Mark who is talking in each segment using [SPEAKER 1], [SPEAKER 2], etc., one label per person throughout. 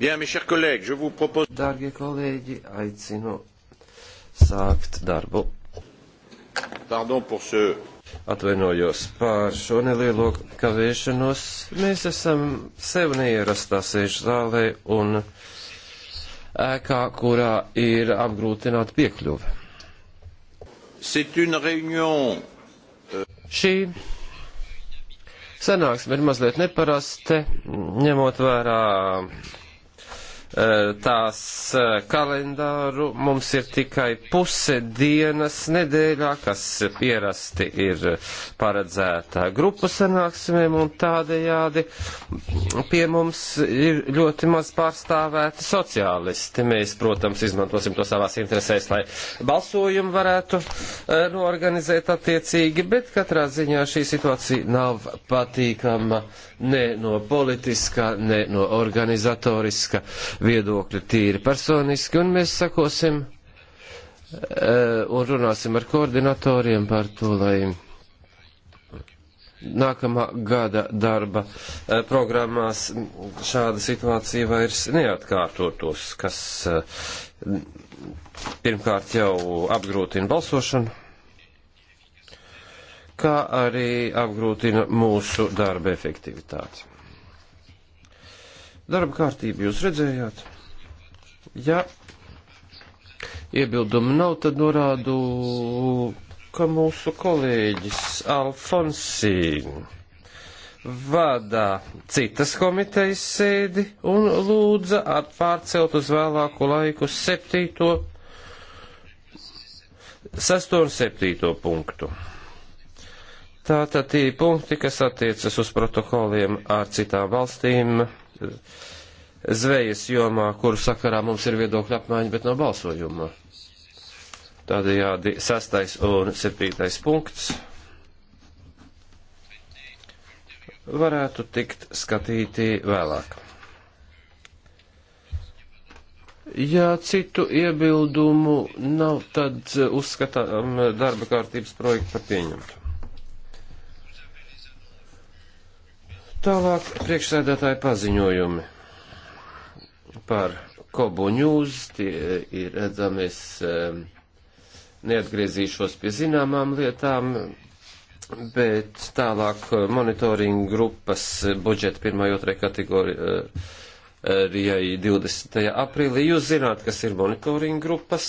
[SPEAKER 1] Bien, mes chers collègues, je vous propose... Dārgie kolēģi,
[SPEAKER 2] aicinu sākt darbu. Pardon pour ce... Atvainojos pār šo nelielo kavēšanos. Mēs esam sev neierastā sēžu zālē un ēkā, kurā ir apgrūtināta piekļuve.
[SPEAKER 1] C'est une réunion...
[SPEAKER 2] Euh, Šī sanāksme ir mazliet neparaste, ņemot vērā Eh, tās eh, kalendāru. Mums ir tikai puse dienas nedēļā, kas pierasti ir paredzēta grupu sanāksmēm, un tādējādi pie mums ir ļoti maz pārstāvēti sociālisti. Mēs, protams, izmantosim to savās interesēs, lai balsojumu varētu eh, noorganizēt attiecīgi, bet katrā ziņā šī situācija nav patīkama ne no politiskā, ne no organizatoriska viedokļi tīri personiski, un mēs sakosim eh, un runāsim ar koordinatoriem par to, lai nākamā gada darba eh, programmās šāda situācija vairs neatkārtotos, kas eh, pirmkārt jau apgrūtina balsošanu, kā arī apgrūtina mūsu darba efektivitāti. Darba kārtību jūs redzējāt. Ja iebildumu nav, tad norādu, ka mūsu kolēģis Alfonsīna vadā citas komitejas sēdi un lūdza atpārcelt uz vēlāku laiku 7. 6. un 7. punktu. Tātad tie punkti, kas attiecas uz protokoliem ar citām valstīm, zvejas jomā, kuru sakarā mums ir viedokļa apmaiņa, bet nav balsojuma. Tādējādi sastais un septītais punkts varētu tikt skatīti vēlāk. Ja citu iebildumu nav, tad uzskatām darba kārtības projektu par pieņemtu. Tālāk priekšsēdētāji paziņojumi par Kobu ņūz, tie eh, ir redzamies, eh, neatgriezīšos pie zināmām lietām, bet tālāk eh, monitoringa grupas budžeta 1.2. kategorijai 20. aprīlī. Jūs zināt, kas ir monitoringa grupas?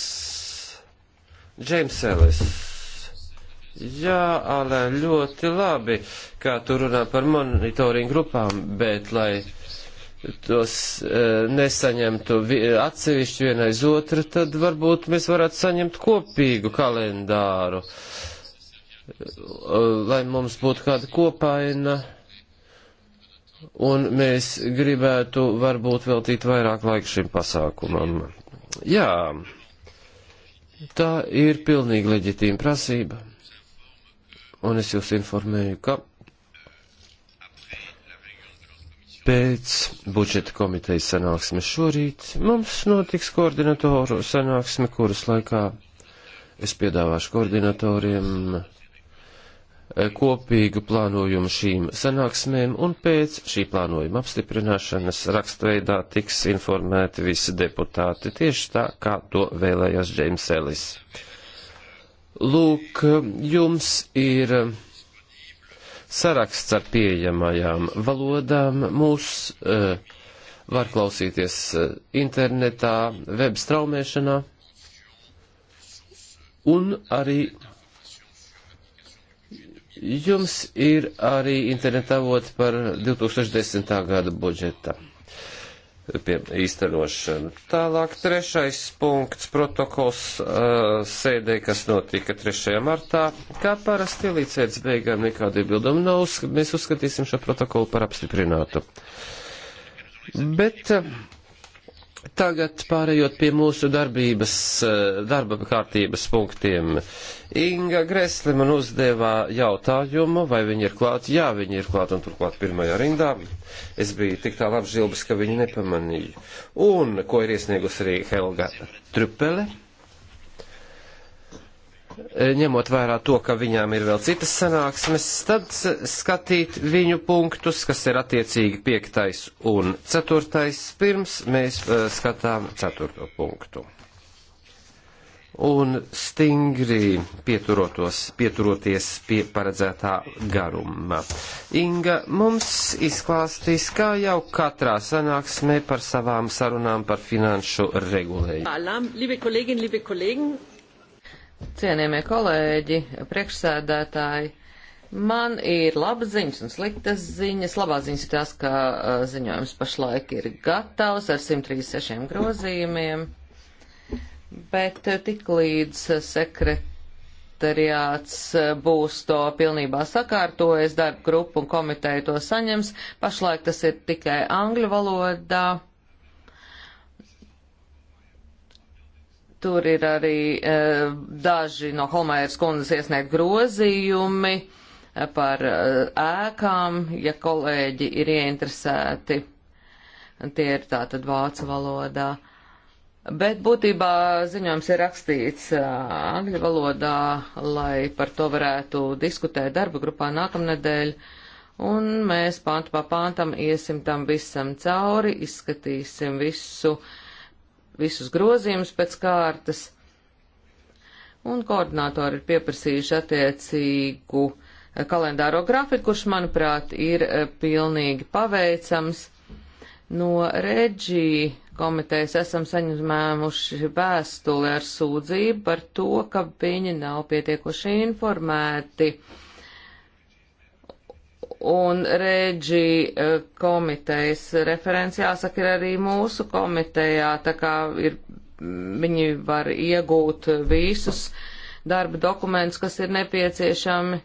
[SPEAKER 2] Džeims Ellis. Jā, Alē, ļoti labi, kā tu runā par monitoringu grupām, bet lai tos e, nesaņemtu vi, atsevišķi viena aiz otru, tad varbūt mēs varētu saņemt kopīgu kalendāru, e, lai mums būtu kāda kopaina. Un mēs gribētu varbūt veltīt vairāk laika šim pasākumam. Jā, tā ir pilnīgi leģitīma prasība un es jūs informēju, ka pēc budžeta komitejas sanāksmes šorīt mums notiks koordinatoru sanāksme, kuras laikā es piedāvāšu koordinatoriem eh, kopīgu plānojumu šīm sanāksmēm, un pēc šī plānojuma apstiprināšanas rakstveidā tiks informēti visi deputāti tieši tā, kā to vēlējās Džeims Ellis. Lūk, jums ir saraksts ar pieejamajām valodām. Mūs uh, var klausīties eh, internetā, web straumēšanā un arī jums ir arī internetā vot par 2010. gada budžeta pie īstenošanu. Tālāk trešais punkts protokols uh, sēdē, kas notika 3. martā. Kā parasti līdzēdz beigām nekāda iebilduma nav, mēs uzskatīsim šo protokolu par apstiprinātu. Bet uh, Tagad pārējot pie mūsu darbības, eh, darba kārtības punktiem. Inga Gresli man uzdevā jautājumu, vai viņi ir klāt. Jā, viņi ir klāt un turklāt pirmajā rindā. Es biju tik tā labžilbis, ka viņi nepamanīju. Un, ko ir iesniegus arī Helga Trupele E, ņemot vērā to, ka viņām ir vēl citas sanāksmes, tad skatīt viņu punktus, kas ir attiecīgi piektais un ceturtais, pirms mēs e, skatām ceturto punktu. Un stingri pieturoties pie paredzētā garuma. Inga mums izklāstīs, kā jau katrā sanāksmē par savām sarunām par finanšu regulējumu.
[SPEAKER 3] Cienījamie kolēģi, priekšsēdētāji, man ir labas ziņas un sliktas ziņas. Labā ziņas ir tas, ka ziņojums pašlaik ir gatavs ar 136 grozījumiem, bet tik līdz sekretariāts būs to pilnībā sakārtojis, darba grupu un komiteju to saņems. Pašlaik tas ir tikai angļu valodā Tur ir arī e, daži no Holmēras kundzes iesniegt grozījumi e, par e, ēkām, ja kolēģi ir ieinteresēti. Tie ir tātad vācu valodā. Bet būtībā ziņojums ir rakstīts e, angļu valodā, lai par to varētu diskutēt darba grupā nākamnedēļ. Un mēs pāntu pa pāntam iesim tam visam cauri, izskatīsim visu uh, visus grozījumus pēc kārtas, un koordinātori ir pieprasījuši attiecīgu eh, kalendāro grafiku, kurš, manuprāt, ir eh, pilnīgi paveicams. No reģī komitejas esam saņēmuši vēstuli ar sūdzību par to, ka viņi nav pietiekoši informēti un Rēģi e, komitejas referents jāsaka ir arī mūsu komitejā, tā kā ir, viņi var iegūt visus darba dokumentus, kas ir nepieciešami.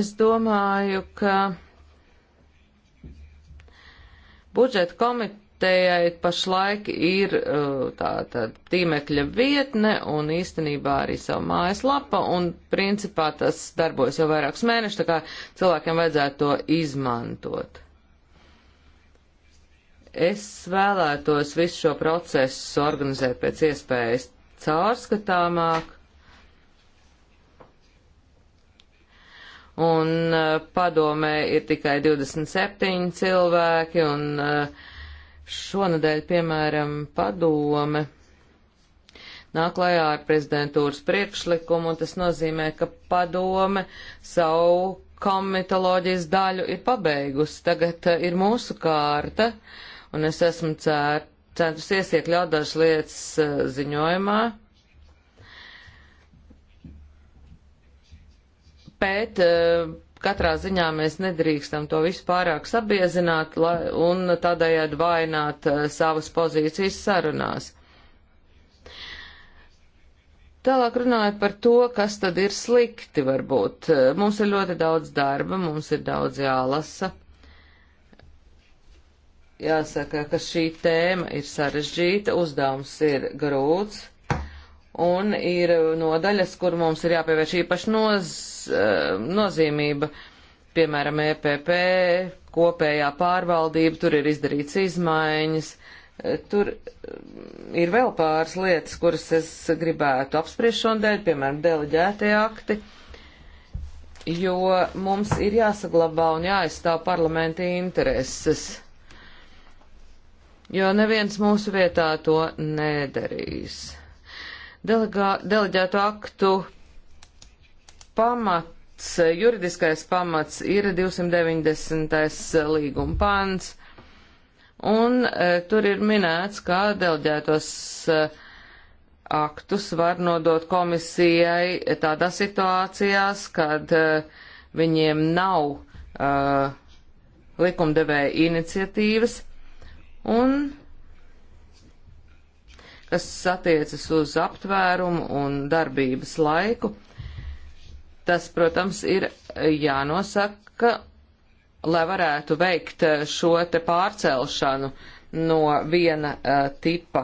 [SPEAKER 3] Es domāju, ka budžeta komiteja komitejai pašlaik ir uh, tāda tīmekļa vietne un īstenībā arī savu mājaslapa, un principā tas darbojas jau vairākus mēnešus, tā kā cilvēkiem vajadzētu to izmantot. Es vēlētos visu šo procesu organizēt pēc iespējas caurskatāmāk, un uh, padomē ir tikai 27 cilvēki, un uh, Šonadēļ, piemēram, padome nāk klajā ar prezidentūras priekšlikumu, un tas nozīmē, ka padome savu komitoloģijas daļu ir pabeigusi. Tagad eh, ir mūsu kārta, un es esmu cēr, centusies iekļaut dažas lietas eh, ziņojumā. Pēc eh, katrā ziņā mēs nedrīkstam to visu pārāk sabiezināt lai, un tādējādi vainot uh, eh, savas pozīcijas sarunās. Tālāk runājot par to, kas tad ir slikti, varbūt. Eh, mums ir ļoti daudz darba, mums ir daudz jālasa. Jāsaka, ka šī tēma ir sarežģīta, uzdevums ir grūts un ir nodaļas, kur mums ir jāpievērš īpaši noz, eh, nozīmība, piemēram, EPP, kopējā pārvaldība, tur ir izdarīts izmaiņas, eh, tur eh, ir vēl pāris lietas, kuras es gribētu apspriest šodien, piemēram, deleģētie akti, jo mums ir jāsaglabā un jāaizstāv parlamenta intereses, jo neviens mūsu vietā to nedarīs. Delegā, deleģēto aktu pamats, juridiskais pamats ir 290. Eh, līguma pants, un e, tur ir minēts, kā deleģētos e, aktus var nodot komisijai tādās situācijās, kad e, viņiem nav e, likumdevēja iniciatīvas, un kas attiecas uz aptvērumu un darbības laiku. Tas, protams, ir jānosaka, lai varētu veikt eh, šo te pārcelšanu no viena uh, tipa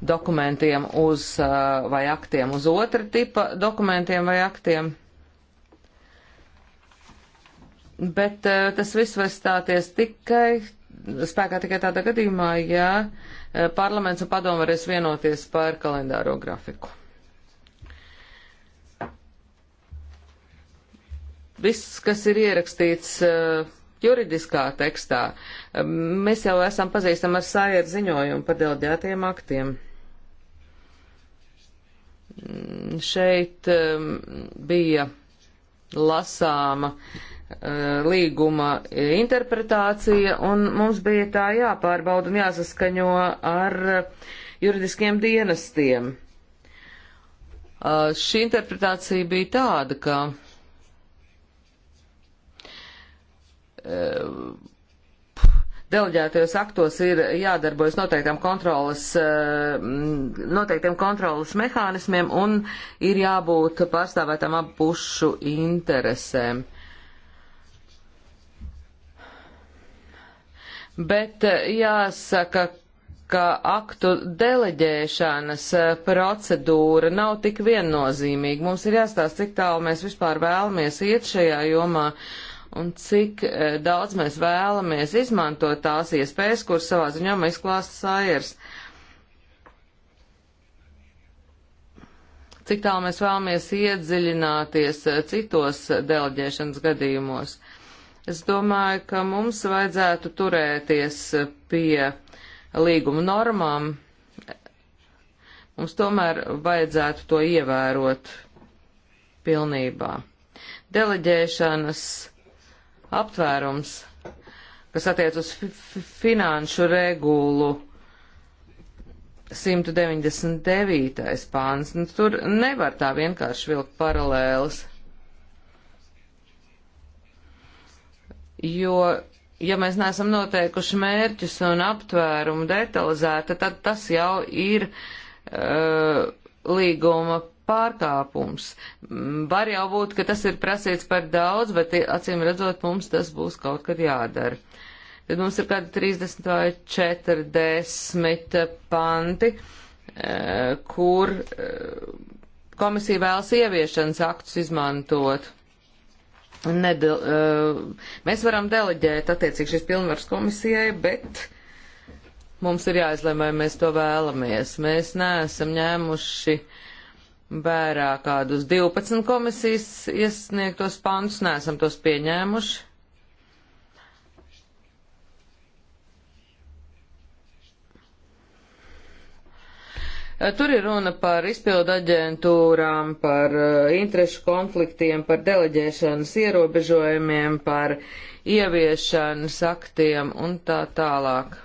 [SPEAKER 3] dokumentiem uz, uh, vai aktiem uz otra tipa dokumentiem vai aktiem. Bet uh, tas viss var stāties tikai, spēkā tikai tādā gadījumā, ja uh, Eh, parlaments un padomu varēs vienoties par kalendāro grafiku. Viss, kas ir ierakstīts eh, juridiskā tekstā, eh, mēs jau esam pazīstami ar sāieru ziņojumu par delģētiem aktiem. Mm, šeit bija lasāma uh, Eh, līguma interpretācija, un mums bija tā jāpārbauda un jāsaskaņo ar eh, juridiskiem dienestiem. Eh, šī interpretācija bija tāda, ka deleģētajos aktos ir jādarbojas noteiktām kontrolas, noteiktiem kontrolas mehānismiem un ir jābūt pārstāvētām abu pušu interesēm. bet eh, jāsaka, ka aktu deleģēšanas eh, procedūra nav tik viennozīmīga. Mums ir jāstāsta, cik tālu mēs vispār vēlamies iet šajā jomā un cik eh, daudz mēs vēlamies izmantot tās iespējas, kuras savā ziņā izklāsta Sājers. Cik tālu mēs vēlamies iedziļināties citos deleģēšanas gadījumos. Uh, Es domāju, ka mums vajadzētu turēties pie līguma normām. Mums tomēr vajadzētu to ievērot pilnībā. Deleģēšanas aptvērums, kas attiec uz finanšu regulu 199. pāns, nu, tur nevar tā vienkārši vilkt paralēlis. jo, ja mēs neesam noteikuši mērķus un aptvērumu detalizēti, tad tas jau ir uh, līguma pārkāpums. Mm, var jau būt, ka tas ir prasīts par daudz, bet acīm redzot, mums tas būs kaut kad jādara. Tad mums ir kādi 30 vai 40 panti, uh, kur uh, komisija vēlas ieviešanas aktus izmantot nedel, uh, mēs varam deleģēt attiecīgi šīs pilnvaras komisijai, bet mums ir jāizlemē, mēs to vēlamies. Mēs neesam ņēmuši vērā kādus 12 komisijas iesniegtos pantus, neesam tos pieņēmuši. Eh, tur ir runa par izpildu aģentūrām, par eh, interešu konfliktiem, par deleģēšanas ierobežojumiem, par ieviešanas aktiem un tā tālāk.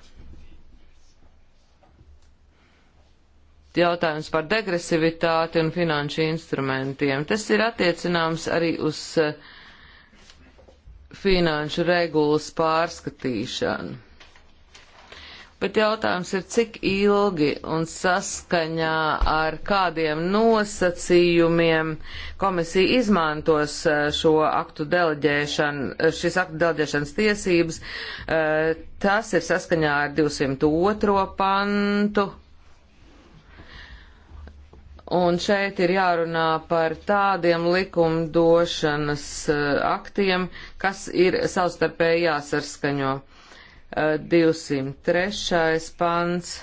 [SPEAKER 3] Jautājums par degresivitāti un finanšu instrumentiem. Tas ir attiecināms arī uz eh, finanšu regulas pārskatīšanu bet jautājums ir, cik ilgi un saskaņā ar kādiem nosacījumiem komisija izmantos eh, šo aktu deleģēšanu, eh, šis aktu deleģēšanas tiesības. Eh, tas ir saskaņā ar 202. pantu. Un šeit ir jārunā par tādiem likumdošanas aktiem, kas ir savstarpēji jāsarskaņo. 203. pants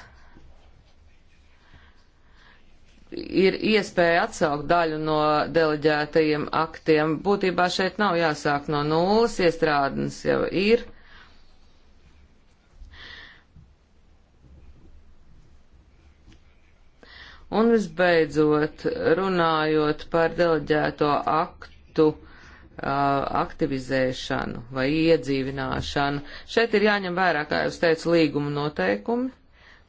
[SPEAKER 3] ir iespēja atsaukt daļu no deleģētajiem aktiem. Būtībā šeit nav jāsāk no nulles, iestrādnes jau ir. Un visbeidzot, runājot par deleģēto aktu, uh, aktivizēšanu vai iedzīvināšanu. Šeit ir jāņem vērā, kā jau es teicu, līguma noteikumi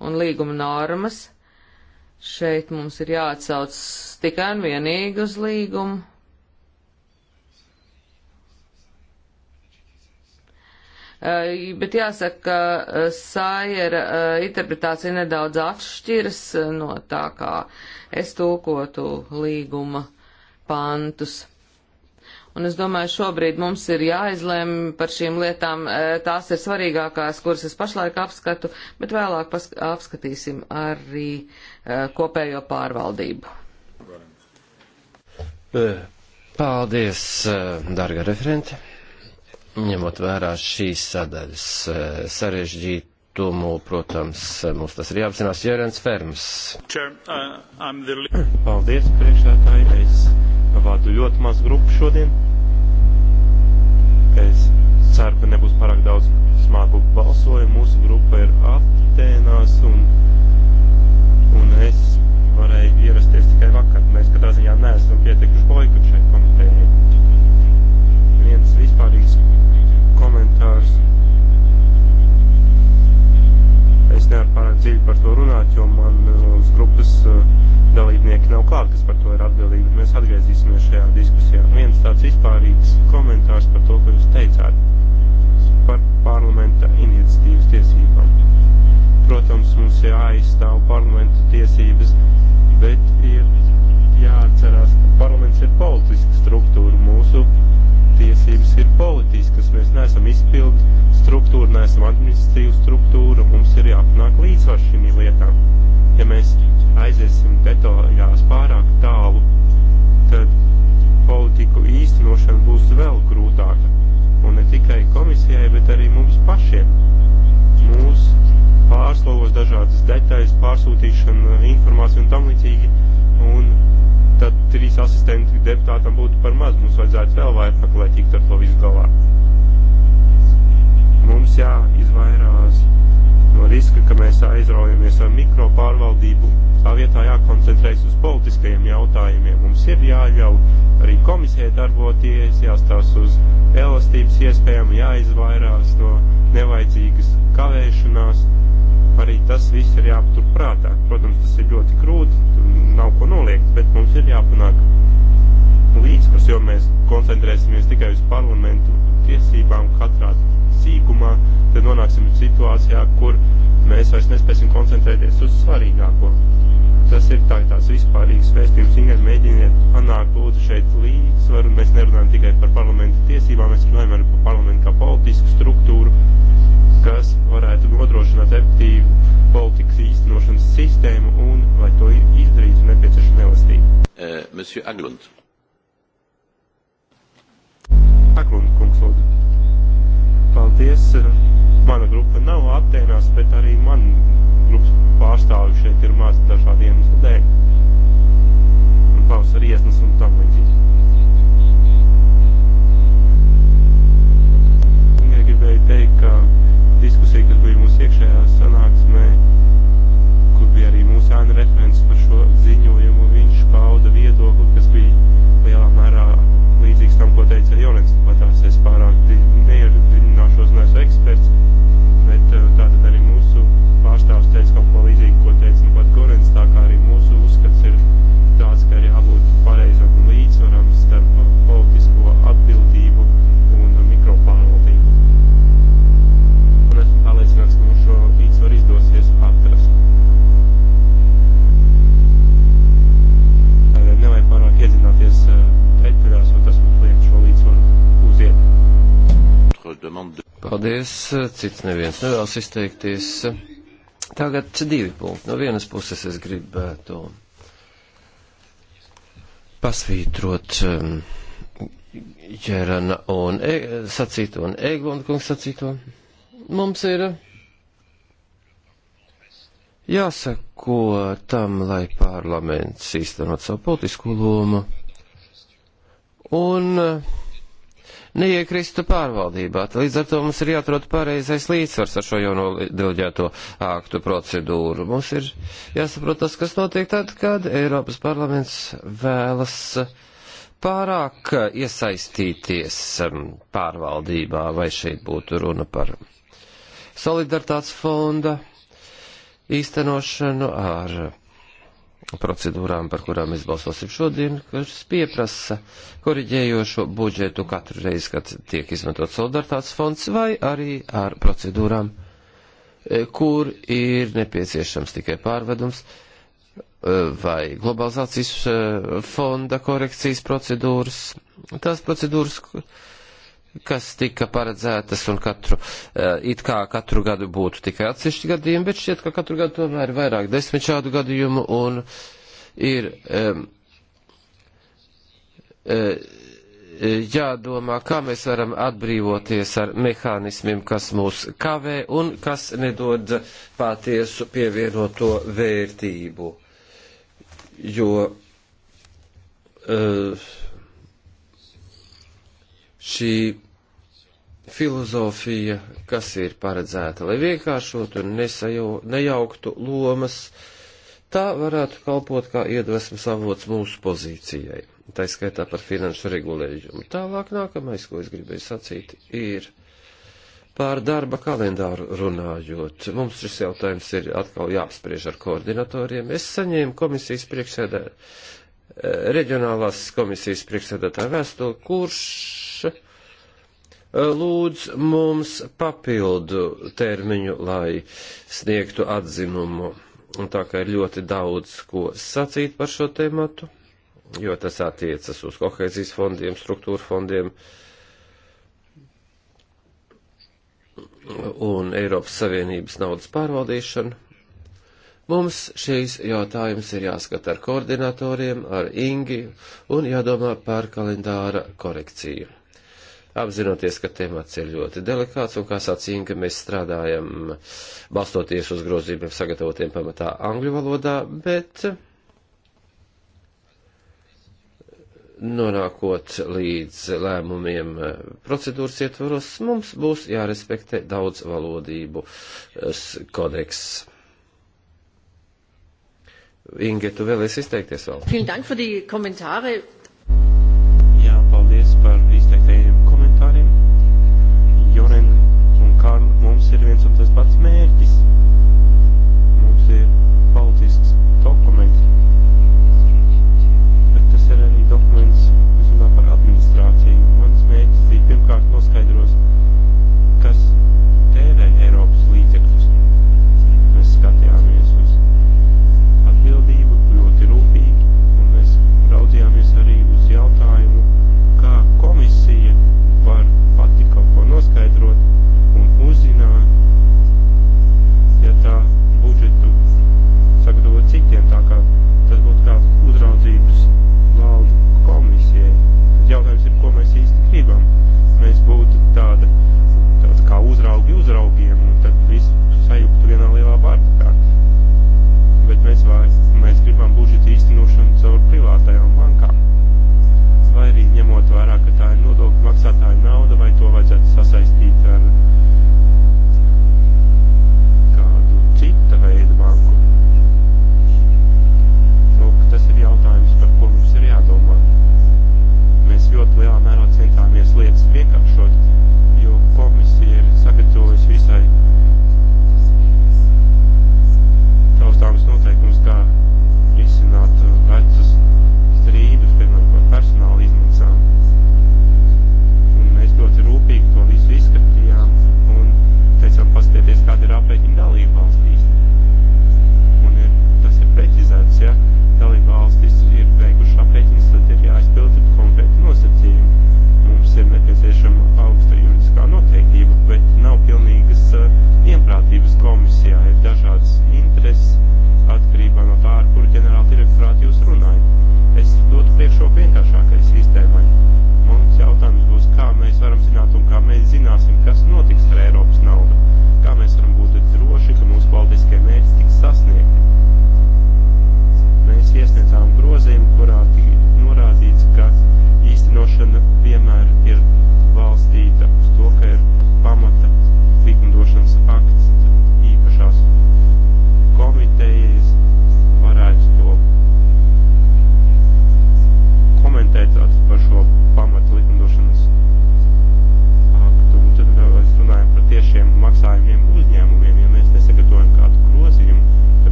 [SPEAKER 3] un līguma normas. Šeit mums ir jāatsauc tikai un vienīgi uz līgumu. Bet jāsaka, ka sājera interpretācija nedaudz atšķiras no tā, kā es tūkotu līguma pantus. Un es domāju, šobrīd mums ir jāizlem par šīm lietām. Eh, tās ir svarīgākās, kuras es pašlaik apskatu, bet vēlāk apskatīsim arī eh, kopējo pārvaldību.
[SPEAKER 2] Eh, paldies, darga referente. Ņemot vērā šīs sadaļas sarežģītumu, protams, mums tas ir jāapzinās Jērens Ferms.
[SPEAKER 4] Uh, paldies, priekšētāji. Es vadu ļoti maz grupu šodien. Es ceru, ka nebūs pārāk daudz smagu balsojumu. Mūsu grupa ir Atenās un, un es varēju ierasties tikai vakar. Mēs katrā ziņā neesam pietikuši laiku šai komitejai. Viens vispārīgs komentārs Es nevaru pārāk dziļi par to runāt, jo man uh, uz grupas uh, dalībnieki nav klāt, kas par to ir atbildīgi. Mēs atgriezīsimies šajā diskusijā. Viens tāds vispārīgs komentārs par to, ko jūs teicāt par parlamenta iniciatīvas tiesībām. Protams, mums jāaizstāv parlamenta tiesības, bet ir jāatcerās, ka parlaments ir politiska struktūra. Mūsu tiesības ir politiskas. Mēs neesam izpildu struktūra, neesam administratīva struktūra, un mums ir jāpanāk līdzsvars šīm lietām. Ja mēs aiziesim detaļās pārāk tālu, tad politiku īstenošana būs vēl grūtāka. Un ne tikai komisijai, bet arī mums pašiem. Mūs pārslovos dažādas detaļas, pārsūtīšana, informācija un tam līdzīgi. Un tad trīs asistenti deputātam būtu par maz. Mums vajadzētu vēl vairāk, lai tiktu ar to visu galā. Mums jāizvairās no riska, ka mēs aizraujamies ar mikro pārvaldību. Tā vietā jākoncentrējas uz politiskajiem jautājumiem. Mums ir jāļauj arī komisijai darboties, jāstās uz elastības iespējām, jāizvairās no nevajadzīgas kavēšanās arī tas viss ir jāpatur prātā. Protams, tas ir ļoti grūti, tur nav ko noliegt, bet mums ir jāpanāk līdzsvars, jo mēs koncentrēsimies tikai uz parlamentu tiesībām katrā sīkumā, tad nonāksim situācijā, kur mēs vairs nespēsim koncentrēties uz svarīgāko. Tas ir tā, tās vispārīgas vēstījums, vienkārši mēģiniet panākt lūdzu šeit līdzsvaru, mēs nerunājam tikai par parlamentu tiesībām, mēs runājam arī par parlamentu kā politisku struktūru, kas varētu nodrošināt efektīvu politikas īstenošanas sistēmu un, lai to izdarītu, nepieciešama elastība.
[SPEAKER 1] Uh, Monsieur Aglund.
[SPEAKER 4] Aglund, kungs, lūdzu. Paldies. Mana grupa nav aptēnās, bet arī man grupas pārstāvju šeit ir maz dažādiem iemeslu dēļ. Un pavasarī iesnas un tam līdzīgi. gribēju teikt, ka diskusija, kas bija mūsu iekšējā sanāksmē, kur bija arī mūsu ēna referents par šo ziņojumu, viņš pauda viedokli, kas bija lielā mērā līdzīgs tam, ko teica Jonets patās. Es pārāk neiedziļināšos, neesmu eksperts, bet eh, tātad arī mūsu pārstāvs teica kaut ko līdzīgu, ko teica nu pat Gorens, tā kā arī mūsu uzskats ir tāds, ka ir jābūt pareizam un līdzvaram starp
[SPEAKER 2] Paldies, cits neviens nevēlas izteikties. Tagad divi punkti. No vienas puses es gribētu pasvītrot Ģerana um, un e sacīto un Eglonda kungs sacīto. Mums ir jāsako tam, lai parlaments īstenot savu politisko lomu. Un uh, neiekristu pārvaldībā. Līdz ar to mums ir jāatrod pareizais līdzsvars ar šo jauno deleģēto aktu procedūru. Mums ir jāsaprot tas, kas notiek tad, kad Eiropas parlaments vēlas pārāk iesaistīties um, pārvaldībā, vai šeit būtu runa par solidaritātes fonda īstenošanu ar procedūrām, par kurām mēs balsosim šodien, kas pieprasa koriģējošo budžetu katru reizi, kad tiek izmantot solidaritātes fonds, vai arī ar procedūrām, e, kur ir nepieciešams tikai pārvedums e, vai globalizācijas e, fonda korekcijas procedūras. Tās procedūras, kas tika paredzētas un katru, eh, it kā katru gadu būtu tikai atsevišķi gadījumi, bet šķiet, ka katru gadu tomēr ir vairāk desmit šādu gadījumu un ir um, jādomā, kā mēs varam atbrīvoties ar mehānismiem, kas mūs kavē un kas nedod patiesu pievienoto vērtību. Jo uh, šī filozofija, kas ir paredzēta, lai vienkāršotu un nesajau, nejauktu lomas, tā varētu kalpot kā iedvesmas avots mūsu pozīcijai. Tā skaitā par finanšu regulējumu. Tālāk nākamais, ko es gribēju sacīt, ir pār darba kalendāru runājot. Mums šis jautājums ir atkal jāapspriež ar koordinatoriem. Es saņēmu komisijas priekšsēdē, eh, reģionālās komisijas priekšsēdētāju vēstuli, kurš plaša, lūdz mums papildu termiņu, lai sniegtu atzinumu. Un tā kā ir ļoti daudz ko sacīt par šo tēmatu, jo tas attiecas uz kohēzijas fondiem, struktūra fondiem un Eiropas Savienības naudas pārvaldīšanu, mums šīs jautājums ir jāskata ar koordinatoriem, ar Ingi un jādomā par kalendāra korekciju apzinoties, ka temats ir ļoti delikāts un kā sacīja, ka mēs strādājam balstoties uz grozījumiem sagatavotiem pamatā angļu valodā, bet nonākot līdz lēmumiem procedūras ietvaros, mums būs jārespektē daudz valodību kodeks. Inge, tu vēlies izteikties
[SPEAKER 3] vēl?
[SPEAKER 4] ir viens un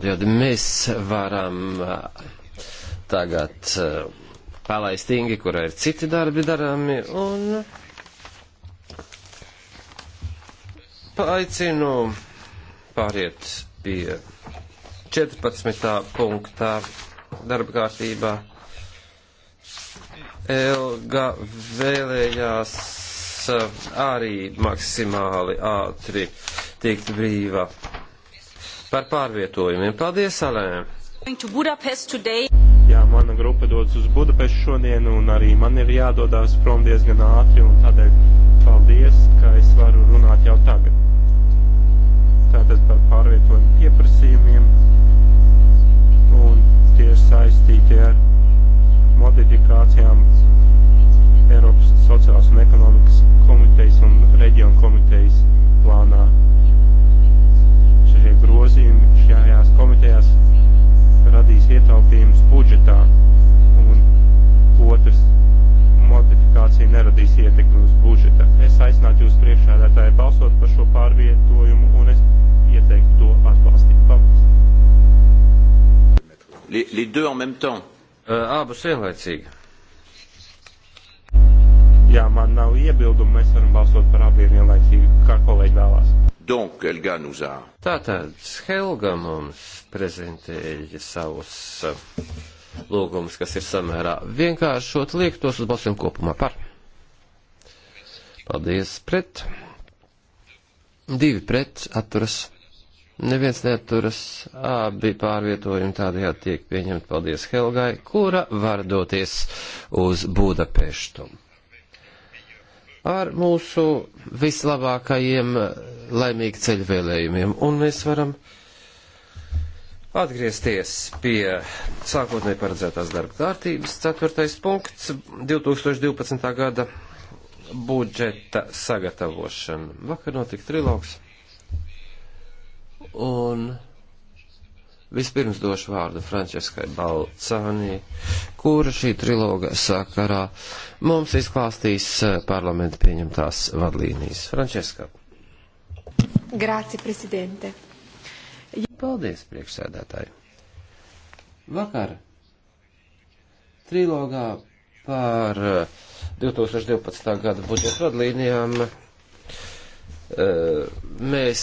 [SPEAKER 2] atbildi. Mēs varam tagad palaist Ingi, kurai ir citi darbi darāmi, un aicinu pāriet pie 14. punktā darba kārtībā. Elga vēlējās arī maksimāli ātri tikt brīva
[SPEAKER 4] par pārvietojumiem. Paldies, Alē! Jā, mana grupa dodas uz Budapestu šodien, un arī man ir jādodas prom diezgan ātri, un tādēļ paldies, ka es varu runāt jau tagad. Tātad par pārvietojumu pieprasījumiem, un tie ir saistīti ar modifikācijām Eiropas sociālās un ekonomikas komitejas un reģionu komitejas plānā šie grozījumi šajās komitejās radīs ietaupījumus budžetā, un otrs modifikācija neradīs ietekmi uz budžeta. Es aicinātu jūs priekšādātāji balsot par šo pārvietojumu, un es ieteiktu to atbalstīt. Paldies!
[SPEAKER 1] Les, les deux en même temps. Uh, abas vienlaicīgi.
[SPEAKER 4] Jā, man nav iebildumu, mēs varam balsot par abiem vienlaicīgi, kā kolēģi vēlās.
[SPEAKER 1] Donc, Helga nous a.
[SPEAKER 2] Tātad Helga mums prezentēja savus uh, lūgumus, kas ir samērā vienkāršot, liek tos uz balsiem kopumā par. Paldies pret. Divi pret atturas. Neviens neaturas. Abi pārvietojumi tādējādi tiek pieņemti. Paldies Helgai, kura var doties uz Budapeštu ar mūsu vislabākajiem eh, laimīgi ceļvēlējumiem. Un mēs varam atgriezties pie sākotnēji paredzētās darba kārtības. Ceturtais punkts - 2012. gada budžeta sagatavošana. Vakar notika trilogs. Un Vispirms došu vārdu Frančiskai Balcānī, kura šī triloga sakarā mums izklāstīs eh, parlamenta pieņemtās vadlīnijas. Frančiska. Grāci, prezidente. Paldies, priekšsēdētāji. Vakar trilogā par 2012. Eh, gada budžeta vadlīnijām eh, mēs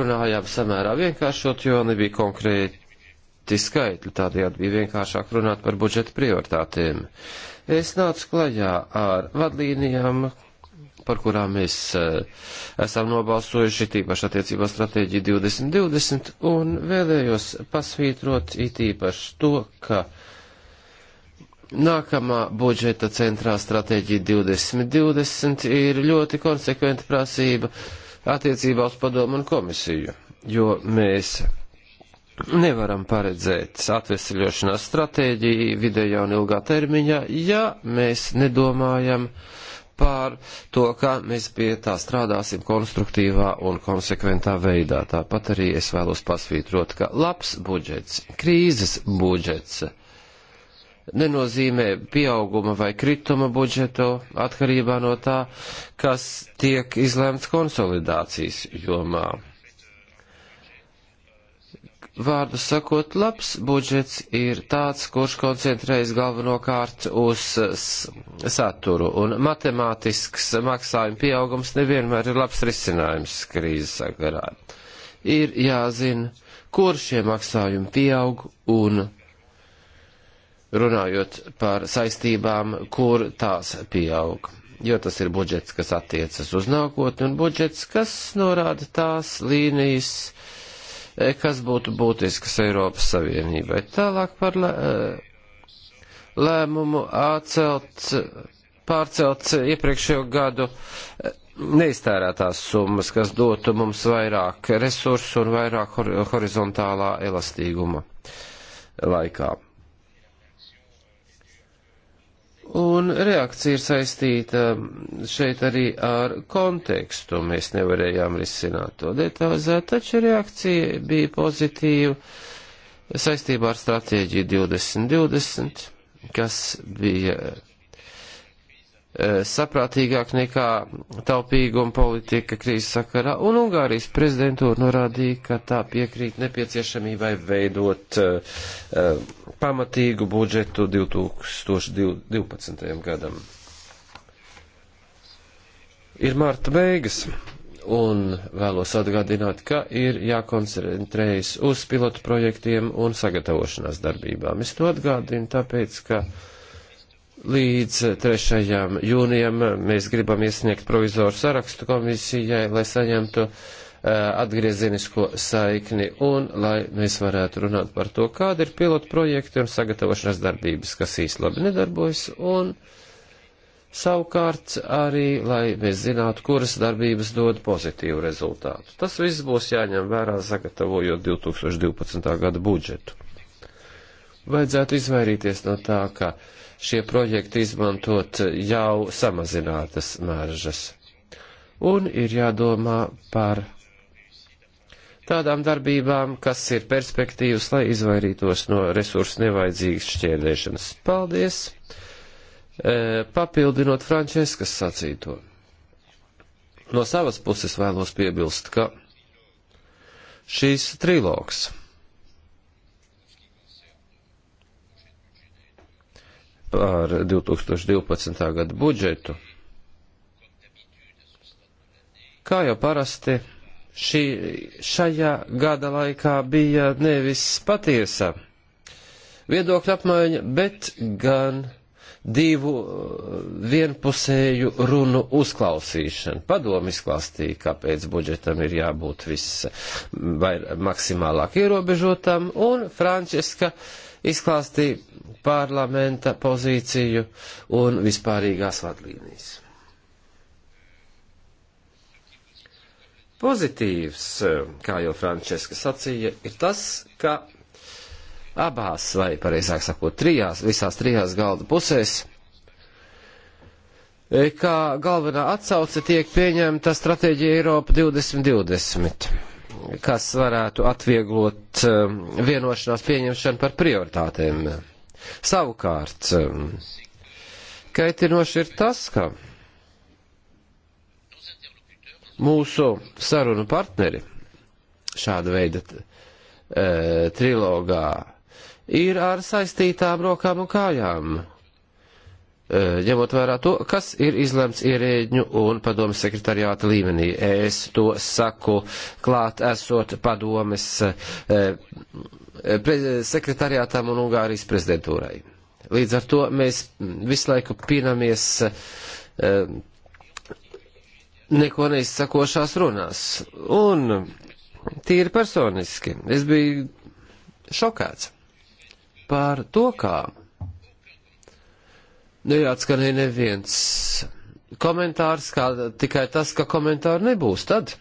[SPEAKER 2] runājām samērā vienkāršot, jo nebija konkrēti citi skaitļi, tādējādi bija vienkāršāk runāt par budžeta prioritātēm. Es nācu klajā ar vadlīnijām, par kurām mēs eh, esam nobalsojuši, tīpaši attiecībā stratēģija 2020, un vēlējos pasvītrot it īpaši to, ka nākamā budžeta centrā stratēģija 2020 ir ļoti konsekventa prasība attiecībā uz padomu un komisiju, jo mēs nevaram paredzēt atvesļošanās stratēģiju vidējā un ilgā termiņā, ja mēs nedomājam par to, kā mēs pie tā strādāsim konstruktīvā un konsekventā veidā. Tāpat arī es vēlos pasvītrot, ka labs budžets, krīzes budžets nenozīmē pieauguma vai krituma budžetu atkarībā no tā, kas tiek izlēmts konsolidācijas jomā Vārdu sakot, labs budžets ir tāds, kurš koncentrējas galvenokārt uz saturu, un matemātisks maksājuma pieaugums nevienmēr ir labs risinājums krīzes sakarā. Ir jāzina, kur šie maksājumi pieaug un runājot par saistībām, kur tās pieaug jo tas ir budžets, kas attiecas uz nākotni, un budžets, kas norāda tās līnijas, Eh, kas būtu būtiskas Eiropas Savienībai. Tālāk par eh, lēmumu atcelt, pārcelt iepriekšējo gadu eh, neiztērētās summas, kas dotu mums vairāk resursu un vairāk horizontālā elastīguma laikā. Un reakcija ir saistīta um, šeit arī ar kontekstu. Mēs nevarējām risināt to detalizēt, taču reakcija bija pozitīva saistībā ar stratēģiju 2020, kas bija Eh, saprātīgāk nekā taupīguma politika krīzes sakarā, un Ungārijas prezidentūra norādīja, ka tā piekrīt nepieciešamībai veidot uh, pamatīgu budžetu 2012. gadam. Ir marta beigas, un vēlos atgādināt, ka ir jākoncentrējas uz pilotu projektiem un sagatavošanās darbībām. Es to atgādinu tāpēc, ka uh, Līdz 3. jūnijam mēs gribam iesniegt provizoru sarakstu komisijai, lai saņemtu uh, eh, atgriezenisko saikni un lai mēs varētu runāt par to, kāda ir pilotu projekti un sagatavošanas darbības, kas īsti labi nedarbojas un savukārt arī, lai mēs zinātu, kuras darbības dod pozitīvu rezultātu. Tas viss būs jāņem vērā sagatavojot 2012. gada budžetu. Vajadzētu izvairīties no tā, ka šie projekti izmantot jau samazinātas maržas. Un ir jādomā par tādām darbībām, kas ir perspektīvas, lai izvairītos no resursu nevajadzīgas šķērdēšanas. Paldies! E, papildinot Frančeskas sacīto. No savas puses vēlos piebilst, ka šīs trilogs par 2012. gada budžetu. Kā jau parasti, šī, šajā gada laikā bija nevis patiesa viedokļa apmaiņa, bet gan divu uh, vienpusēju runu uzklausīšanu. Padomu izklāstīja, kāpēc budžetam ir jābūt viss vai maksimālāk ierobežotam, un Frančiska uh, izklāstīja parlamenta pozīciju un vispārīgās vadlīnijas. Pozitīvs, kā jau Frančeska sacīja, ir tas, ka abās, vai pareizāk sakot, trijās, visās trijās galda pusēs, kā galvenā atsauce tiek pieņemta stratēģija Eiropa 2020 kas varētu atvieglot um, vienošanās pieņemšanu par prioritātēm. Savukārt, um, kaitinoši ir tas, ka mūsu sarunu partneri šāda veida e, trilogā ir ar saistītām rokām un kājām Eh, ņemot vērā to, kas ir izlemts ierēģņu un padomas sekretariāta līmenī. Es to saku klāt esot padomas eh, sekretariātām un Ungārijas prezidentūrai. Līdz ar to mēs visu laiku pinamies eh, neko neizsakošās runās. Un tīri personiski es biju šokāts par to, kā neatskanēja nu neviens komentārs, kā tikai tas, ka komentāru nebūs tad.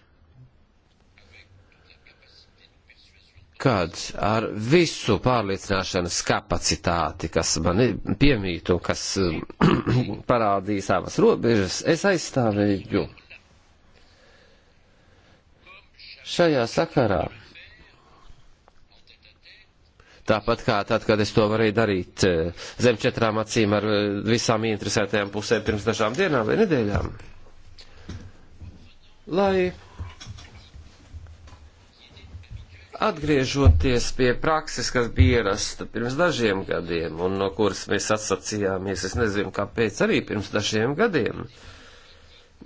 [SPEAKER 2] Kad ar visu pārliecināšanas kapacitāti, kas man piemīt un kas um, parādīja savas robežas, es aizstāvēju. Šajā sakarā Tāpat kā tad, kad es to varēju darīt eh, zem četrām acīm ar eh, visām interesētajām pusēm pirms dažām dienām vai nedēļām. Lai atgriežoties pie prakses, kas bija ierasta pirms dažiem gadiem un no kuras mēs atsacījāmies, es nezinu, kāpēc arī pirms dažiem gadiem,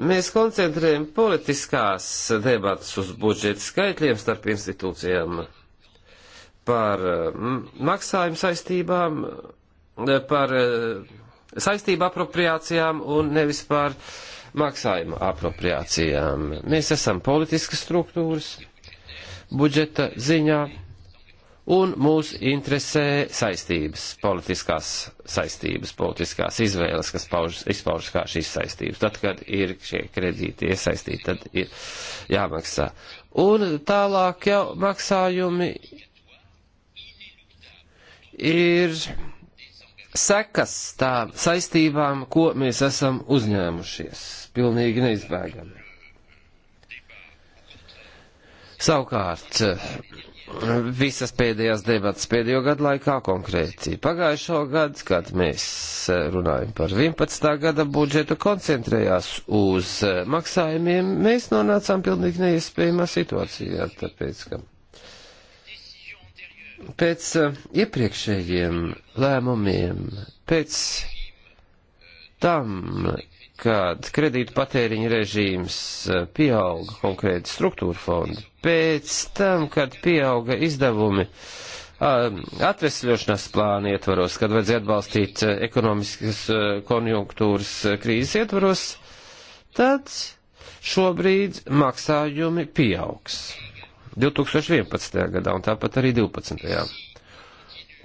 [SPEAKER 2] mēs koncentrējam politiskās debatas uz budžeta skaitļiem starp institūcijām par mm, maksājumu saistībām, eh, par eh, saistību apropriācijām un nevis par maksājumu apropriācijām. Mēs esam politiskas struktūras budžeta ziņā un mūs interesē saistības, politiskās saistības, politiskās izvēles, kas pauž, izpaužas kā šīs saistības. Tad, kad ir šie kredīti iesaistīti, tad ir jāmaksā. Un tālāk jau maksājumi ir sekas tām saistībām, ko mēs esam uzņēmušies. Pilnīgi neizbēgami. Savukārt, visas pēdējās debatas pēdējo gadu laikā konkrēti pagājušo gadu, kad mēs runājam par 11. gada budžetu, koncentrējās uz maksājumiem, mēs nonācām pilnīgi neiespējamā situācijā, tāpēc, ka Pēc uh, iepriekšējiem lēmumiem, pēc tam, kad kredītu patēriņa režīms uh, pieauga konkrēti struktūra fondi, pēc tam, kad pieauga izdevumi um, atvesļošanās plāna ietvaros, kad vajadzēja atbalstīt uh, ekonomiskas konjunktūras krīzes ietvaros, tad šobrīd maksājumi pieaugs. 2011. gadā un tāpat arī 12.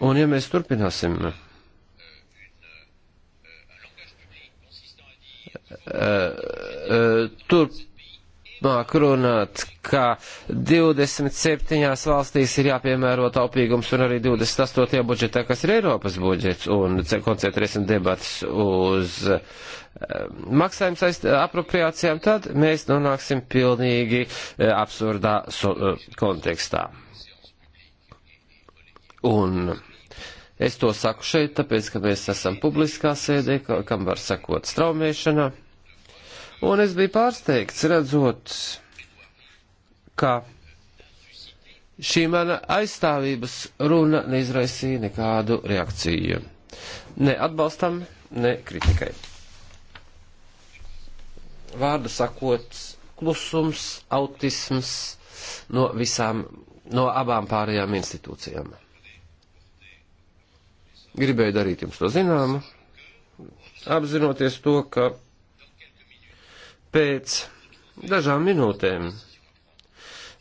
[SPEAKER 2] Un ja mēs turpināsim eh, eh, turp, turpmāk runāt, ka 27 valstīs ir jāpiemēro taupīgums un arī 28. budžetā, kas ir Eiropas budžets, un koncentrēsim debatas uz um, maksājums apropriācijām, tad mēs nonāksim pilnīgi eh, absurdā eh, kontekstā. Un es to saku šeit, tāpēc, ka mēs esam publiskā sēdē, kam var sakot straumēšanā. Un es biju pārsteigts, redzot, ka šī mana aizstāvības runa neizraisīja nekādu reakciju. Ne atbalstam, ne kritikai. Vārdu sakot, klusums, autisms no visām, no abām pārējām institūcijām. Gribēju darīt jums to zināmu, apzinoties to, ka pēc dažām minūtēm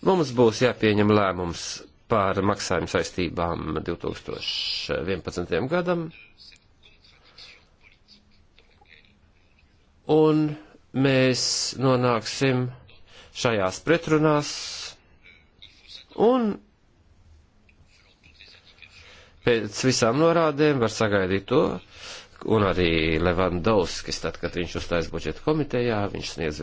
[SPEAKER 2] mums būs jāpieņem lēmums par maksājumu saistībām 2011. gadam. Un mēs nonāksim šajās pretrunās un pēc visām norādēm var sagaidīt to, un arī Levandovskis, tad, kad viņš uzstājas budžeta komitejā, viņš sniedz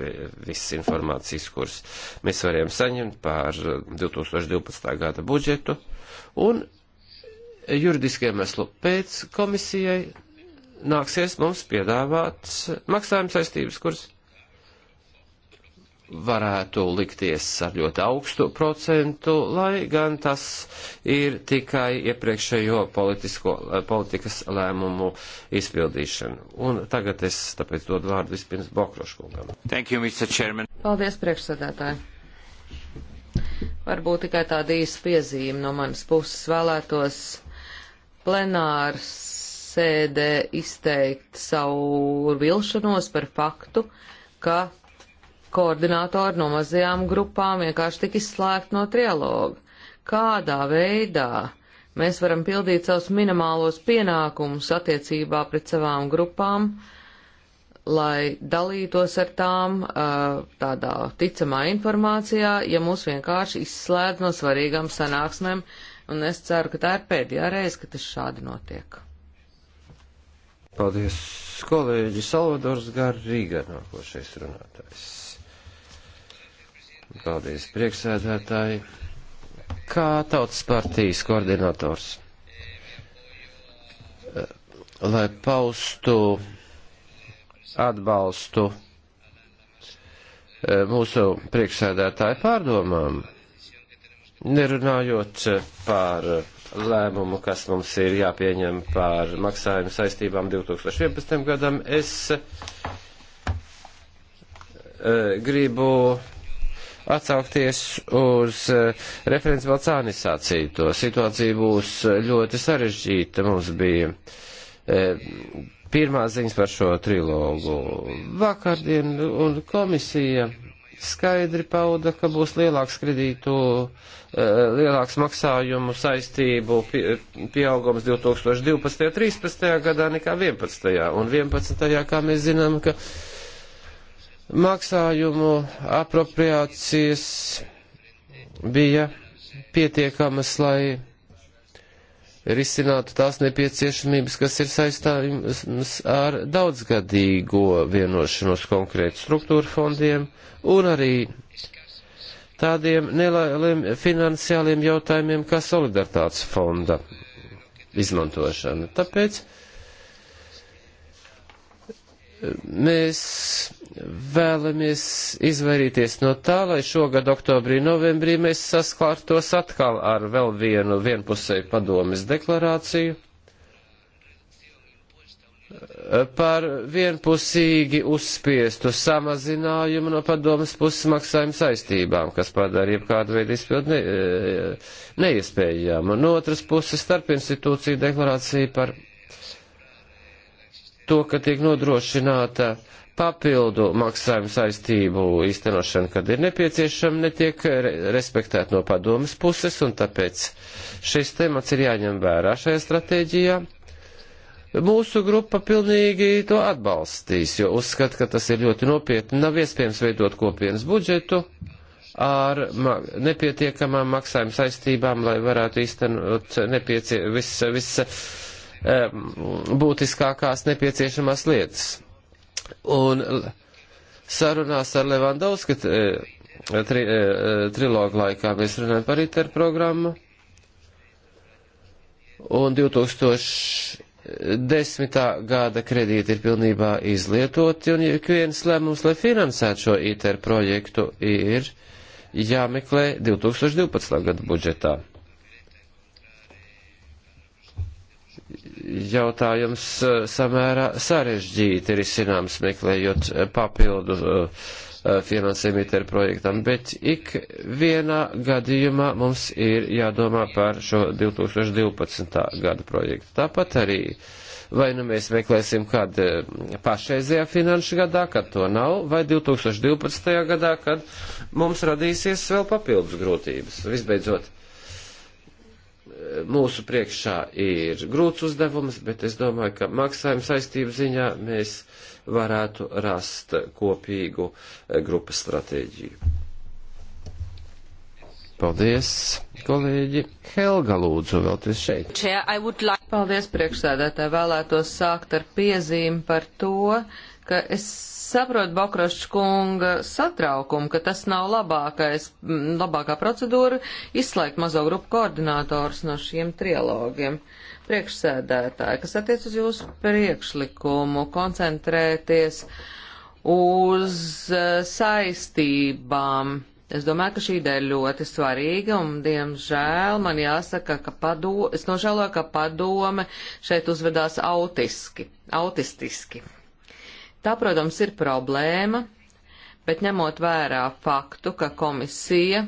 [SPEAKER 2] visas informācijas, kuras mēs varējām saņemt par 2012. gada budžetu, un juridiskiem eslu pēc komisijai nāksies mums piedāvāt maksājuma saistības, kuras varētu likties ar ļoti augstu procentu, lai gan tas ir tikai iepriekšējo eh, politikas lēmumu izpildīšana. Un tagad es tāpēc dodu vārdu vispirms Bokroškungam. Thank you, Mr. Chairman.
[SPEAKER 3] Paldies, priekšsēdētāji. Varbūt tikai tāda īsa piezīme no manas puses vēlētos plenārs sēdē izteikt savu vilšanos par faktu, ka koordinātori no mazajām grupām vienkārši tik izslēgt no trialoga. Kādā veidā mēs varam pildīt savus minimālos pienākumus attiecībā pret savām grupām, lai dalītos ar tām uh, tādā ticamā informācijā, ja mūs vienkārši izslēdz no svarīgām sanāksmēm, un es ceru, ka tā ir pēdējā reize, kad tas šādi notiek.
[SPEAKER 2] Paldies, kolēģi Salvadors Garīga, nākošais runātājs. Paldies, priekšsēdētāji. Kā tautas partijas koordinators? Eh, lai paustu atbalstu eh, mūsu priekšsēdētāju pārdomām, nerunājot par lēmumu, kas mums ir jāpieņem par maksājumu saistībām 2011. gadam, es eh, gribu atsaukties uz eh, referents Balcānis sacīto. Situācija būs ļoti sarežģīta. Mums bija eh, pirmās ziņas par šo trilogu vakardien, un komisija skaidri pauda, ka būs lielāks kredītu, eh, lielāks maksājumu saistību pieaugums 2012. un 2013. gadā nekā 11. un 11. kā mēs zinām, ka maksājumu apropriācijas bija pietiekamas, lai risinātu tās nepieciešamības, kas ir saistāmas ar daudzgadīgo vienošanos konkrētu struktūru fondiem un arī tādiem nelieliem finansiāliem jautājumiem kā solidaritātes fonda izmantošana. Tāpēc mēs vēlamies izvairīties no tā, lai šogad oktobrī, novembrī mēs sasklārtos atkal ar vēl vienu vienpusēju padomes deklarāciju par vienpusīgi uzspiestu samazinājumu no padomas puses maksājuma saistībām, kas padara jebkādu veidu izpildu ne, e, neiespējamu. No otras puses starp institūciju deklarācija par to, ka tiek nodrošināta uh, papildu maksājumu saistību īstenošana, kad ir nepieciešama, netiek respektēt no padomas puses, un tāpēc šis temats ir jāņem vērā šajā stratēģijā. Mūsu grupa pilnīgi to atbalstīs, jo uzskat, ka tas ir ļoti nopietni. Nav iespējams veidot kopienas budžetu ar ma nepietiekamām maksājuma saistībām, lai varētu īstenot nepiecie viss vis, um, būtiskākās nepieciešamās lietas Un sarunās ar Levandovska e, tri, e, trilogu laikā mēs runājam par ITER programmu. Un 2010. gada kredīti ir pilnībā izlietoti, un ik viens lēmums, lai finansētu šo ITER projektu, ir jāmeklē 2012. gada budžetā. jautājums eh, samērā sarežģīti risināms meklējot eh, papildu eh, finansējumu ITER projektam, bet ik vienā gadījumā mums ir jādomā par šo 2012. gada projektu. Tāpat arī vai nu mēs meklēsim kādu pašreizajā finanšu gadā, kad to nav, vai 2012. gadā, kad mums radīsies vēl papildus grūtības. Visbeidzot mūsu priekšā ir grūts uzdevums, bet es domāju, ka maksājuma saistību ziņā mēs varētu rast kopīgu eh, grupas stratēģiju. Paldies, kolēģi. Helga lūdzu, vēl tu šeit.
[SPEAKER 3] Paldies, priekšsēdētāji. Vēlētos sākt ar piezīmi par to, uh, ka es saprotu Bokrašs kunga satraukumu, ka tas nav labākais, labākā procedūra izslēgt mazo grupu koordinātors no šiem trilogiem. Priekšsēdētāji, kas attiec uz jūsu priekšlikumu, koncentrēties uz e, saistībām. Es domāju, ka šī ideja ir ļoti svarīga, un, diemžēl, man jāsaka, ka padome, es nožēloju, ka padome šeit uzvedās autiski, autistiski. Tā, protams, ir problēma, bet ņemot vērā faktu, ka komisija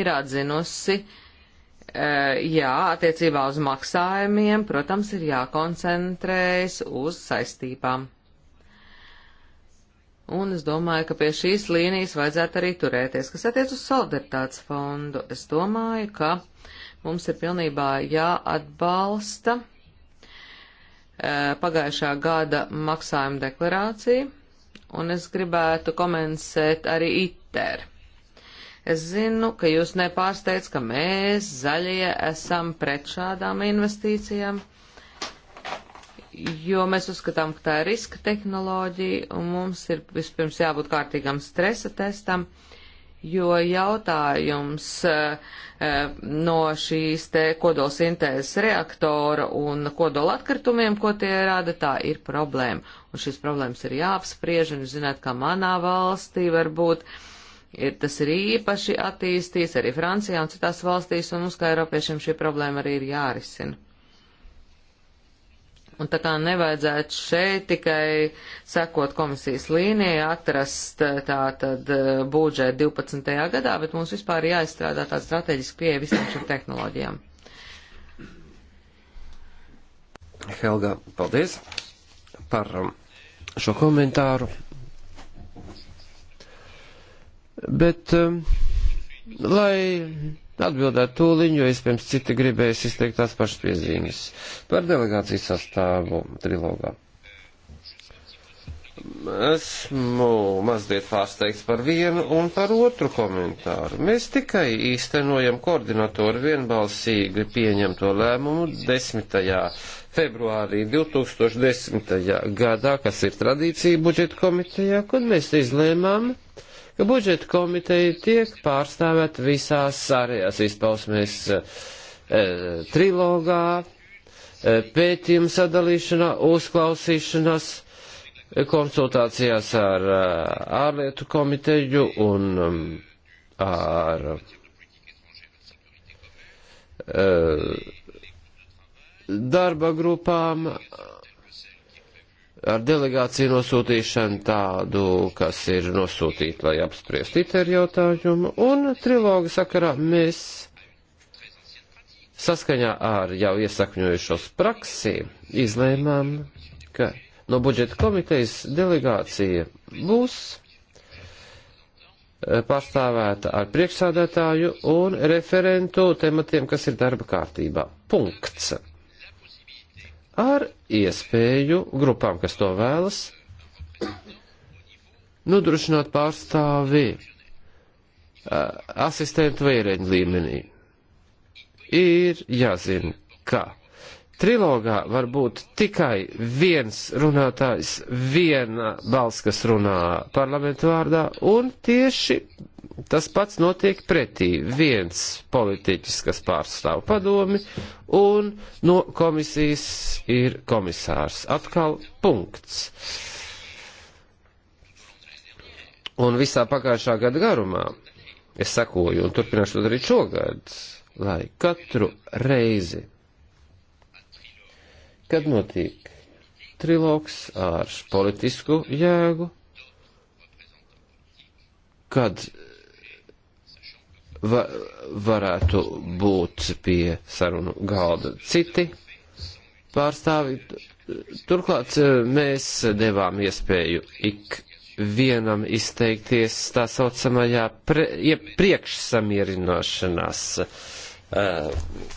[SPEAKER 3] ir atzinusi, e, jā, attiecībā uz maksājumiem, protams, ir jākoncentrējas uz saistībām. Un es domāju, ka pie šīs līnijas vajadzētu arī turēties. Kas attiec uz solidaritātes fondu, es domāju, ka mums ir pilnībā jāatbalsta. Ja Eh, pagājušā gada maksājuma deklarāciju, un es gribētu komentēt arī ITER. Es zinu, ka jūs nepārsteidz, ka mēs, zaļie, esam pret šādām investīcijām, jo mēs uzskatām, ka tā ir riska tehnoloģija, un mums ir vispirms jābūt kārtīgam stresa testam, uh, jo jautājums eh, eh, no šīs te kodolsintēzes reaktora un kodola atkritumiem, ko tie rada, tā ir problēma. Un šīs problēmas ir jāapspriež, un jūs zināt, kā manā valstī varbūt ir, tas ir īpaši attīstīts, arī Francijā un citās valstīs, un mums kā Eiropiešiem šī problēma arī ir jārisina. Un tā kā nevajadzētu šeit tikai sekot komisijas līnijai, atrast eh, tā tad eh, budžetu 12. gadā, bet mums vispār ir jāizstrādā tāda strateģiska pieeja visām šīm tehnoloģijām.
[SPEAKER 2] Helga, paldies par um, šo komentāru. Bet, um, lai atbildēt tūliņ, jo iespējams citi gribēs izteikt tās pašas piezīmes par delegācijas sastāvu trilogā. Esmu mazliet pārsteigts par vienu un par otru komentāru. Mēs tikai īstenojam koordinatoru vienbalsīgi pieņemto lēmumu 10. februārī 2010. gadā, kas ir tradīcija budžeta komitejā, kad mēs izlēmām uh, ka budžeta komiteja tiek pārstāvēt visās ārējās izpausmēs e, trilogā, e, pētījuma sadalīšanā, uzklausīšanas, konsultācijās ar ārlietu komiteju un mm, ar darba grupām ar delegāciju nosūtīšanu tādu, kas ir nosūtīta, lai apspriestu ITER jautājumu, un trilogu sakarā mēs saskaņā ar jau iesakņojušos praksī izlēmām, ka no budžeta komitejas delegācija būs e, pārstāvēta ar priekšsādātāju un referentu tematiem, kas ir darba kārtībā. Punkts ar iespēju grupām, kas to vēlas, nodrošināt pārstāvi asistentu vai ierēģu līmenī. Ir jāzina, ka Trilogā var būt tikai viens runātājs, viena balss, kas runā parlamentu vārdā, un tieši tas pats notiek pretī. Viens politiķis, kas pārstāv padomi, un no komisijas ir komisārs. Atkal punkts. Un visā pagājušā gada garumā es sekoju un turpināšu to darīt šogad, lai katru reizi kad notiek trilogs ar politisku jēgu, kad va varētu būt pie sarunu galda citi pārstāvi. Turklāt eh, mēs devām iespēju ik vienam izteikties tā saucamajā pre, ja priekšsamierināšanās uh,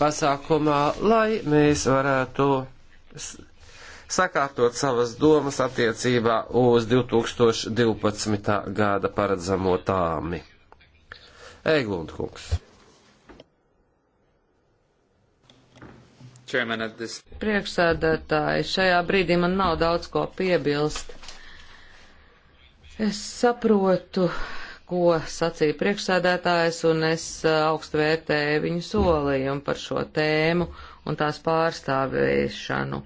[SPEAKER 2] pasākumā, lai mēs varētu sakārtot savas domas attiecībā uz 2012. gada paredzamo tāmi. Eglund kungs.
[SPEAKER 3] Priekšsēdētāji, šajā brīdī man nav daudz ko piebilst. Es saprotu, ko sacīja priekšsēdētājs, un es augstu vērtēju viņu solījumu par šo tēmu un tās pārstāvēšanu.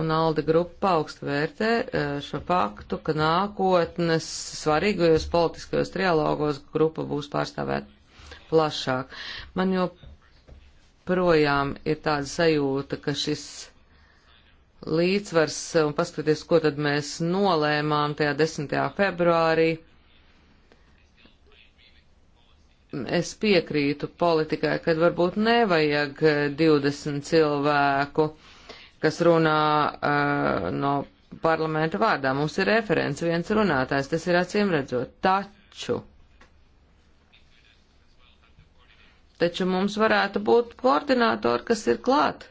[SPEAKER 3] Un Alde grupa augstu vērtē šo faktu, ka nākotnes svarīgajos politiskajos trialogos grupa būs pārstāvēta plašāk. Man joprojām ir tāda sajūta, ka šis līdzsvars, un paskatieties, ko tad mēs nolēmām tajā 10. februārī, es piekrītu politikai, kad varbūt nevajag 20 eh, cilvēku, kas runā uh, no parlamenta vārdā. Mums ir referents, viens runātājs, tas ir acīm redzot. Taču. Taču mums varētu būt koordinātori, kas ir klāt.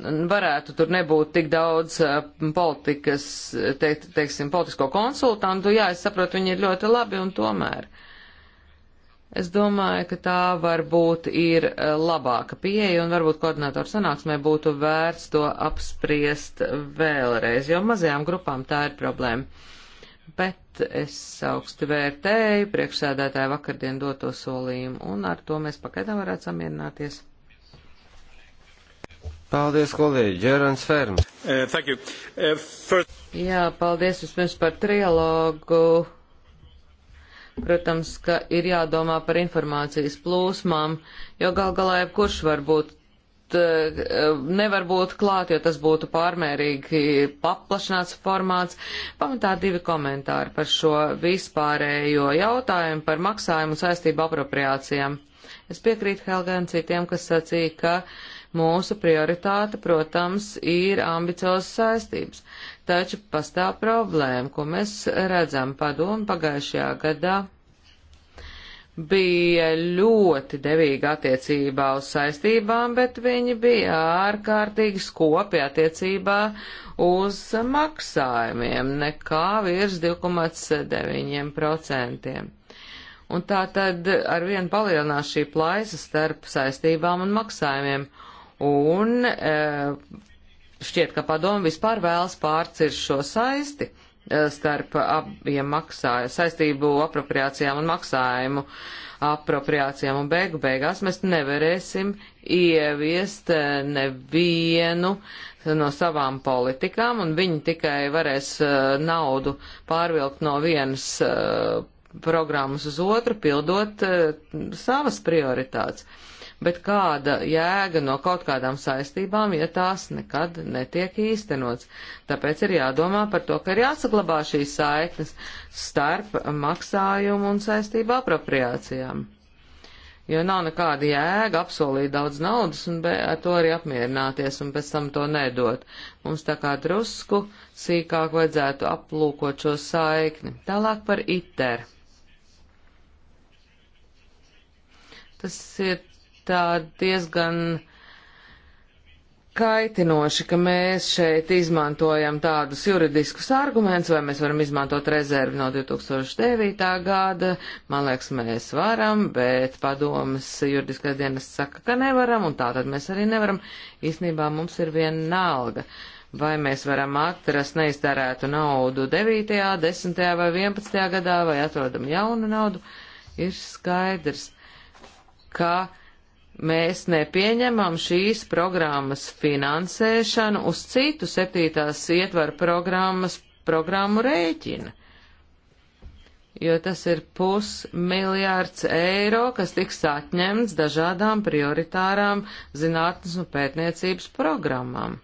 [SPEAKER 3] Varētu tur nebūt tik daudz eh, politikas, te, teiksim, politisko konsultantu. Jā, es saprotu, viņi ir ļoti labi un tomēr. Uh, Es domāju, ka tā varbūt ir e, labāka pieeja un varbūt koordinātoru sanāksmē būtu vērts to apspriest vēlreiz, jo mazajām grupām tā ir problēma. Bet es augsti vērtēju priekšsēdētāju vakardien doto solījumu un ar to mēs pagaidām varētu samierināties.
[SPEAKER 2] Paldies, kolēģi. Ģerans Ferms. Uh, thank you. Uh,
[SPEAKER 1] first...
[SPEAKER 3] Jā, paldies vispirms par trialogu Protams, ka ir jādomā par informācijas plūsmām, jo gal galā jebkurš var būt eh, nevar būt klāt, jo tas būtu pārmērīgi paplašināts formāts. Pamatā divi komentāri par šo vispārējo jautājumu par maksājumu saistību apropriācijām. Es piekrītu Helgai un citiem, kas sacīja, ka mūsu prioritāte, protams, ir ambiciozas saistības. Taču pastāv problēma, ko mēs redzam padomu pagājušajā gadā bija ļoti devīga attiecībā uz saistībām, bet viņi bija ārkārtīgi skopi attiecībā uz maksājumiem, nekā virs 2,9%. Un tā tad arvien palielinās šī plaisa starp saistībām un maksājumiem. Un e, šķiet, ka padomu vispār vēlas pārcirst šo saisti eh, starp abiem maksājumu, saistību apropriācijām un maksājumu apropriācijām, un beigu beigās mēs nevarēsim ieviest eh, nevienu no savām politikām, un viņi tikai varēs eh, naudu pārvilkt no vienas programmas uz otru, pildot savas prioritātes bet kāda jēga no kaut kādām saistībām, ja tās nekad netiek īstenots. Tāpēc ir jādomā par to, ka ir jāsaglabā šīs saiknes starp maksājumu un saistību apropriācijām. Jo nav nekāda jēga apsolīt daudz naudas un be, ar to arī apmierināties un pēc tam to nedot. Mums tā kā drusku sīkāk vajadzētu aplūkot šo saikni. Tālāk par ITER. Tas ir tā diezgan kaitinoši, ka mēs šeit izmantojam tādus juridiskus argumentus, vai mēs varam izmantot rezervi no 2009. gada. Man liekas, mēs varam, bet padomas juridiskais dienas saka, ka nevaram, un tā tad mēs arī nevaram. Īsnībā mums ir viena nalga. Vai mēs varam atrast neiztērētu naudu 9., 10. vai 11. gadā, vai atrodam jaunu naudu, ir skaidrs, ka mēs nepieņemam šīs programmas finansēšanu uz citu septītās ietvaru programmas programmu rēķina. Jo tas ir pusmiljārds eiro, kas tiks atņemts dažādām prioritārām zinātnes un pētniecības programmām.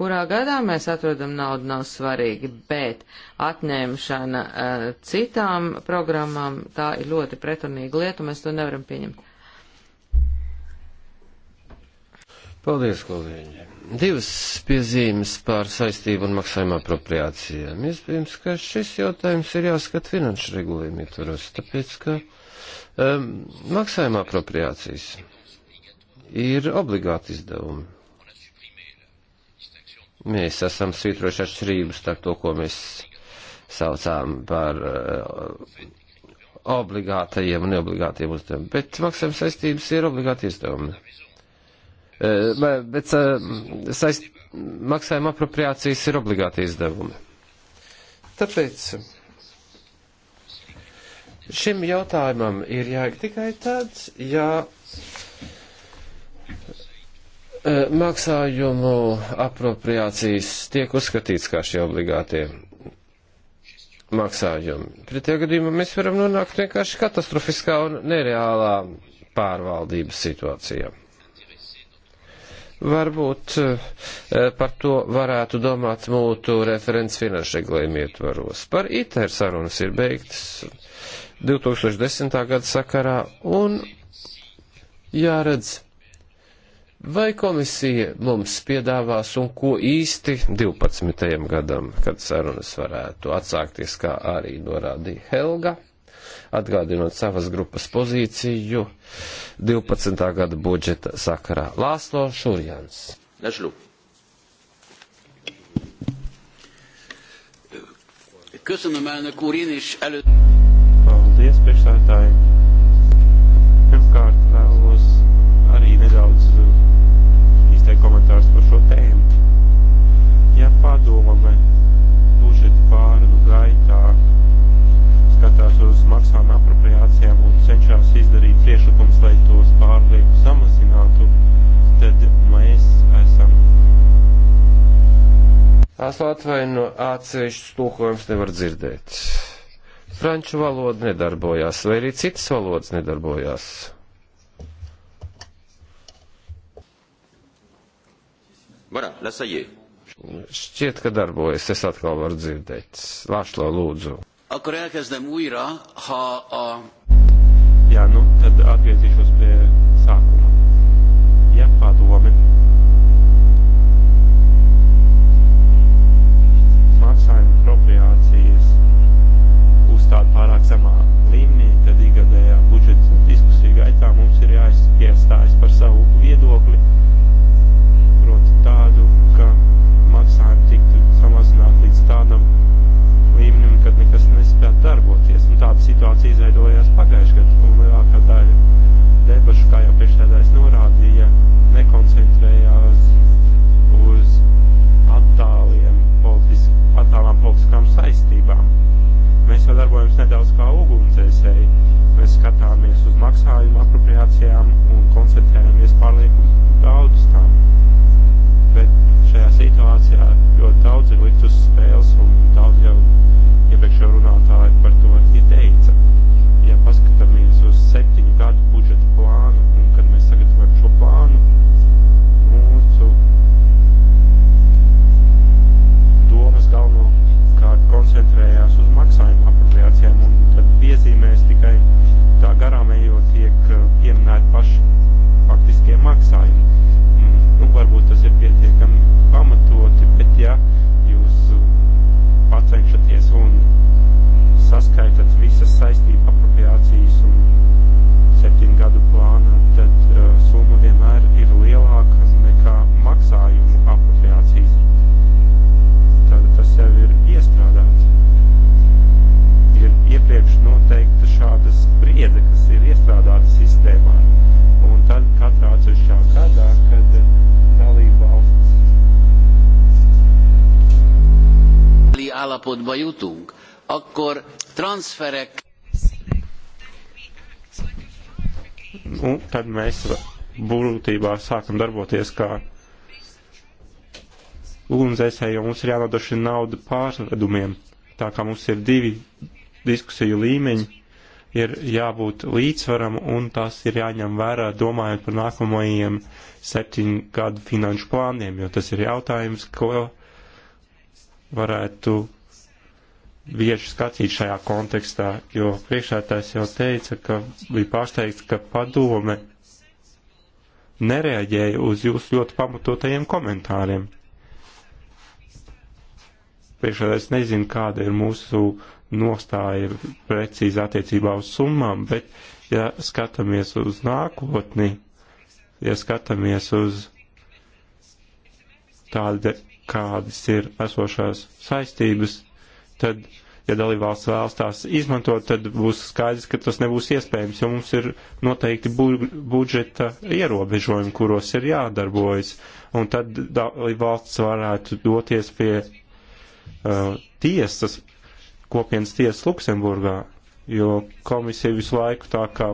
[SPEAKER 3] Kurā gadā mēs atrodam naudu nav svarīgi, bet atņemšana uh, citām programmām tā ir ļoti pretrunīga lieta, mēs to nevaram pieņemt.
[SPEAKER 2] Paldies, kolēģi. Divas piezīmes par saistību un maksājuma apropriācijām. Iespējams, ka šis jautājums ir jāskat finanšu regulējumu ietvaros, tāpēc, ka um, maksājuma apropriācijas ir obligāti izdevumi. Mēs esam svītroši atšķirību starp to, ko mēs saucām par uh, obligātajiem un neobligātiem uzdevumiem, bet maksājuma saistības ir obligāti izdevumi. Eh, bet eh, saist, maksājuma apropriācijas ir obligāti izdevumi. Tāpēc šim jautājumam ir jāiet tikai tāds, ja eh, maksājumu apropriācijas tiek uzskatīts kā šie obligātie maksājumi. Pretējā gadījumā mēs varam nonākt vienkārši katastrofiskā un nereālā pārvaldības situācijā. Varbūt eh, par to varētu domāt mūtu referents finanšu regulējumu ietvaros. Par ITER sarunas ir beigtas 2010. gada sakarā un jāredz, vai komisija mums piedāvās un ko īsti 12. gadam, kad sarunas varētu atsākties, kā arī norādīja Helga atgādinot savas grupas pozīciju 12. gada budžeta sakarā. Lāslo Šurjans.
[SPEAKER 1] Dažlu. Köszönöm elnök úr, én is elő...
[SPEAKER 4] Paldies, priekšstādātāji. Pirmkārt vēlos arī nedaudz izteikt komentārus par šo tēmu. Ja padome attiecas uz maksām apropriācijām un cenšas izdarīt priešlikums, lai tos pārlieku samazinātu, tad mēs esam.
[SPEAKER 2] Es atvainu, atsevišķus tulkojums nevar dzirdēt. Franču valoda nedarbojās, vai arī citas valodas nedarbojās.
[SPEAKER 1] Voilà, là ça y est.
[SPEAKER 2] Šķiet, ka darbojas. Es atkal varu dzirdēt. Vāšlo lūdzu.
[SPEAKER 4] Akkor elkezdem újra, ha a... Jā, nu, tad atgriezīšos pie sākuma. Ja padome maksājuma apropriācijas uzstāda pārāk zemā līmenī, tad ikgadējā budžeta diskusija gaitā mums ir jāiestājas par savu viedokli spētu darboties. Un tāda situācija izveidojās pagājušajā gadā, un lielākā daļa debašu, kā jau priekšstādājs norādīja, nekoncentrējās uz attāliem politisk, attālām politiskām saistībām. Mēs jau darbojamies nedaudz kā ugunsdzēsēji. Mēs skatāmies uz maksājumu apropriācijām un koncentrējamies pārlieku daudz tām. Bet šajā situācijā ļoti daudz ir likt uz spēles un daudz jau iepriekšējā runātāja par to ir teica. Ja paskatāmies uz septiņu gadu budžeta plānu, un kad mēs sagatavojam šo plānu, mūsu domas galvenokārt koncentrējās uz maksājumu apropriācijām, un tad piezīmēs tikai tā garām ejot tiek eh, pieminēti paši faktiskie maksājumi. Mm, nu, varbūt tas ir pietiekami pamatoti, bet ja atveikšaties un saskaitat visas saistību apropriācijas un septiņu gadu plānā, tad uh, summa vienmēr ir lielāka nekā maksājumu apropriācija
[SPEAKER 2] állapotba jutunk, akkor transferek...
[SPEAKER 4] Un nu, tad mēs būtībā sākam darboties kā ugunsdzēsēji, jo mums ir jānodrošina nauda pārvedumiem. Tā kā mums ir divi diskusiju līmeņi, ir jābūt līdzsvaram un tas ir jāņem vērā domājot par nākamajiem septiņu gadu finanšu plāniem, jo tas ir jautājums, ko varētu bieži skatīt šajā kontekstā, jo priekšētājs jau teica, ka bija pārsteigts, ka padome nereaģēja uz jūsu ļoti pamatotajiem komentāriem. Priekšētājs nezinu, kāda ir mūsu nostāja precīzi attiecībā uz summām, bet ja skatāmies uz nākotni, ja skatāmies uz tādu, kādas ir esošās saistības, tad, ja dalībvalsts vēlas tās izmantot, tad būs skaidrs, ka tas nebūs iespējams, jo mums ir noteikti bu budžeta ierobežojumi, kuros ir jādarbojas, un tad dalībvalsts varētu doties pie uh, tiesas, kopienas tiesas Luksemburgā, jo komisija visu laiku tā kā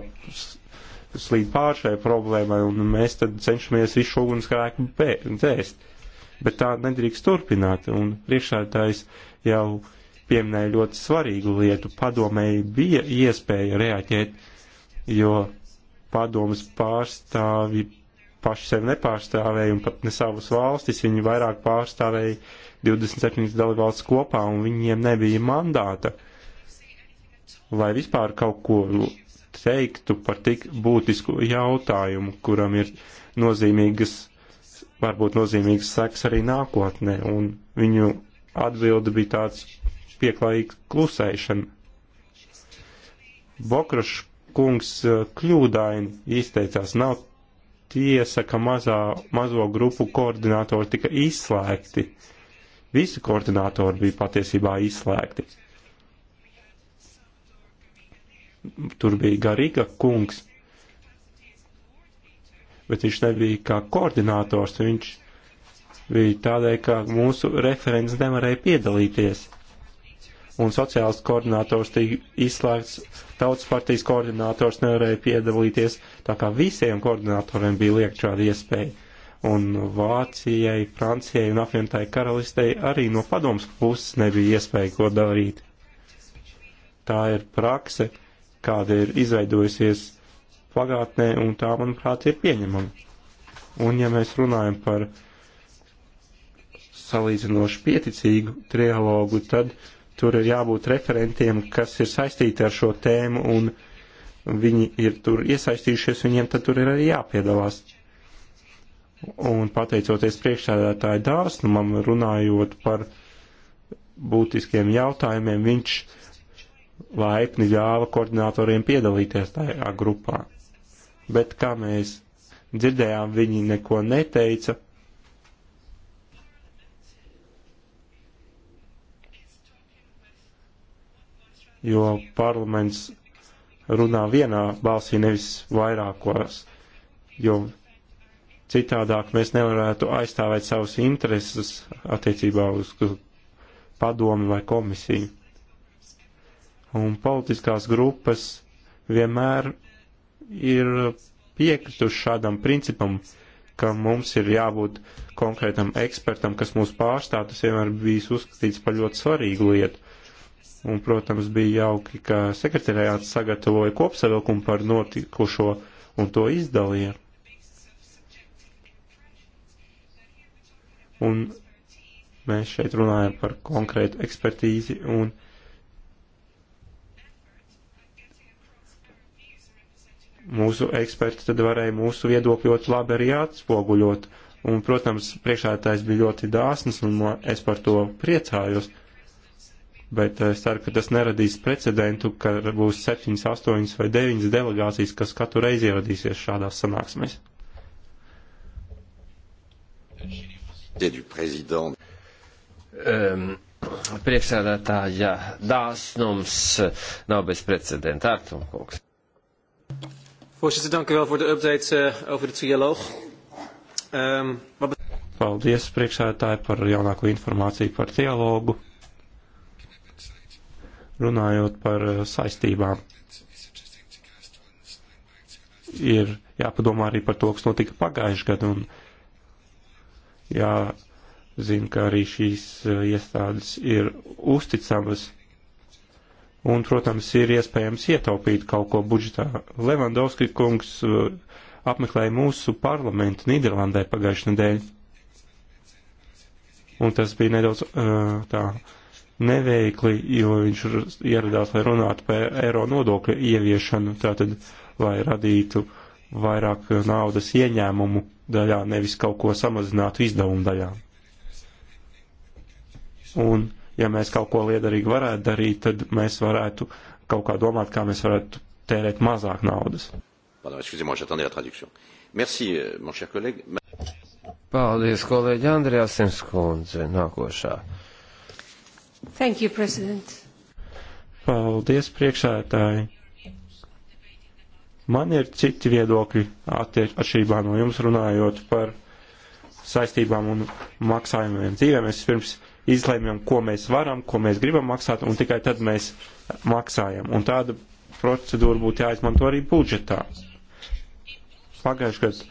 [SPEAKER 4] slīd pār šai problēmai, un mēs tad cenšamies visu šo ugunsgrēku dzēst. Bet tā nedrīkst turpināt, un priekšētājs jau pieminēja ļoti svarīgu lietu. Padomēji bija iespēja reaģēt, jo padomas pārstāvi paši sevi nepārstāvēja un pat ne savas valstis, viņi vairāk pārstāvēja 27 dalībvalsts kopā un viņiem nebija mandāta, lai vispār kaut ko teiktu par tik būtisku jautājumu, kuram ir nozīmīgas, varbūt nozīmīgas seks arī nākotnē, un viņu atbilde bija tāds pieklājīga klusēšana. Bokrašs kungs eh, kļūdaini izteicās, nav tiesa, ka mazā, mazo grupu koordinātori tika izslēgti. Visi koordinātori bija patiesībā izslēgti. Tur bija Garīga kungs, bet viņš nebija kā koordinātors, viņš bija tādēļ, ka mūsu referents nevarēja piedalīties un sociālistu koordinators tika izslēgts, tautas partijas koordinators nevarēja piedalīties, tā kā visiem koordinatoriem bija liekt šāda iespēja. Un Vācijai, Francijai un apvienotāji karalistei arī no padomas puses nebija iespēja ko darīt. Tā ir prakse, kāda ir izveidojusies pagātnē, un tā, manuprāt, ir pieņemama. Un ja mēs runājam par salīdzinoši pieticīgu trialogu, tad uh, Tur ir jābūt referentiem, kas ir saistīti ar šo tēmu, un viņi ir tur iesaistījušies, viņiem tad tur ir arī jāpiedalās. Un pateicoties priekšsēdētāju dāsnumam, runājot par būtiskiem jautājumiem, viņš laipni ļāva koordinatoriem piedalīties tajā grupā. Bet, kā mēs dzirdējām, viņi neko neteica, jo parlaments runā vienā balsī, nevis vairākos, jo citādāk mēs nevarētu aizstāvēt savus intereses attiecībā uz padomi vai komisiju. Un politiskās grupas vienmēr ir piekrituši šādam principam, ka mums ir jābūt konkrētam ekspertam, kas mūs pārstāv, tas vienmēr bijis uzskatīts par ļoti svarīgu lietu. Un, protams, bija jauki, ka sekretariāts sagatavoja kopsavilkumu par notikušo un to izdalīja. Un mēs šeit runājam par konkrētu ekspertīzi un mūsu eksperti tad varēja mūsu viedokļu ļoti labi arī atspoguļot. Un, protams, priekšētājs bija ļoti dāsns, un es par to priecājos bet es ceru, ka tas neradīs precedentu, ka būs 7, 8 vai 9 delegācijas, kas katru reizi ieradīsies šādās sanāksmēs.
[SPEAKER 2] Um, Priekšsēdētāja dāsnums nav bez precedenta. Artumkungs. Voorzitter, dank u wel voor de
[SPEAKER 1] update uh, over de trialoog. Um, wat...
[SPEAKER 4] Paldies, priekšsēdētāji, par jaunāko informāciju par dialogu runājot par eh, saistībām. Ir jāpadomā arī par to, kas notika pagājušajā gadā, un jāzina, ka arī šīs eh, iestādes ir uzticamas. Un, protams, ir iespējams ietaupīt kaut ko budžetā. Levandovski kungs eh, apmeklēja mūsu parlamentu Nīderlandē pagājušajā nedēļā. Un tas bija nedaudz uh, tā neveikli, jo viņš ir ieradās, lai runātu par eiro nodokļu ieviešanu, tātad, lai radītu vairāk naudas ieņēmumu daļā, nevis kaut ko samazinātu izdevumu daļā. Un, ja mēs kaut ko liederīgi varētu darīt, tad mēs varētu kaut kā domāt, kā mēs varētu tērēt mazāk naudas.
[SPEAKER 1] Euh,
[SPEAKER 4] Paldies, kolēģi Andrejā Simskundze, nākošā.
[SPEAKER 3] Thank you, President.
[SPEAKER 4] Paldies, priekšētāji. Man ir citi viedokļi atšķirībā no jums runājot par saistībām un maksājumiem dzīvē. Mēs pirms izlēmjam, ko mēs varam, ko mēs gribam maksāt, un tikai tad mēs maksājam. Un tāda procedūra būtu jāizmanto arī budžetā. Pagājuši, kad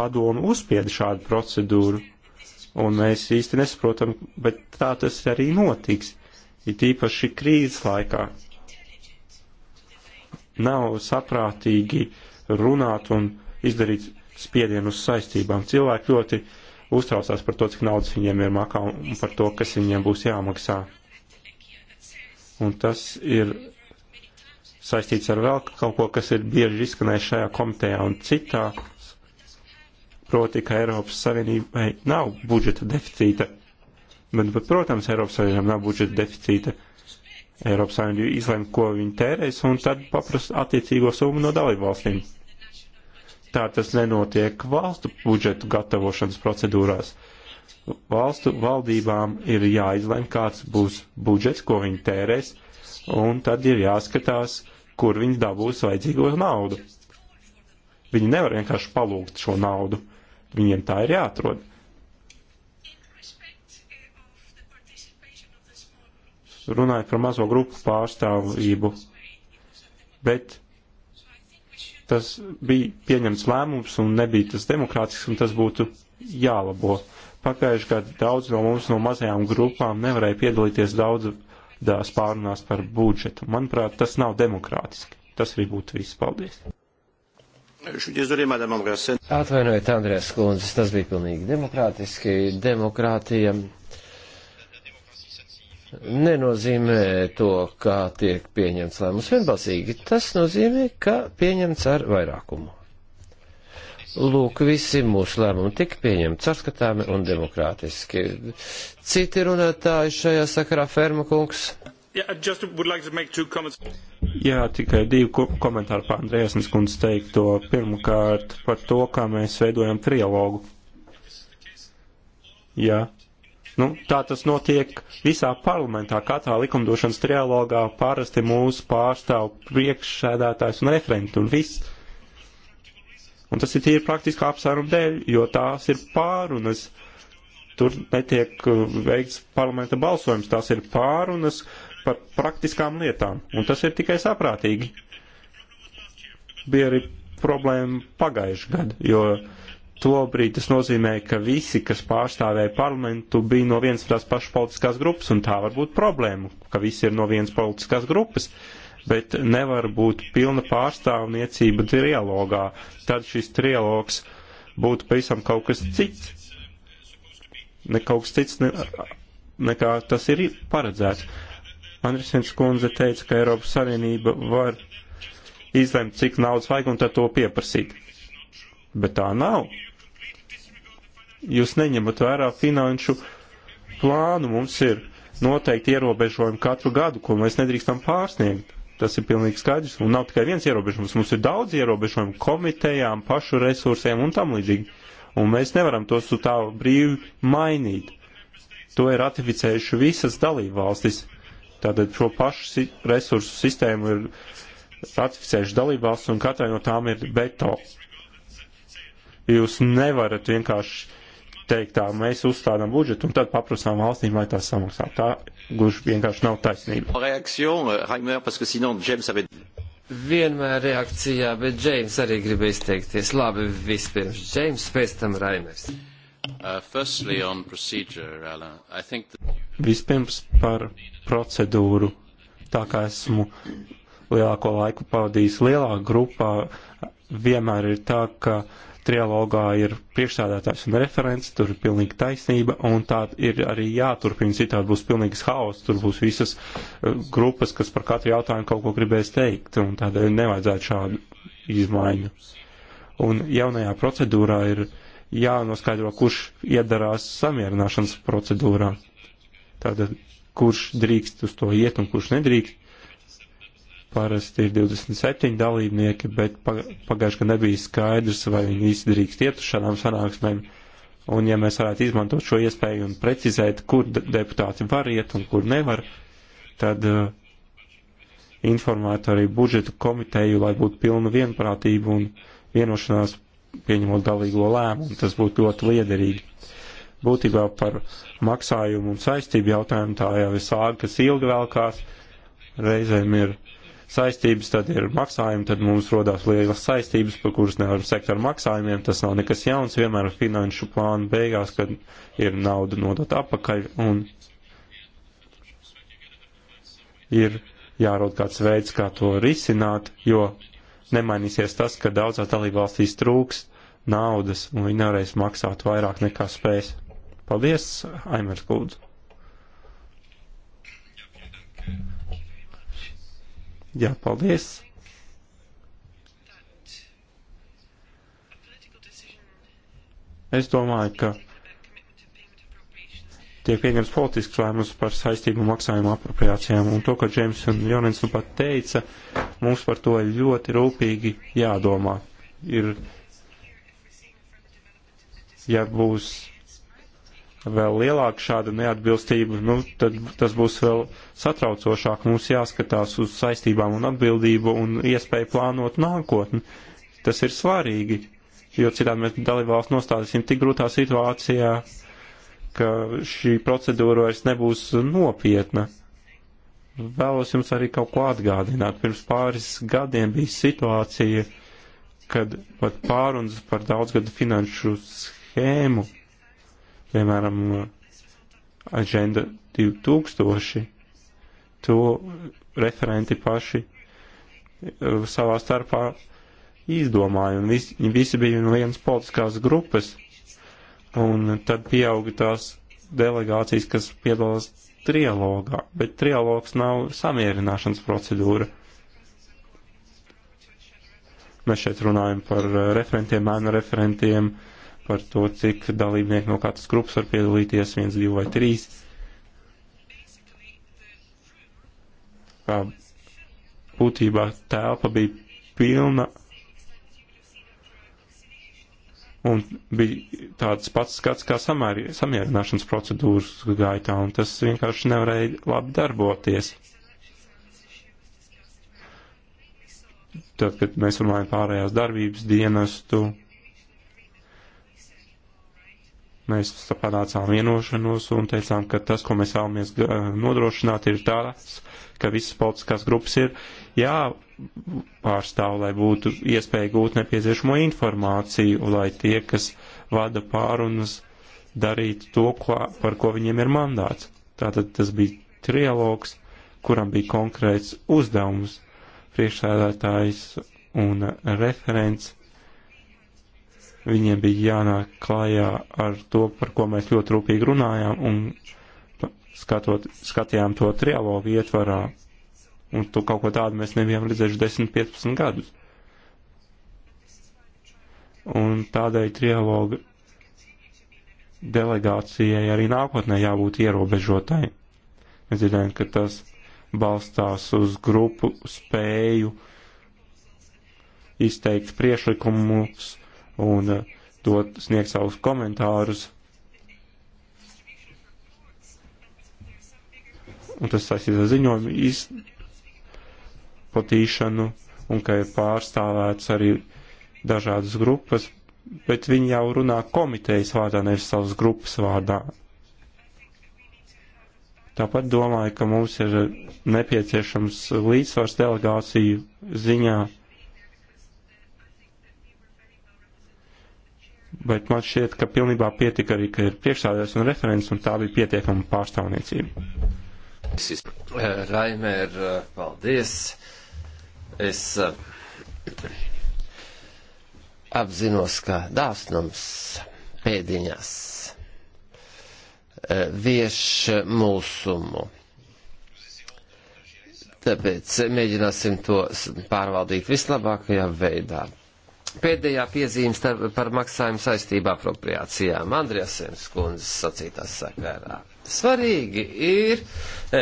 [SPEAKER 4] padomu uzspieda šādu procedūru, un mēs īsti nesaprotam, bet tā tas arī notiks it īpaši krīzes laikā. Nav saprātīgi runāt un izdarīt spiedienu uz saistībām. Cilvēki ļoti uztraucās par to, cik naudas viņiem ir makā un par to, kas viņiem būs jāmaksā. Un tas ir saistīts ar vēl kaut ko, kas ir bieži izskanējis šajā komitejā un citā, proti, ka Eiropas Savienībai nav budžeta deficīta. Bet, bet protams, Eiropas Savienībām nav budžeta deficīta. Eiropas Savienība izlem, ko viņi tērēs, un tad paprasa attiecīgo summu no dalību valstīm. Tā tas nenotiek valstu budžetu gatavošanas procedūrās. Valstu valdībām ir jāizlem, kāds būs budžets, ko viņi tērēs, un tad ir jāskatās, kur viņi dabūs vajadzīgo naudu. Viņi nevar vienkārši palūgt šo naudu, viņiem tā ir jāatrod. runājat par mazo grupu pārstāvību, bet tas bija pieņemts lēmums un nebija tas demokrātisks, un tas būtu jālabo. Pagājuši gadu daudz no mums no mazajām grupām nevarēja piedalīties daudzās pārunās par budžetu. Manuprāt, tas nav demokrātiski. Tas arī būtu viss. Paldies! Atvainojiet,
[SPEAKER 2] Andrēs Kundzes, tas bija pilnīgi demokrātiski. Demokrātija nenozīmē to, kā tiek pieņemts lēmums vienbalsīgi. Tas nozīmē, ka pieņemts ar vairākumu. Lūk, visi mūsu lēmumi tika pieņemti caurskatāmi un demokrātiski.
[SPEAKER 4] Citi runātāji šajā sakarā Ferma kungs. Jā, yeah, like Jā, tikai divi komentāri par Andrēsnes kundzes teikto. Pirmkārt, par to, kā mēs veidojam trialogu. Jā, Nu, tā tas notiek visā parlamentā, katrā likumdošanas trialogā parasti mūsu pārstāv priekšsēdētājs un referenti un viss. Un tas ir tīri praktiski apsvērumu dēļ, jo tās ir pārunas. Tur netiek uh, veikts parlamenta balsojums, tās ir pārunas par praktiskām lietām. Un tas ir tikai saprātīgi. Bija arī problēma pagājuši gadu, jo Tobrīd tas nozīmē, ka visi, kas pārstāvēja parlamentu, bija no vienas tās pašas politiskās grupas, un tā var būt problēma, ka visi ir no vienas politiskās grupas, bet nevar būt pilna pārstāvniecība trialogā. Tad šis trialogs būtu pavisam kaut kas cits, ne kaut kas cits ne, nekā tas ir paredzēts. Andrisens kundze teica, ka Eiropas Savienība var izlemt, cik naudas vajag un tad to pieprasīt. Bet tā nav jūs neņemat vērā finanšu plānu. Mums ir noteikti ierobežojumi katru gadu, ko mēs nedrīkstam pārsniegt. Tas ir pilnīgi skaidrs. Un nav tikai viens ierobežojums. Mums ir daudz ierobežojumu komitejām, pašu resursiem un tam līdzīgi. Un mēs nevaram tos tā brīvi mainīt. To ir ratificējuši visas dalībvalstis. Tātad šo pašu resursu sistēmu ir ratificējuši dalībvalsts un katrai no tām ir veto. Jūs nevarat vienkārši teikt, tā mēs uzstādām budžetu un tad paprasām valstīm, lai tās samaksā. Tā gluži vienkārši nav taisnība.
[SPEAKER 1] Eh,
[SPEAKER 2] vienmēr reakcijā, bet Džeims arī grib izteikties. Labi, vispirms Džeims, pēc tam Raimers.
[SPEAKER 1] Uh, firstly, on procedure, Alan, I think that...
[SPEAKER 4] Vispirms par procedūru. Tā kā esmu lielāko laiku pavadījis lielā grupā, vienmēr ir tā, ka uh, trialogā ir priekšsādātājs un referents, tur ir pilnīga taisnība, un tā ir arī jāturpina, citādi būs pilnīgs haoss, tur būs visas eh, grupas, kas par katru jautājumu kaut ko gribēs teikt, un tādēļ nevajadzētu šādu izmaiņu. Un jaunajā procedūrā ir jānoskaidro, kurš iedarās samierināšanas procedūrā. Tātad, kurš drīkst uz to iet un kurš nedrīkst. Parasti ir 27 dalībnieki, bet pagājuši, ka nebija skaidrs, vai viņi visi drīkst iet uz šādām sanāksmēm. Un ja mēs varētu izmantot šo iespēju un precizēt, kur deputāti var iet un kur nevar, tad uh, informētu arī budžetu komiteju, lai būtu pilna vienprātība un vienošanās pieņemot galīgo lēmumu. Tas būtu ļoti liederīgi. Būtībā par maksājumu un saistību jautājumu tā jau ir sāga, kas ilgi velkās. Reizēm ir saistības, tad ir maksājumi, tad mums rodās lielas saistības, par kuras nevaram sekt ar maksājumiem. Tas nav nekas jauns, vienmēr finanšu plānu beigās, kad ir nauda nodot apakaļ un ir jārod kāds veids, kā to risināt, jo nemainīsies tas, ka daudzās dalībvalstīs trūks naudas un viņi nevarēs maksāt vairāk nekā spēs. Paldies, Aimers Lūdzu! Jā, paldies. Es domāju, ka tiek pieņems politisks lēmums par saistību maksājumu apropriācijām, un to, ko Džeims un Jonins nu pat teica, mums par to ļoti rūpīgi jādomā. Ir, ja būs vēl lielāka šāda neatbilstība, nu, tad tas būs vēl satraucošāk. Mums jāskatās uz saistībām un atbildību un iespēju plānot nākotni. Tas ir svarīgi, jo citādi mēs dalībvalsts nostādīsim tik grūtā situācijā, ka šī procedūra vairs nebūs nopietna. Vēlos jums arī kaut ko atgādināt. Pirms pāris gadiem bija situācija, kad pat pārunas par daudzgadu finanšu schēmu Piemēram, Agenda 2000, to referenti paši uh, savā starpā izdomāja, un visi, visi bija no vienas politiskās grupas, un tad pieauga tās delegācijas, kas piedalās trialogā, bet trialogs nav samierināšanas procedūra. Mēs šeit runājam par uh, referentiem, mēnu referentiem, uh, par to, cik dalībnieki no katras grupas var piedalīties, viens, divi vai trīs. Kā būtībā telpa bija pilna un bija tāds pats skats kā samāri, samierināšanas procedūras gaitā, un tas vienkārši nevarēja labi darboties. Tad, kad mēs runājam pārējās darbības dienestu, Mēs panācām vienošanos un teicām, ka tas, ko mēs vēlamies nodrošināt, ir tas, ka visas politiskās grupas ir jāpārstāv, lai būtu iespēja gūt nepieciešamo informāciju, lai tie, kas vada pārunas, darītu to, ko, par ko viņiem ir mandāts. Tātad tas bija trialogs, kuram bija konkrēts uzdevums priekšsēdētājs un referents Viņiem bija jānāk klājā ar to, par ko mēs ļoti rūpīgi runājām un skatot, skatījām to trialogu ietvarā. Un to kaut ko tādu mēs nebijām redzējuši 10-15 gadus. Un tādēļ trialoga delegācijai arī nākotnē jābūt ierobežotai. Mēs dzirdējām, ka tas balstās uz grupu spēju izteikt priešlikumus un uh, dot sniegt savus komentārus. Un tas saistīts ar ziņojumu izplatīšanu un ka ir pārstāvēts arī dažādas grupas, bet viņi jau runā komitejas vārdā, nevis savas grupas vārdā. Tāpat domāju, ka mums ir nepieciešams līdzsvars delegāciju ziņā bet man šķiet, ka pilnībā pietika arī, ka ir priekšstādājs un referents, un tā bija pietiekama pārstāvniecība.
[SPEAKER 2] Eh, Raimer, eh, paldies. Es eh, apzinos, ka dāsnums pēdiņās vieš mūsumu. Tāpēc mēģināsim to pārvaldīt vislabākajā veidā. Pēdējā piezīme par maksājumu saistībā apropriācijām Andriasens kundzes sacītās sakarā. Svarīgi ir, e,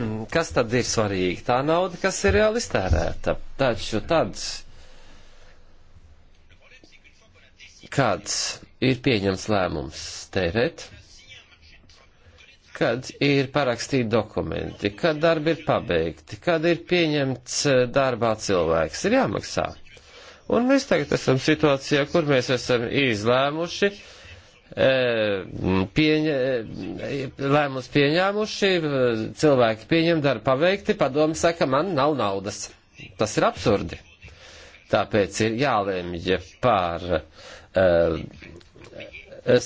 [SPEAKER 2] kas tad ir svarīgi? Tā nauda, kas ir reāli iztērēta. Taču tad, kad ir pieņems lēmums tērēt, kad ir parakstīti dokumenti, kad darbi ir pabeigti, kad ir pieņemts e, darbā cilvēks, ir jāmaksā. Un mēs tagad esam situācijā, kur mēs esam izlēmuši, e, pieņa, e, lēmums pieņēmuši, cilvēki pieņem darbu paveikti, padomu saka, man nav naudas. Tas ir absurdi. Tāpēc ir jālēmj par e,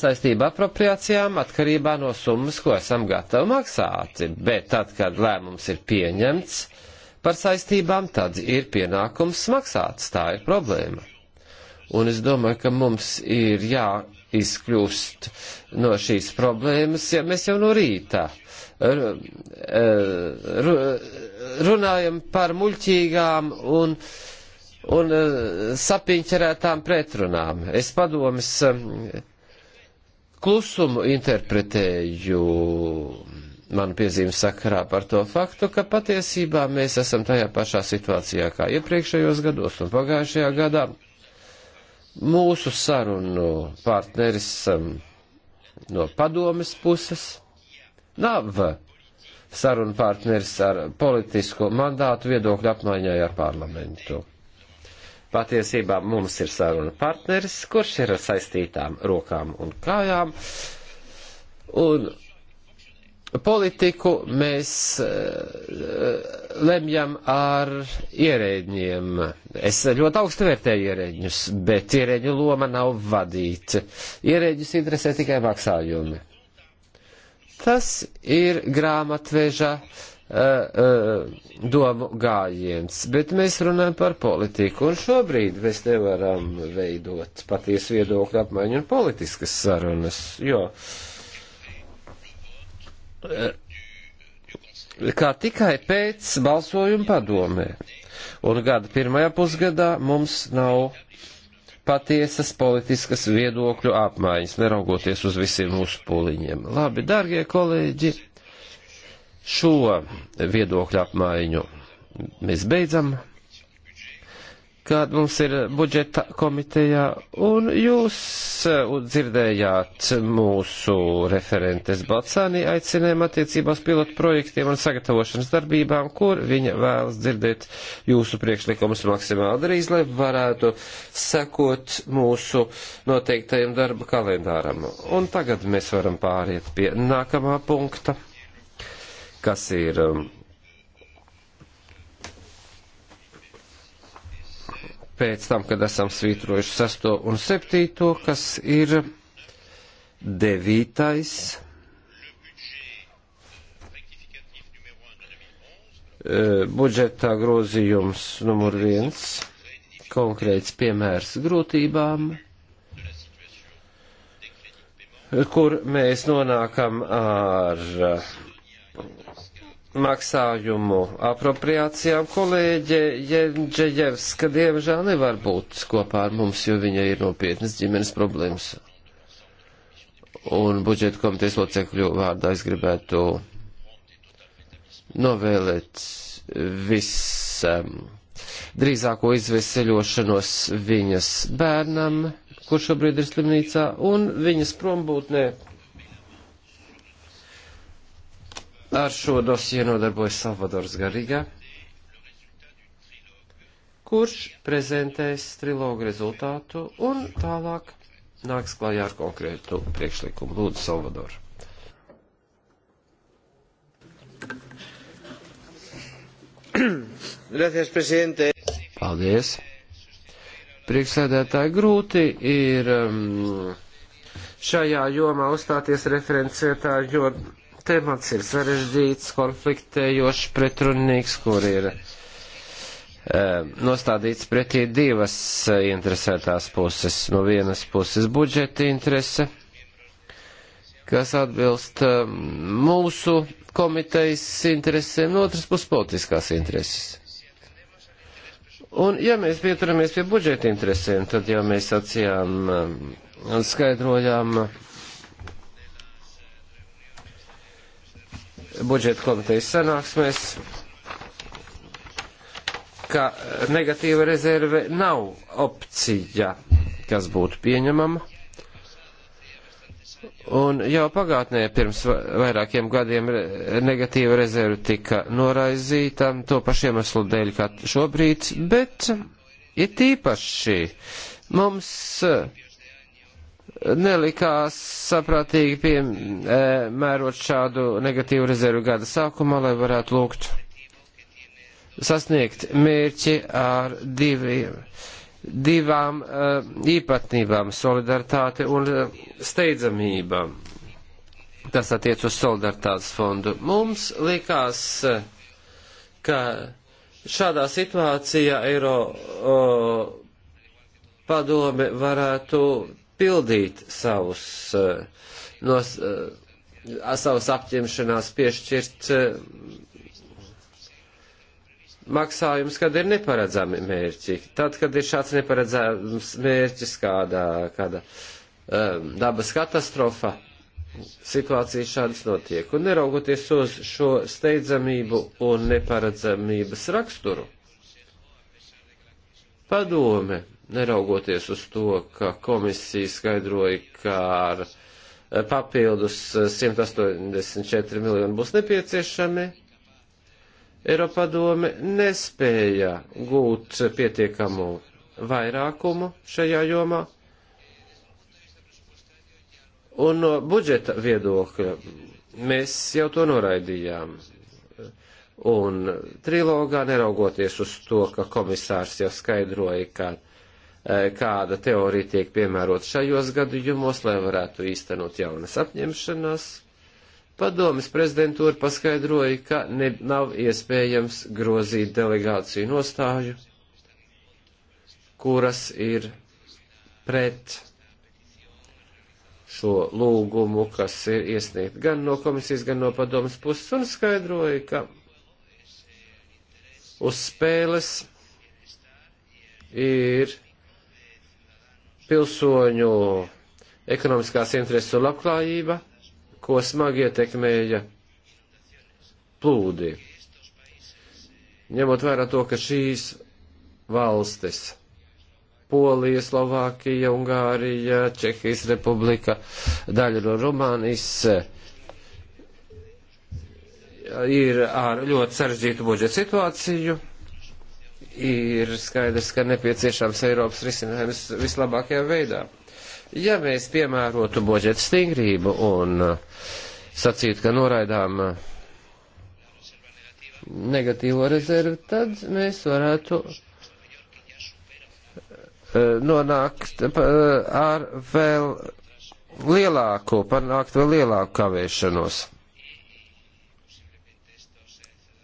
[SPEAKER 2] saistību apropriācijām atkarībā no summas, ko esam gatavi maksāt. Bet tad, kad lēmums ir pieņemts, uh, par saistībām, tad ir pienākums maksāt. Tā ir problēma. Un es domāju, ka mums ir jāizkļūst no šīs problēmas, ja mēs jau no rīta e, runājam par muļķīgām un un e, sapiņķerētām pretrunām. Es padomis e, klusumu interpretēju manu piezīmu sakarā par to faktu, ka patiesībā mēs esam tajā pašā situācijā kā iepriekšējos gados un pagājušajā gadā. Mūsu sarunu partneris um, no padomes puses nav sarunu partneris ar politisko mandātu viedokļu apmaiņai ar parlamentu. Patiesībā mums ir saruna partneris, kurš ir ar saistītām rokām un kājām. Un Politiku mēs eh, lemjam ar ierēģiem. Es ļoti augstu vērtēju ierēģus, bet ierēģu loma nav vadīt. Ierēģus interesē tikai maksājumi. Tas ir grāmatveža eh, eh, domu gājiens, bet mēs runājam par politiku, un šobrīd mēs nevaram veidot patiesu viedokļu apmaiņu un politiskas sarunas, jo uh, Eh, kā tikai pēc balsojuma padomē. Un gada pirmajā pusgadā mums nav patiesas politiskas viedokļu apmaiņas, neraugoties uz visiem mūsu puliņiem. Labi, dārgie kolēģi, šo viedokļu apmaiņu mēs beidzam kad mums ir budžeta komitejā, un jūs eh, dzirdējāt mūsu referentes Balcānī aicinējumu attiecībās pilotu projektiem un sagatavošanas darbībām, kur viņa vēlas dzirdēt jūsu priekšlikumus maksimāli drīz, lai varētu sekot mūsu noteiktajam darba kalendāram. Un tagad mēs varam pāriet pie nākamā punkta, kas ir um, pēc tam, kad esam svītrojuši sesto un septīto, kas ir devītais. E, budžetā grozījums numur viens, konkrēts piemērs grūtībām, kur mēs nonākam ar uh, maksājumu apropriācijām. Kolēģe Jevģejevska diemžēl nevar būt kopā ar mums, jo viņai ir nopietnas ģimenes problēmas. Un budžeta komitejas locekļu vārdā es gribētu novēlēt visam drīzāko izveseļošanos viņas bērnam, kurš šobrīd ir slimnīcā, un viņas prombūtnē. Ar šo dosiju nodarbojas Salvadors Garīga, kurš prezentēs trilogu rezultātu un tālāk nāks klājā ar konkrētu priekšlikumu. Lūdzu, Salvador.
[SPEAKER 3] Gracias, presidente.
[SPEAKER 2] Paldies. Priekšsēdētāji grūti ir um, šajā jomā uzstāties referencietā, jo temats ir sarežģīts, konfliktējošs, pretrunīgs, kur ir e, nostādīts pretī divas eh, interesētās puses. No vienas puses budžeta interese, kas atbilst eh, mūsu komitejas interesēm, no otras puses politiskās intereses. Un, ja mēs pieturamies pie budžeta interesēm, tad jau mēs acījām un skaidrojām uh, budžeta komitejas sanāksmēs, ka negatīva rezerve nav opcija, kas būtu pieņemama. Un jau pagātnē pirms vairākiem gadiem negatīva rezerve tika noraizīta to pašiem eslu dēļ kā šobrīd, bet ir tīpaši mums uh, nelikās saprātīgi piemērot e, šādu negatīvu rezervu gada sākumā, lai varētu lūgt sasniegt mērķi ar diviem, divām uh, īpatnībām - solidaritāte un uh, steidzamība. Tas attiec uz solidaritātes fondu. Mums likās, ka šādā situācijā Eiro uh, padome varētu pildīt savus, eh, no, eh, savus apņemšanās piešķirt eh, maksājums, kad ir neparedzami mērķi. Tad, kad ir šāds neparedzams mērķis, kāda, kāda um, dabas katastrofa, situācijas šādas notiek. Un neraugoties uz šo steidzamību un neparedzamības raksturu, padome neraugoties uz to, ka komisija skaidroja, ka ar eh, papildus 184 eh, miljoni būs nepieciešami, Eiropadome nespēja gūt pietiekamu vairākumu šajā jomā. Un no budžeta viedokļa mēs jau to noraidījām. Un trilogā, neraugoties uz to, ka komisārs jau skaidroja, ka Eh, kāda teorija tiek piemērota šajos gadījumos, lai varētu īstenot jaunas apņemšanās. Padomis prezidentūra paskaidroja, ka ne, nav iespējams grozīt delegāciju nostāju, kuras ir pret šo lūgumu, kas ir iesniegt gan no komisijas, gan no padomas puses, un skaidroja, ka uz spēles ir pilsoņu ekonomiskās interesu labklājība, ko smagi ietekmēja plūdi. Ņemot vērā to, ka šīs valstis Polija, Slovākija, Ungārija, Čehijas republika, daļa no Rumānijas ir ar ļoti sarežģītu budžeta situāciju ir skaidrs, ka nepieciešams Eiropas risinājums vislabākajā veidā. Ja mēs piemērotu budžeta stingrību un sacītu, ka noraidām negatīvo rezervi, tad mēs varētu e, nonākt e, ar vēl lielāku, panākt vēl lielāku kavēšanos.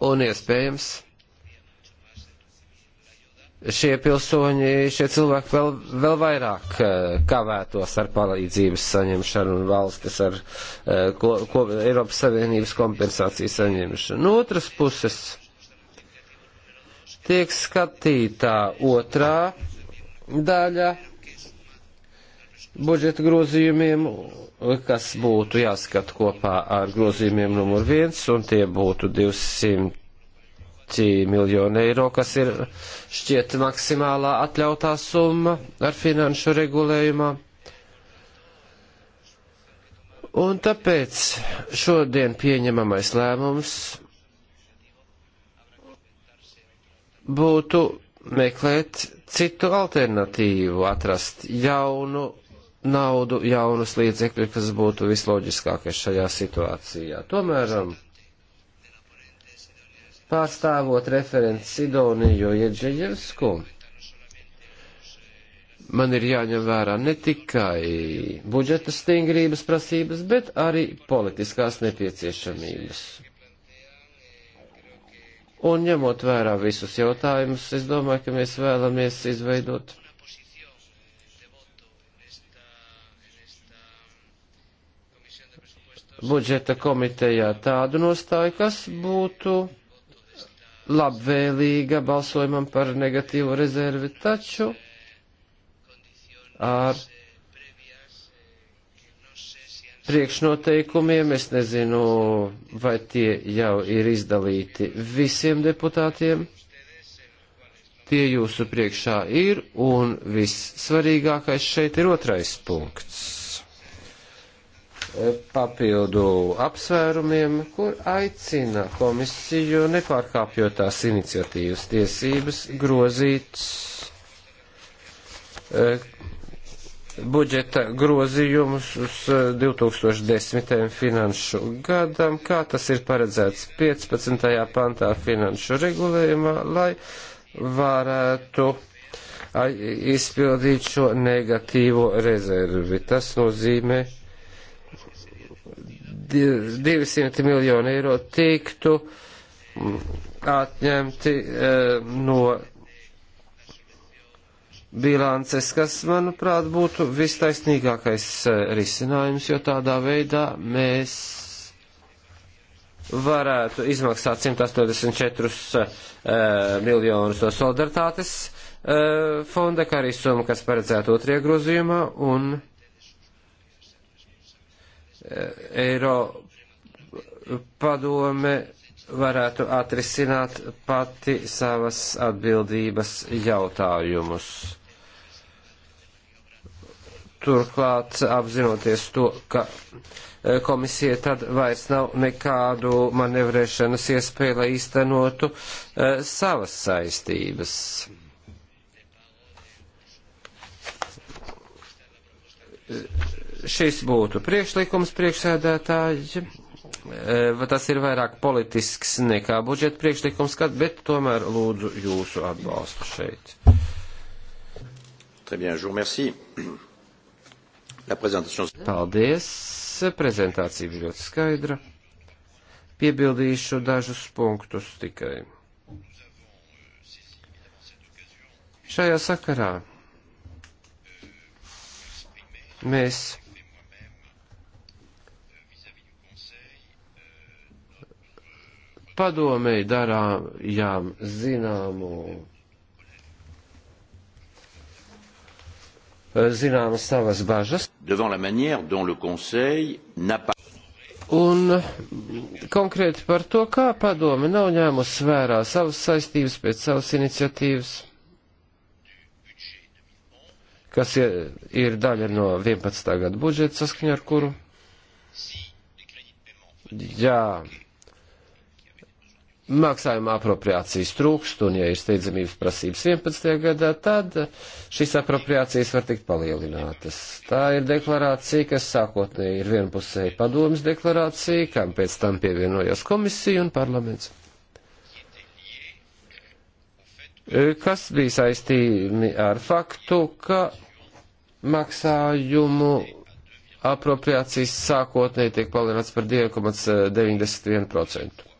[SPEAKER 2] Un iespējams, ja šie pilsoņi, šie cilvēki vēl, vēl vairāk eh, kavētos ar palīdzības saņemšanu un valstis ar eh, ko, ko, Eiropas Savienības kompensāciju saņemšanu. No otras puses tiek skatītā otrā daļa budžeta grozījumiem, kas būtu jāskat kopā ar grozījumiem numur viens, un tie būtu 200 miljoni eiro, kas ir šķiet maksimālā atļautā summa ar finanšu regulējumā. Un tāpēc šodien pieņemamais lēmums būtu meklēt citu alternatīvu, atrast jaunu naudu, jaunus līdzekļus, kas būtu visloģiskākais šajā situācijā. Tomēr pārstāvot referents Sidoniju Iedžeļevsku. Man ir jāņem vērā ne tikai budžeta stingrības prasības, bet arī politiskās nepieciešamības. Un ņemot vērā visus jautājumus, es domāju, ka mēs vēlamies izveidot budžeta komitejā tādu nostāju, kas būtu labvēlīga balsojumam par negatīvu rezervi, taču ar priekšnoteikumiem, es nezinu, vai tie jau ir izdalīti visiem deputātiem. Tie jūsu priekšā ir, un vissvarīgākais šeit ir otrais punkts papildu apsvērumiem, kur aicina komisiju nepārkāpjot tās iniciatīvas tiesības grozīt e, budžeta grozījumus uz 2010. E, finanšu gadam, kā tas ir paredzēts 15. pantā finanšu regulējumā, lai varētu izpildīt šo negatīvo rezervi. Tas nozīmē 200 miljonu eiro tiktu atņemti eh, no bilances, kas, manuprāt, būtu vistaisnīgākais eh, risinājums, jo tādā veidā mēs varētu izmaksāt 184 uh, eh, miljonus no solidaritātes uh, fonda, kā arī summa, kas paredzēta otrajā grozījumā, un Eiro padome varētu atrisināt pati savas atbildības jautājumus. Turklāt apzinoties to, ka e, komisija tad vairs nav nekādu manevrēšanas iespēju, lai īstenotu e, savas saistības. Uh, Šis būtu priekšlikums priekšsēdētāji. E, tas ir vairāk politisks nekā budžeta priekšlikums, kad, bet tomēr lūdzu jūsu atbalstu šeit. Très bien, je vous remercie. La présentation... Paldies. Prezentācija bija ļoti skaidra. Piebildīšu dažus punktus tikai. Šajā sakarā mēs padomēji darām zināmu
[SPEAKER 1] zināmas savas bažas.
[SPEAKER 2] Un konkrēti par to, kā padome nav ņēmusi vērā savas saistības pēc savas iniciatīvas, kas ir, ir daļa no 11. gada budžeta saskaņa ar kuru. Jā. Ja maksājuma apropriācijas trūkst, un ja ir steidzamības prasības 11. gadā, tad šīs apropriācijas var tikt palielinātas. Tā ir deklarācija, kas sākotnēji ir vienpusēji padomas deklarācija, kam pēc tam pievienojās komisija un parlaments. Kas bija saistīmi ar faktu, ka maksājumu apropriācijas sākotnēji tiek palielināts par 2,91%.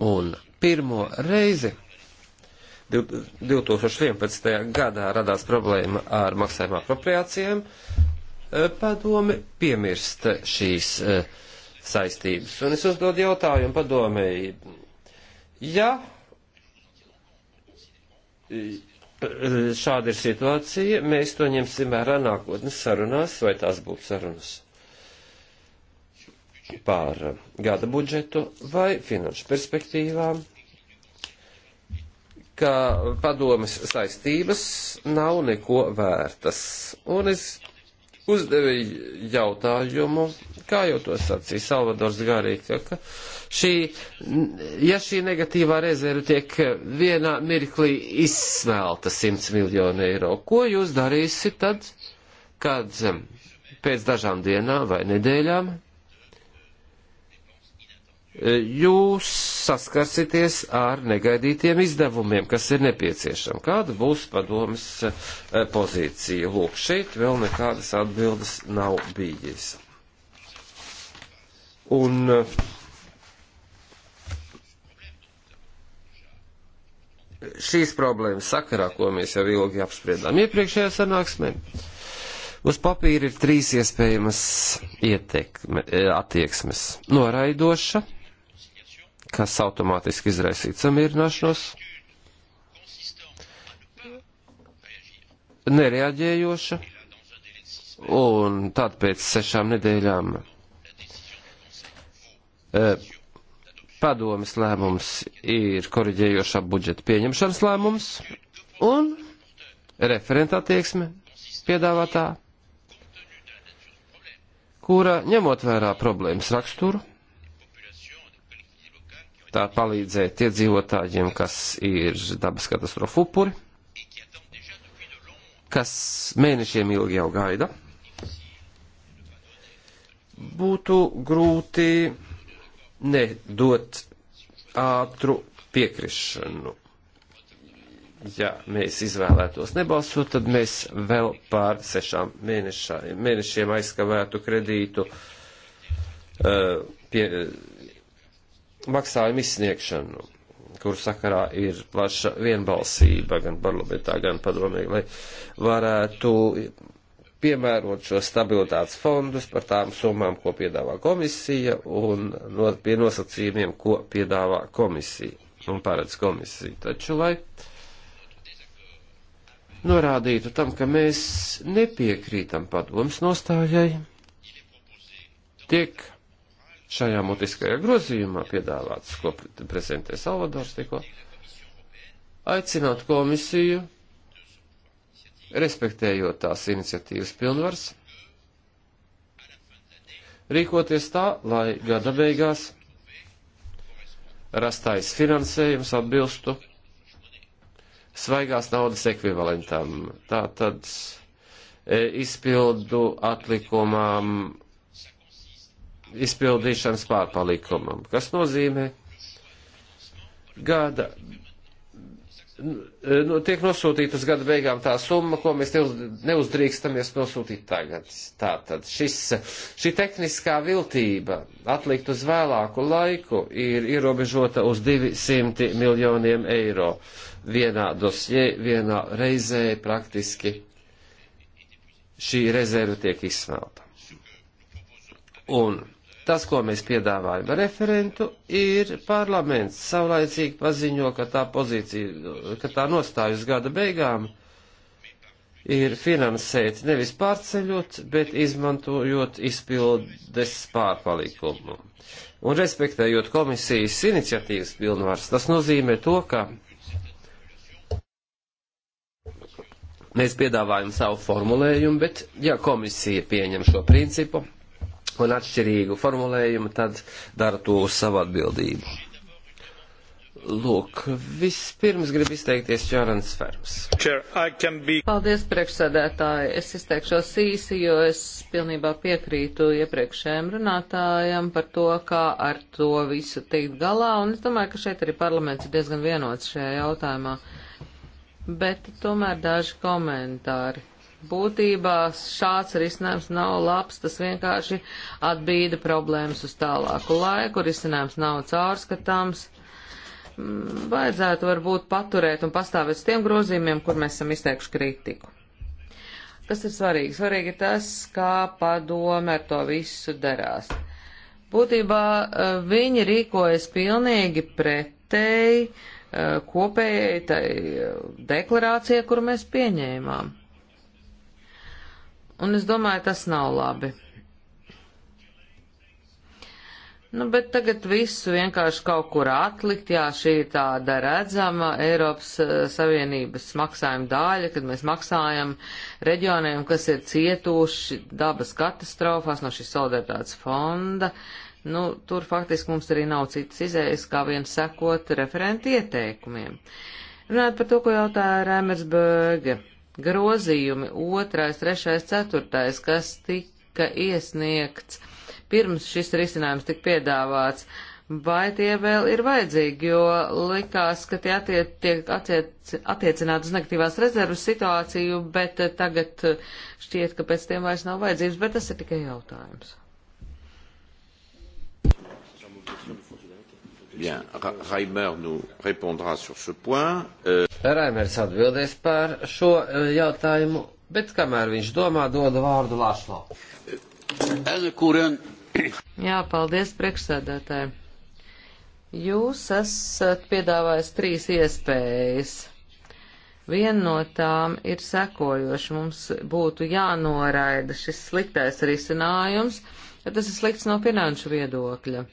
[SPEAKER 2] Un pirmo reizi 2011. gadā radās problēma ar maksājuma apropriācijām. E, Padome piemirst šīs e, saistības. Un es uzdodu jautājumu padomēji. Ja e, šāda ir situācija, mēs to ņemsim vērā nākotnes sarunās, vai tās būtu sarunas par gada budžetu vai finanšu perspektīvām, ka padomas saistības nav neko vērtas. Un es uzdevu jautājumu, kā jau to sacīja Salvadors Garīga, ka šī, ja šī negatīvā rezerve tiek vienā mirklī izsmelta 100 miljonu eiro, ko jūs darīsiet tad, kad pēc dažām dienām vai nedēļām jūs saskarsieties ar negaidītiem izdevumiem, kas ir nepieciešami. Kāda būs padomas e, pozīcija? Lūk, šeit vēl nekādas atbildes nav bijis. Un e, šīs problēmas sakarā, ko mēs jau ilgi apspriedām iepriekšējā sanāksmē, Uz papīra ir trīs iespējamas ietekme, e, attieksmes - noraidoša, kas automātiski izraisītu samierināšanos, nereaģējoša, un tad pēc sešām nedēļām e, padomis lēmums ir koriģējošā budžeta pieņemšanas lēmums, un referenta attieksme piedāvātā, kura ņemot vērā problēmas raksturu, tā palīdzēt iedzīvotājiem, kas ir dabas katastrofu upuri, kas mēnešiem ilgi jau gaida. Būtu grūti nedot ātru piekrišanu. Ja mēs izvēlētos nebalsot, tad mēs vēl pār sešām mēnešā, mēnešiem aizskavētu kredītu uh, pie, uh, maksājumu izsniegšanu, kur sakarā ir plaša vienbalsība gan parlamentā, gan padomē, lai varētu piemērot šo stabilitātes fondus par tām summām, ko piedāvā komisija un no, pie nosacījumiem, ko piedāvā komisija un paredz komisija. Taču, lai norādītu tam, ka mēs nepiekrītam padoms nostājai, tiek šajā mutiskajā grozījumā piedāvāts, ko prezentē Salvadors tikko, aicināt komisiju, respektējot tās iniciatīvas pilnvars, rīkoties tā, lai gada beigās rastais finansējums atbilstu svaigās naudas ekvivalentam. Tā tad e, izpildu atlikumām izpildīšanas pārpalikumam, kas nozīmē gada. Nu, tiek nosūtīta uz gada beigām tā summa, ko mēs neuz, neuzdrīkstamies nosūtīt tagad. Tātad šis, šī tehniskā viltība atlikt uz vēlāku laiku ir ierobežota uz 200 miljoniem eiro vienā dosjē, vienā reizē praktiski šī rezerve tiek izsmelta. Un Tas, ko mēs piedāvājam referentu, ir parlaments savlaicīgi paziņo, ka tā pozīcija, ka tā nostājas gada beigām ir finansēt nevis pārceļot, bet izmantojot izpildes pārpalikumu. Un respektējot komisijas iniciatīvas pilnvars, tas nozīmē to, ka mēs piedāvājam savu formulējumu, bet ja komisija pieņem šo principu, un atšķirīgu formulējumu, tad dara to uz savu atbildību. Lūk, vispirms grib izteikties Čārans Ferms.
[SPEAKER 3] Paldies, priekšsēdētāji. Es izteikšos īsi, jo es pilnībā piekrītu iepriekšējiem runātājiem par to, kā ar to visu tikt galā, un es domāju, ka šeit arī parlaments ir diezgan vienots šajā jautājumā. Bet tomēr daži komentāri būtībā šāds risinājums nav labs, tas vienkārši atbīda problēmas uz tālāku laiku, risinājums nav caurskatāms. Mm, vajadzētu varbūt paturēt un pastāvēt uz tiem grozījumiem, kur mēs esam izteikuši kritiku. Kas ir svarīgi? Svarīgi ir tas, kā padome ar to visu darās. Būtībā eh, viņi rīkojas pilnīgi pretēji eh, kopējai tai eh, deklarācijai, kuru mēs pieņēmām. Un es domāju, tas nav labi. Nu, bet tagad visu vienkārši kaut kur atlikt, jā, šī tāda redzama Eiropas eh, Savienības maksājuma dāļa, kad mēs maksājam reģioniem, kas ir cietuši dabas katastrofās no nu, šīs solidaritātes fonda. Nu, tur faktiski mums arī nav citas izējas, kā vien sekot referenti ieteikumiem. Runājot par to, ko jautāja Rēmers Bēge grozījumi 2., 3., 4., kas tika iesniegts pirms šis risinājums tika piedāvāts, vai tie vēl ir vajadzīgi, jo likās, ka tie attiec, tiek attiec, attiecināti uz negatīvās rezervas situāciju, bet tagad šķiet, ka pēc tiem vairs nav vajadzības, bet tas ir tikai jautājums.
[SPEAKER 1] Bien, Ra Raimer nous répondra sur ce point. Euh...
[SPEAKER 2] Raimers atbildēs par šo eh, jautājumu, bet kamēr viņš domā, dodu vārdu Lāšlo.
[SPEAKER 3] Jā, paldies priekšsēdētāji. Jūs esat piedāvājis trīs iespējas. Viena no tām ir sekojoša. Mums būtu jānoraida šis sliktais risinājums, ja tas ir slikts no finanšu viedokļa.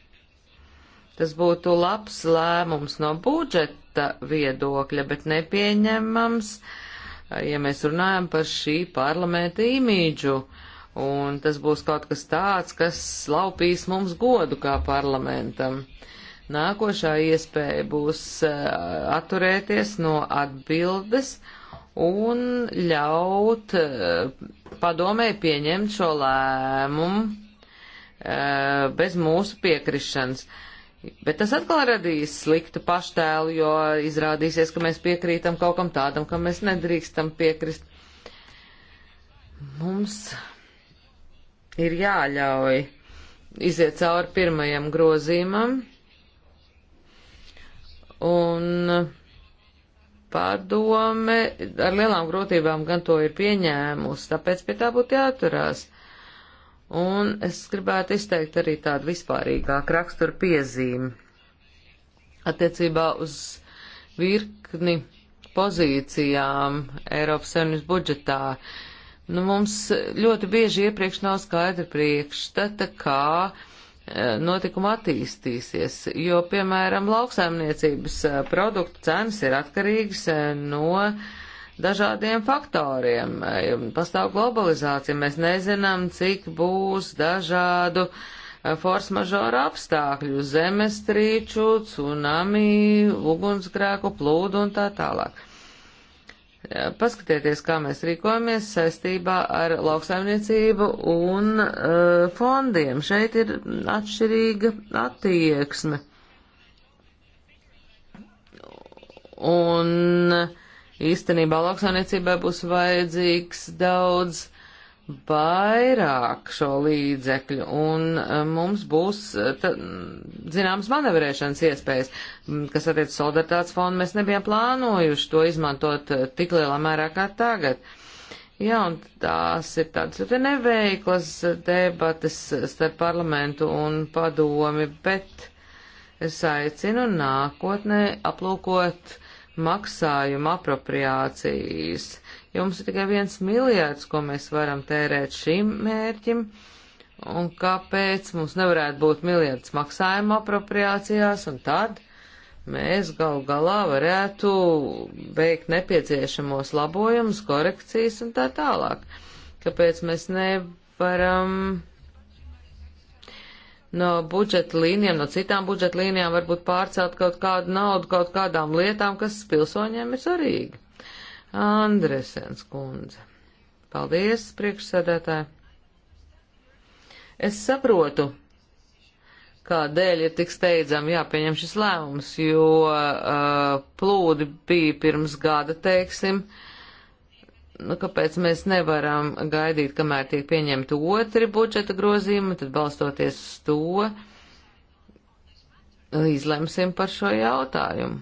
[SPEAKER 3] Tas būtu labs lēmums no budžeta viedokļa, bet nepieņemams, ja mēs runājam par šī parlamenta imīdžu. Un tas būs kaut kas tāds, kas laupīs mums godu kā parlamentam. Nākošā iespēja būs eh, atturēties no atbildes un ļaut eh, padomē pieņemt šo lēmumu eh, bez mūsu piekrišanas. Uh, Bet tas atkal radīs sliktu paštēlu, jo izrādīsies, ka mēs piekrītam kaut kam tādam, kam mēs nedrīkstam piekrist. Mums ir jāļauj iziet cauri pirmajam grozīmam un pārdome ar lielām grūtībām gan to ir pieņēmusi, tāpēc pie tā būtu jāturās. Un es gribētu izteikt arī tādu vispārīgāku raksturu piezīmi attiecībā uz virkni pozīcijām Eiropas Savienības budžetā. Nu, mums ļoti bieži iepriekš nav skaidra priekšstata, kā e, notikuma attīstīsies, jo, piemēram, lauksaimniecības e, produktu cenas ir atkarīgas e, no uh, dažādiem faktoriem. Pastāv globalizācija, mēs nezinām, cik būs dažādu eh, force majeure apstākļu, zemestrīču, tsunami, ugunsgrēku, plūdu un tā tālāk. Paskatieties, kā mēs rīkojamies saistībā ar lauksaimniecību un uh, fondiem. Šeit ir atšķirīga attieksme. Un uh, īstenībā lauksaimniecībai būs vajadzīgs daudz vairāk šo līdzekļu, un eh, mums būs, eh, tā, zināms, manevrēšanas iespējas, mm, kas attiec solidaritātes fondu, mēs nebijām plānojuši to izmantot eh, tik lielā mērā kā tagad. Jā, un tās ir tādas ļoti neveiklas debates starp parlamentu un padomi, bet es aicinu nākotnē aplūkot uh, maksājuma apropriācijas. Jums ir tikai viens miljards, ko mēs varam tērēt šim mērķim, un kāpēc mums nevarētu būt miljards maksājuma apropriācijās, un tad mēs gal galā varētu veikt nepieciešamos labojumus, korekcijas un tā tālāk. Kāpēc mēs nevaram no budžeta līnijām, no citām budžeta līnijām varbūt pārcelt kaut kādu naudu kaut kādām lietām, kas pilsoņiem ir svarīgi. Andresens kundze. Paldies, priekšsēdētāji. Es saprotu, kādēļ ir tik steidzami jāpieņem šis lēmums, jo uh, plūdi bija pirms gada, teiksim, uh, nu, kāpēc mēs nevaram gaidīt, kamēr tiek pieņemti otri budžeta grozījumi, tad balstoties uz to, izlemsim par šo jautājumu.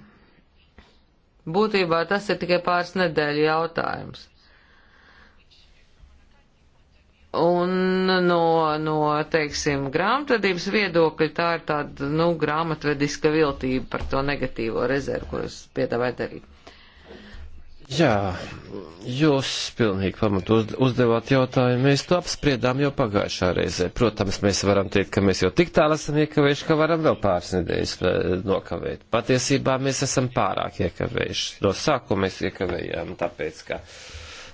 [SPEAKER 3] Būtībā tas ir tikai pāris nedēļu jautājums. Un no, no, teiksim, grāmatvedības viedokļa tā ir tāda, nu, grāmatvediska viltība par to negatīvo rezervu, ko es piedāvāju darīt.
[SPEAKER 2] Jā, jūs pilnīgi pamatot uzdevāt jautājumu. Mēs to apspriedām jau pagājušā reizē. Protams, mēs varam teikt, ka mēs jau tik tālu esam iekavējuši, ka varam vēl pāris nedēļas eh, nokavēt. Patiesībā mēs esam pārāk iekavējuši. No sākuma mēs iekavējām, tāpēc, ka uh,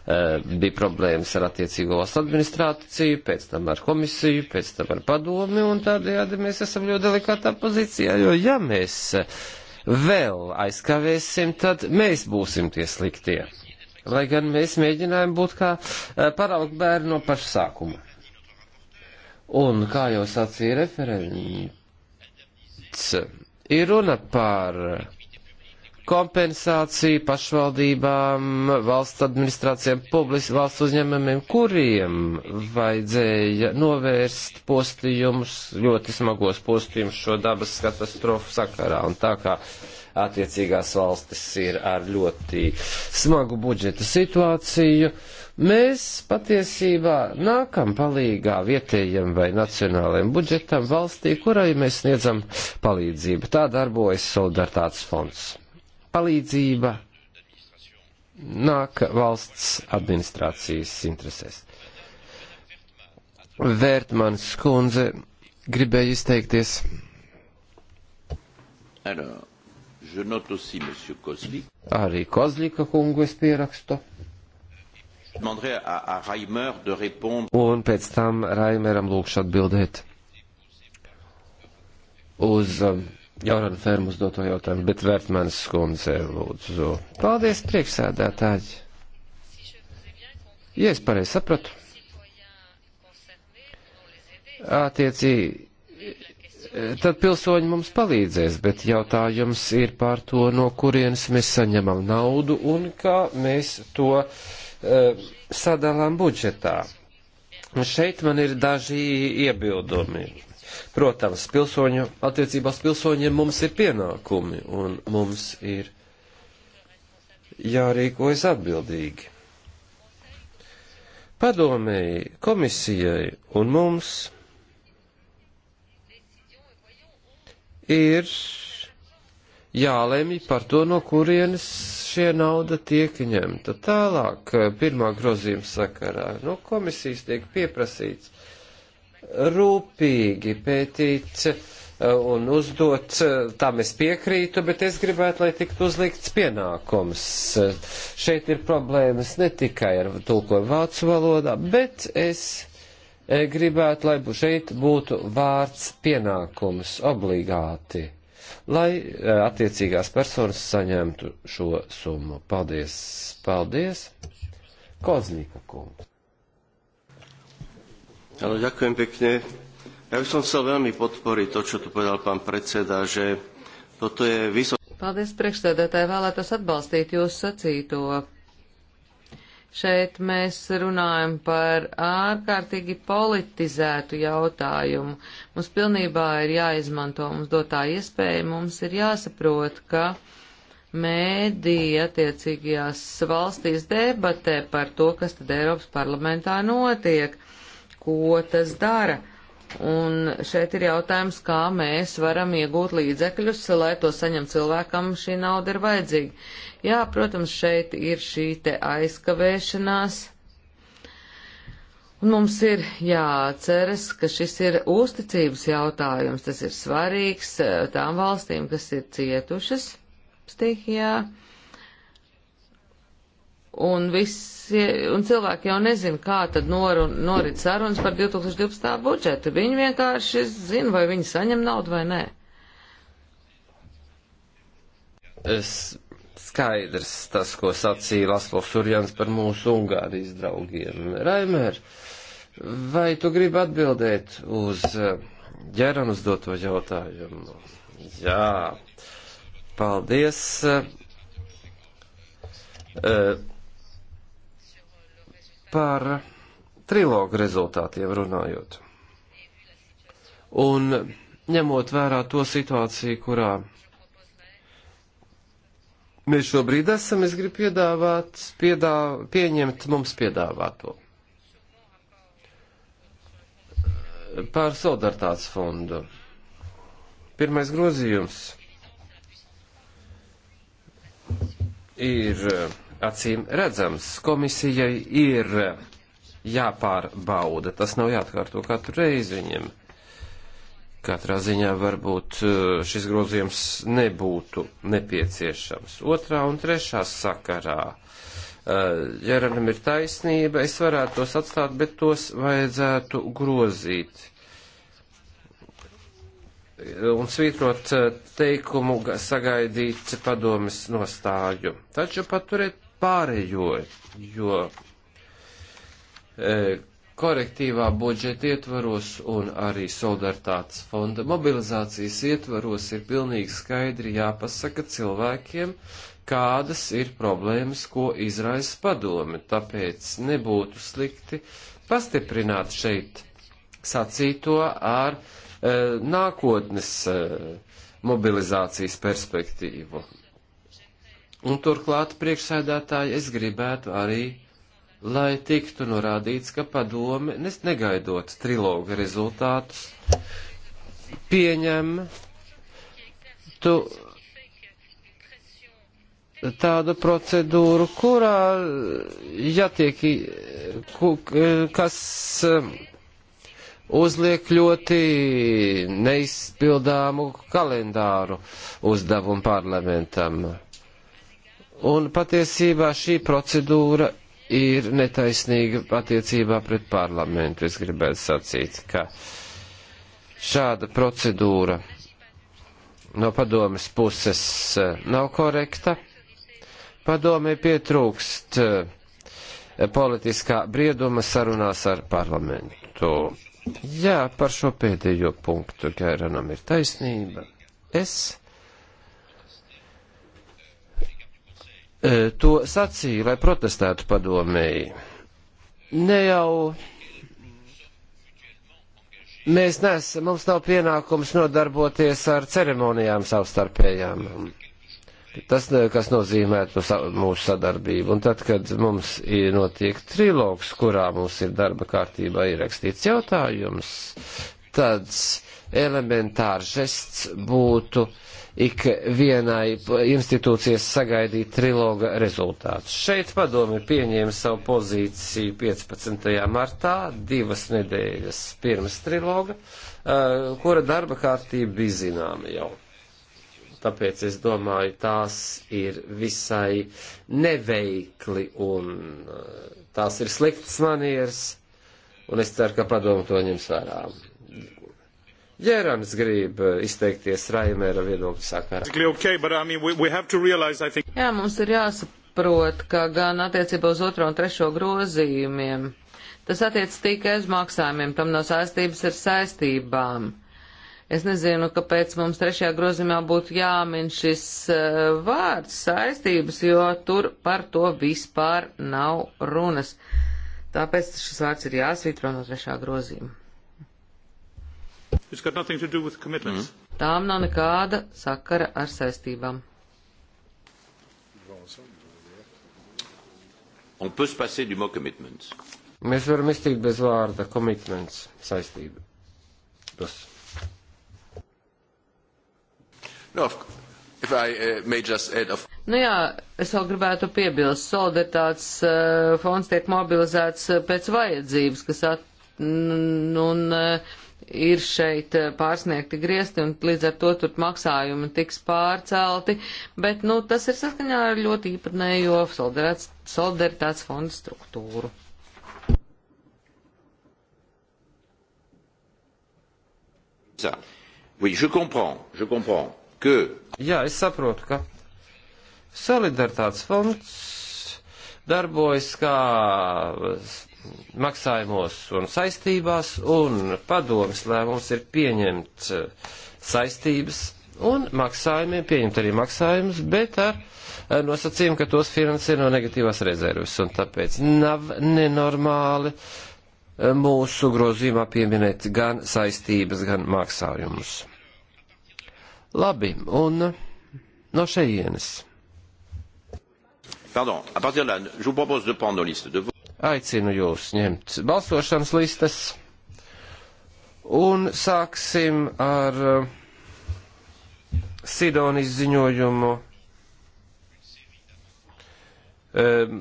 [SPEAKER 2] bija problēmas ar attiecīgo valsts administrāciju, pēc tam ar komisiju, pēc tam ar padomi, un tādējādi mēs esam ļoti delikātā pozīcijā, jo ja mēs. Uh, vēl aizkavēsim, tad mēs būsim tie sliktie. Lai gan mēs mēģinājām būt kā eh, paraugu bērni no paša sākuma. Un, kā jau sacīja referents, ir runa par kompensāciju pašvaldībām, valsts administrācijām, publis, valsts uzņēmumiem, kuriem vajadzēja novērst postījumus, ļoti smagos postījumus šo dabas katastrofu sakarā. Un tā kā attiecīgās valstis ir ar ļoti smagu budžeta situāciju, mēs patiesībā nākam palīgā vietējiem vai nacionālajiem budžetam valstī, kurai mēs sniedzam palīdzību. Tā darbojas solidaritātes fonds palīdzība nāk valsts administrācijas interesēs. Vērtmanis skundze gribēja izteikties.
[SPEAKER 1] Alors, je note aussi Monsieur Kozlik.
[SPEAKER 2] Arī Kozlika kungu es pierakstu. Un pēc tam Raimeram lūkšu atbildēt uz um, Jaurana Fermas doto jautājumu, bet Vērtmanis skundze lūdzu. Paldies, priekšsēdētāji. Ja es pareizi sapratu, attiecīgi, tad pilsoņi mums palīdzēs, bet jautājums ir par to, no kurienes mēs saņemam naudu un kā mēs to uh, sadalām budžetā. Un šeit man ir daži iebildumi Protams, pilsoņu, attiecībās pilsoņiem mums ir pienākumi un mums ir jārīkojas atbildīgi. Padomēji, komisijai un mums ir jālemj par to, no kurienes šie nauda tiek ņemta. Tālāk, pirmā grozījuma sakarā, no komisijas tiek pieprasīts rūpīgi pētīt e, un uzdot, e, tam es piekrītu, bet es gribētu, lai tiktu uzlikts pienākums. E, šeit ir problēmas ne tikai ar tulkojumu vācu valodā, bet es gribētu, lai šeit būtu vārds pienākums obligāti, lai attiecīgās personas saņemtu šo summu. Paldies, paldies, Koznika kungs. Áno, ďakujem pekne. Ja by som chcel veľmi podporiť to, čo tu povedal pán predseda, že toto je vysoké.
[SPEAKER 3] Paldies, priekšsēdētāji, vēlētos atbalstīt jūsu sacīto. Šeit mēs runājam par ārkārtīgi politizētu jautājumu. Mums pilnībā ir jāizmanto mums dotā iespēja, mums ir jāsaprot, ka mēdīja attiecīgajās valstīs debatē par to, kas tad Eiropas parlamentā notiek ko tas dara. Un šeit ir jautājums, kā mēs varam iegūt līdzekļus, lai to saņem cilvēkam šī nauda ir vajadzīga. Jā, protams, šeit ir šī te aizkavēšanās. Un mums ir jāatceras, ka šis ir uzticības jautājums, tas ir svarīgs eh, tām valstīm, kas ir cietušas stihijā un, visi, un cilvēki jau nezina, kā tad norun, norit sarunas par 2012. budžetu. Viņi vienkārši zina, vai viņi saņem naudu vai nē.
[SPEAKER 2] Es skaidrs tas, ko sacīja Laslovs Surjans par mūsu Ungārijas draugiem. Raimēr, vai tu gribi atbildēt uz ģeran eh, uzdoto jautājumu? Jā, paldies. Uh, par trilogu rezultātiem runājot. Un ņemot vērā to situāciju, kurā mēs šobrīd esam, es gribu piedāvāt, piedāv, pieņemt mums piedāvāto. Pār solidaritātes fondu. Pirmais grozījums ir. Uh, acīm redzams. Komisijai ir jāpārbauda, tas nav jāatkārto katru reizi viņiem. Katrā ziņā varbūt uh, šis grozījums nebūtu nepieciešams. Otrā un trešā sakarā. Uh, Jeranam ir taisnība, es varētu tos atstāt, bet tos vajadzētu grozīt un svītrot uh, teikumu sagaidīt padomis nostāju, taču paturēt pārējo, jo e, korektīvā budžeta ietvaros un arī solidaritātes fonda mobilizācijas ietvaros ir pilnīgi skaidri jāpasaka cilvēkiem, kādas ir problēmas, ko izraisa padome. Tāpēc nebūtu slikti pastiprināt šeit sacīto ar e, nākotnes e, mobilizācijas perspektīvu. Un turklāt, priekšsēdētāji, es gribētu arī, lai tiktu norādīts, ka padome, negaidot triloga rezultātus, pieņem tu tādu procedūru, kurā jātiek, kas um, uzliek ļoti neizpildāmu kalendāru uzdevumu parlamentam. Un patiesībā šī procedūra ir netaisnīga attiecībā pret parlamentu. Es gribētu sacīt, ka šāda procedūra no padomes puses eh, nav korekta. Padomē pietrūkst eh, politiskā brieduma sarunās ar parlamentu. Jā, par šo pēdējo punktu Gēranam ir taisnība. Es E, to sacīja, lai protestētu padomēji. Ne jau mēs nesam, mums nav pienākums nodarboties ar ceremonijām savstarpējām. Tas, kas nozīmētu mūsu sadarbību. Un tad, kad mums ir notiek trilogs, kurā mums ir darba kārtībā ierakstīts jautājums, tad elementārs žests būtu uh, ik vienai institūcijas sagaidīt triloga rezultātus. Šeit padomi pieņēma savu pozīciju 15. martā, divas nedēļas pirms triloga, kura darba kārtība bija zināma jau. Tāpēc es domāju, tās ir visai neveikli un tās ir sliktas manieres, un es ceru, ka padomu to ņems vērā. Jērans grib eh, izteikties
[SPEAKER 4] Raimēra viedokļu sakarā.
[SPEAKER 3] Jā, mums ir jāsaprot, ka gan attiecībā uz otro un trešo grozījumiem, tas attiec tikai uz maksājumiem, tam nav saistības ar saistībām. Es nezinu, kāpēc mums trešajā grozījumā būtu jāmin šis uh, vārds saistības, jo tur par to vispār nav runas. Tāpēc šis vārds ir jāsvītro no trešā grozījuma.
[SPEAKER 4] Mm.
[SPEAKER 3] Tām nav nekāda sakara ar saistībām.
[SPEAKER 1] On peut se passer du mot commitments.
[SPEAKER 3] Mēs varam iztikt bez vārda
[SPEAKER 2] commitments, saistība. Tas.
[SPEAKER 1] No, of, if I uh, may just add of...
[SPEAKER 3] Nu jā, es vēl gribētu piebilst, solidaritātes uh, fonds tiek mobilizēts uh, pēc vajadzības, kas at, un, un uh, ir šeit eh, pārsniegti griezti un līdz ar to tur maksājumi tiks pārcelti, bet nu, tas ir saskaņā ar ļoti īpatnējo solidaritātes fonda struktūru.
[SPEAKER 1] Oui, je comprends, je comprends que...
[SPEAKER 2] Jā, es saprotu, ka solidaritātes fonds darbojas kā maksājumos un saistībās, un padomas lēmums ir pieņemt eh, saistības un maksājumiem, pieņemt arī maksājumus, bet ar eh, nosacījumu, ka tos finansē no negatīvās rezerves, un tāpēc nav nenormāli eh, mūsu grozījumā pieminēt gan saistības, gan maksājumus. Labi, un no šejienes.
[SPEAKER 1] Pardon, à partir de là, je vous propose de prendre nos listes de vote.
[SPEAKER 2] Aicinu jūs ņemt balsošanas listas un sāksim ar uh, Sidonis ziņojumu. Um,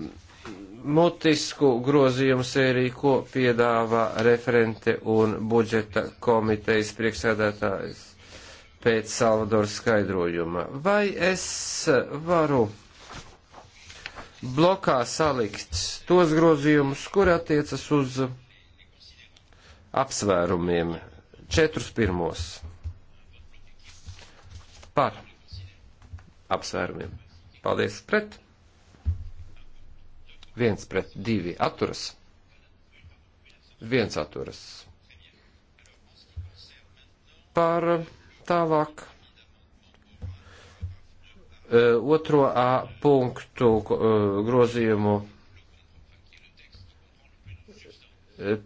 [SPEAKER 2] mutisku grozījumu sēriju, ko piedāvā referente un budžeta komitejas priekšsēdētājs pēc Salvadoras skaidrojuma. Vai es varu blokā salikt tos grozījumus, kuri attiecas uz apsvērumiem. Četrus pirmos par apsvērumiem. Paldies pret. Viens pret divi atturas. Viens atturas. Par tālāk otro A punktu grozījumu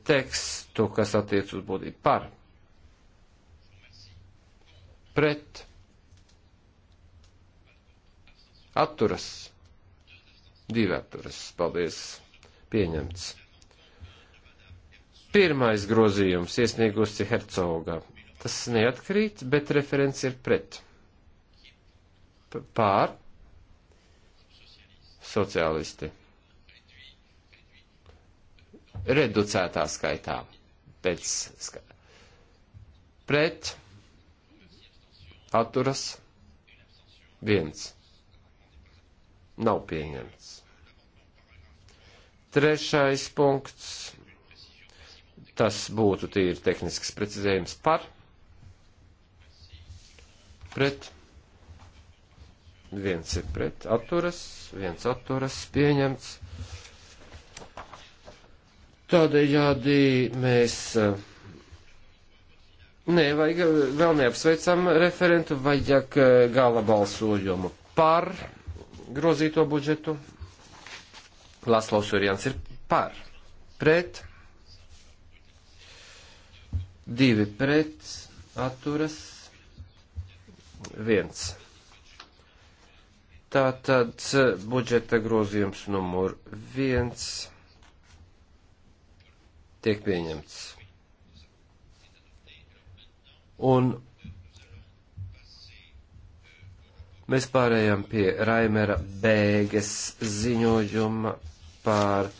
[SPEAKER 2] tekstu, kas attiec uz būtību par, pret, atturas, divi atturas, paldies, pieņemts. Pirmais grozījums iesniegusi Hercoga. Tas neatkrīt, bet referents ir pret pār sociālisti reducētā skaitā pēc ska pret atturas viens nav pieņemts. Trešais punkts, tas būtu tīri tehnisks precizējums par pret viens ir pret, atturas, viens atturas, pieņemts. Tādējādi mēs eh, nevajag, eh, vēl neapsveicam referentu, vajag eh, gala balsojumu par grozīto budžetu. Laslaus Jurjans ir par, pret, divi pret, atturas, viens Tātad budžeta grozījums numur viens tiek pieņemts. Un mēs pārējām pie Raimera Bēges ziņojuma par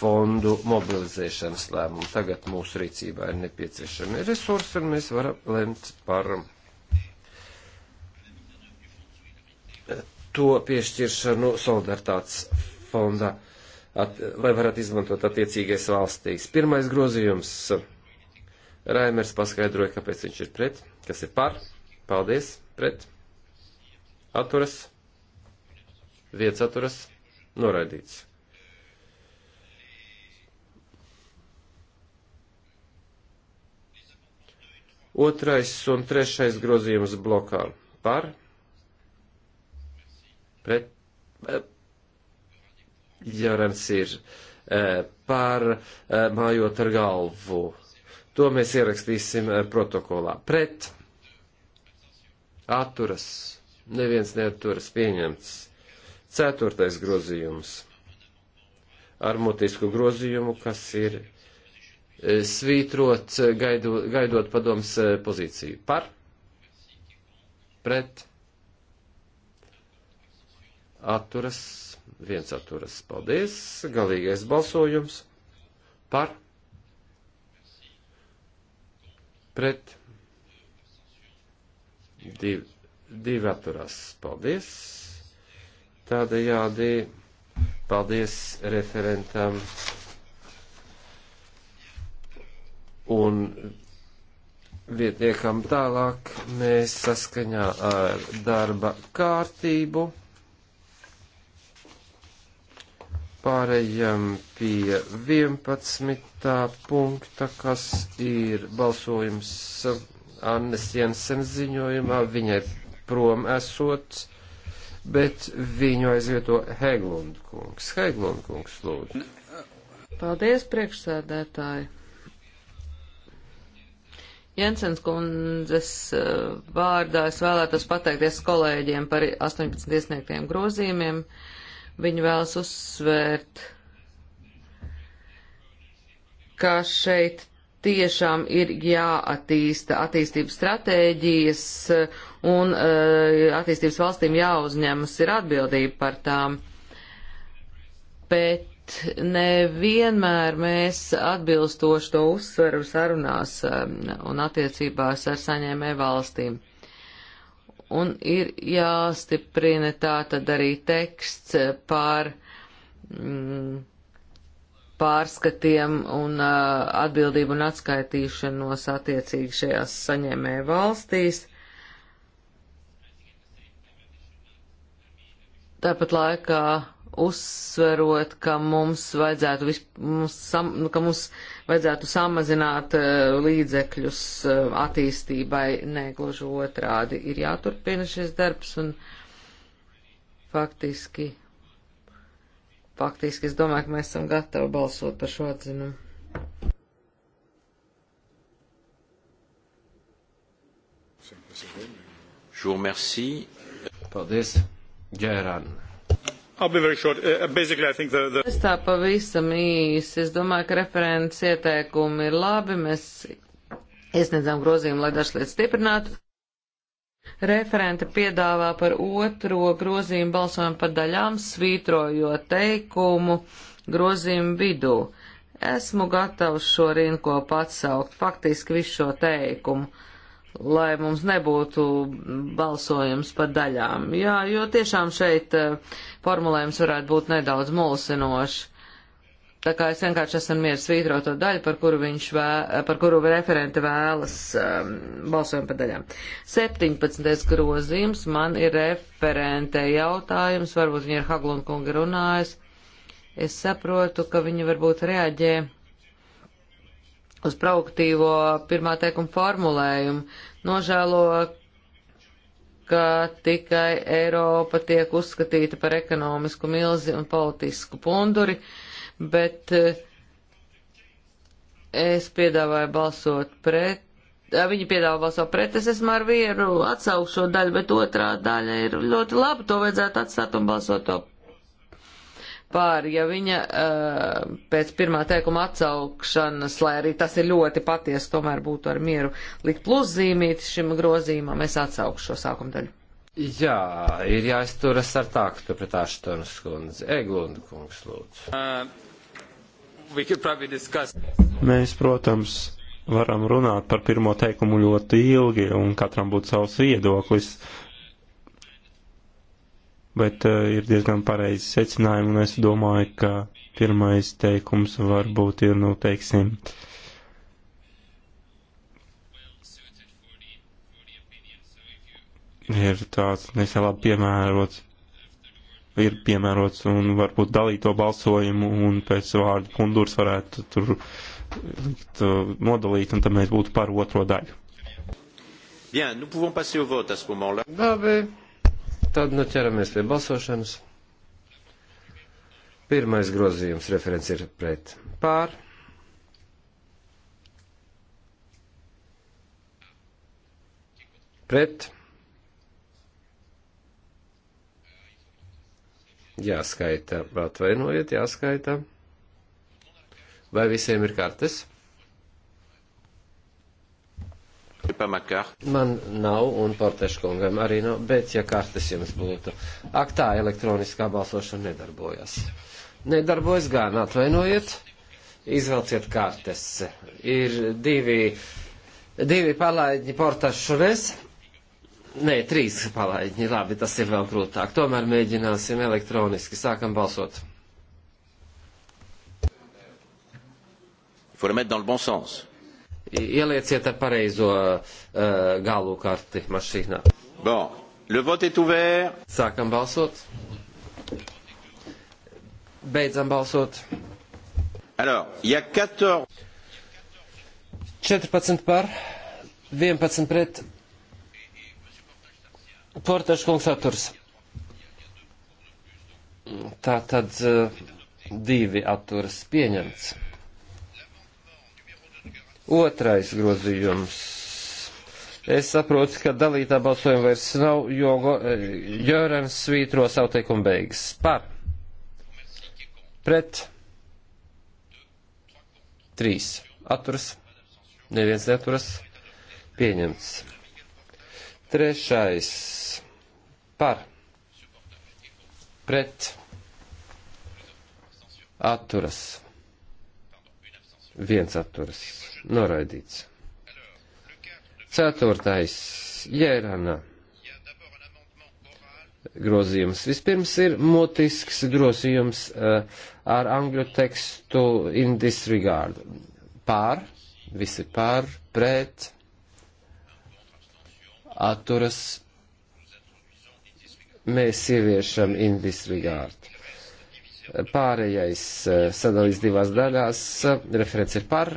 [SPEAKER 2] fondu mobilizēšanas lēmumu. Tagad mūsu rīcībā ir nepieciešami resursi, un mēs varam lemt par to piešķiršanu solidaritātes fonda, at, lai varētu izmantot attiecīgais valstīs. Pirmais grozījums. Raimers paskaidroja, kāpēc viņš ir pret, kas ir par. Paldies, pret. Atturas. Vietas atturas. Noraidīts. Otrais un trešais grozījums blokā par pret. Eh, Jorans ir eh, pār eh, mājot ar galvu. To mēs ierakstīsim protokolā. Pret. Atturas. Neviens neaturas pieņemts. Ceturtais grozījums. Ar mutisku grozījumu, kas ir svītrot, gaidu, gaidot padoms pozīciju. Par. Pret atturas, viens atturas. Paldies. Galīgais balsojums par pret div, divi atturās. Paldies. Tādējādi paldies referentam. Un vietniekam tālāk mēs saskaņā ar darba kārtību. pārējām pie 11. punkta, kas ir balsojums Annes Jensen ziņojumā. Viņa ir prom esot, bet viņu aizvieto Heglund kungs. Heglund kungs, lūdzu.
[SPEAKER 3] Paldies, priekšsēdētāji. Jensens kundzes uh, vārdā es vēlētos pateikties kolēģiem par 18 iesniegtiem grozījumiem. Uh, Viņi vēlas uzsvērt, ka šeit tiešām ir jāattīsta attīstības stratēģijas un eh, attīstības valstīm jāuzņemas ir atbildība par tām. Bet nevienmēr mēs atbilstoši to uzsveru sarunās eh, un attiecībās ar saņēmē valstīm un ir jāstiprina tā tad arī teksts par mm, pārskatiem un uh, atbildību un atskaitīšanos attiecīgi šajās saņēmē valstīs. Tāpat laikā uzsverot, ka mums vajadzētu, vis, mums, sam, ka mums uh, vajadzētu samazināt eh, līdzekļus eh, attīstībai, nē, gluži otrādi. Ir jāturpina šis darbs un faktiski, faktiski es domāju, ka mēs esam gatavi balsot par šo atzinumu.
[SPEAKER 4] Je
[SPEAKER 1] vous remercie. Paldies, Gērāna.
[SPEAKER 4] Uh, the...
[SPEAKER 3] Es tā pavisam īsi. Es domāju, ka referents ieteikumi ir labi. Mēs iesniedzām grozījumu, lai dažas lietas stiprinātu. Referente piedāvā par otro grozījumu balsojumu par daļām, svītrojot teikumu grozījumu vidū. Esmu gatavs šo rinko pats saukt, faktiski visu šo teikumu lai mums nebūtu balsojums pa daļām. Jā, jo tiešām šeit eh, formulējums varētu būt nedaudz mulsinošs. Tā kā es vienkārši esmu mieru svītrot to daļu, par kuru, viņš vē, eh, par kuru referente vēlas um, balsojumu par daļām. 17. grozījums man ir referente jautājums, varbūt viņa ir Haglunkunga runājusi. Es saprotu, ka viņa varbūt reaģē uz proaktīvo pirmā teikuma formulējumu. Nožēlo, ka tikai Eiropa tiek uzskatīta par ekonomisku milzi un politisku punduri, bet eh, es piedāvāju balsot pret. Eh, viņi piedāvā balsot pret, es esmu ar vieru atsaukšo daļu, bet otrā daļa ir ļoti laba, to vajadzētu atstāt un balsot to par, ja viņa uh, pēc pirmā teikuma atsaukšanas, lai arī tas ir ļoti patiesi, tomēr būtu ar mieru likt pluszīmīt šim grozījumam, es atsaukšu šo sākumu daļu.
[SPEAKER 2] Jā, ir jāizturas ar taktu pret Aštonas kundzi. Eglunda kungs, lūdzu. Uh, discuss...
[SPEAKER 4] Mēs, protams, varam runāt par pirmo teikumu ļoti ilgi, un katram būtu savs viedoklis. Uh, bet uh, ir diezgan pareizi secinājumi, un es domāju, ka pirmais teikums varbūt ir, nu, teiksim, ir tāds neselab piemērots, ir piemērots un varbūt dalīt to balsojumu, un pēc vārdu kundurs varētu tur likt nodalīt, un tad mēs būtu par otro daļu.
[SPEAKER 1] Bien, nous pouvons passer au vote à ce moment-là. Labi, Tad nu ķeramies pie balsošanas.
[SPEAKER 2] Pirmais grozījums referents ir pret pār. Pret. Jāskaita, atvainojiet, jāskaita. Vai visiem ir kartes?
[SPEAKER 1] pas ma carte.
[SPEAKER 2] Man nav, un Porteškungam arī nav, bet ja kartes jums būtu. Ak tā, elektroniskā balsošana nedarbojas. Nedarbojas gan, atvainojiet. Izvelciet kartes. Ir divi, divi palaidņi Portešunes. Nē, trīs palaidņi, labi, tas ir vēl grūtāk. Tomēr mēģināsim elektroniski. Sākam balsot. Il faut le mettre dans le bon sens. Ielieciet ar pareizo uh, galu karti mašīnā. Bon.
[SPEAKER 1] Le vote est ouvert. Sākam balsot.
[SPEAKER 2] Beidzam balsot.
[SPEAKER 1] Alors, il y a 14.
[SPEAKER 2] 14 par, 11 pret. Portašs kungs atturs. Tā tad eh, divi atturas pieņemts. Otrais grozījums. Es saprotu, ka dalītā balsojuma vairs nav, jo eh, Jērens svītro savu teikumu beigas. Par. Pret. Trīs. Atturas. Neviens neaturas. Pieņemts. Trešais. Par. Pret. Atturas viens atturas noraidīts. Ceturtais Jērana grozījums. Vispirms ir motisks grozījums uh, ar angļu tekstu in disregard. Pār, visi pār, pret, atturas, mēs ieviešam in disregard. Pārējais eh, sadalīs divās daļās. Referents ir par.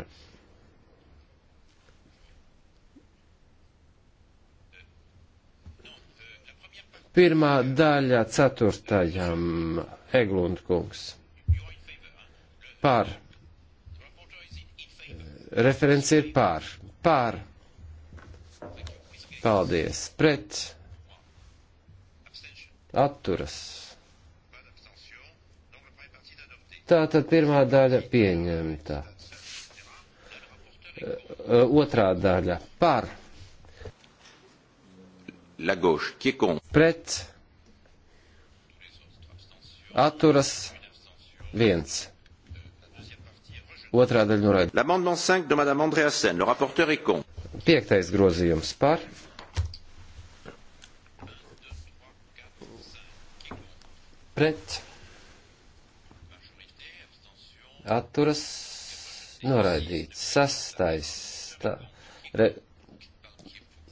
[SPEAKER 2] Pirmā daļa ceturtajam Eglundkungs. Par. Referents ir pār. Pār. Paldies. Pret. Atturas. Tātad pirmā daļa pieņemta. E, e,
[SPEAKER 1] otrā daļa par. La gauche, qui est contre?
[SPEAKER 2] Pret. Atturas.
[SPEAKER 1] Viens. Otrā daļa noraida. L'amendement 5 de Madame Andreasen, le rapporteur est contre.
[SPEAKER 2] Piektais grozījums par. Pret atturas noraidīts. Sastais
[SPEAKER 1] tā, re,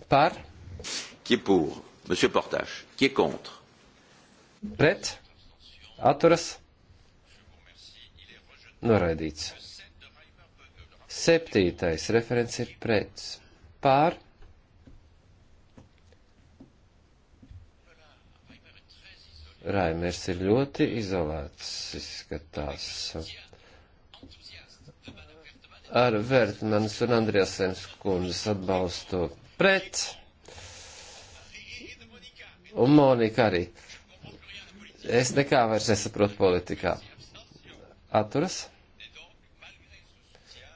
[SPEAKER 1] par. Qui est pour? Monsieur Portage. Qui est contre?
[SPEAKER 2] Pret. Atturas. Noraidīts. Septītais referents ir pret. Pār. Raimers ir ļoti izolēts, izskatās ar Vertmanas un Andriasens kundzes atbalstu pret. Un Monika arī. Es nekā vairs nesaprotu politikā. Atturas?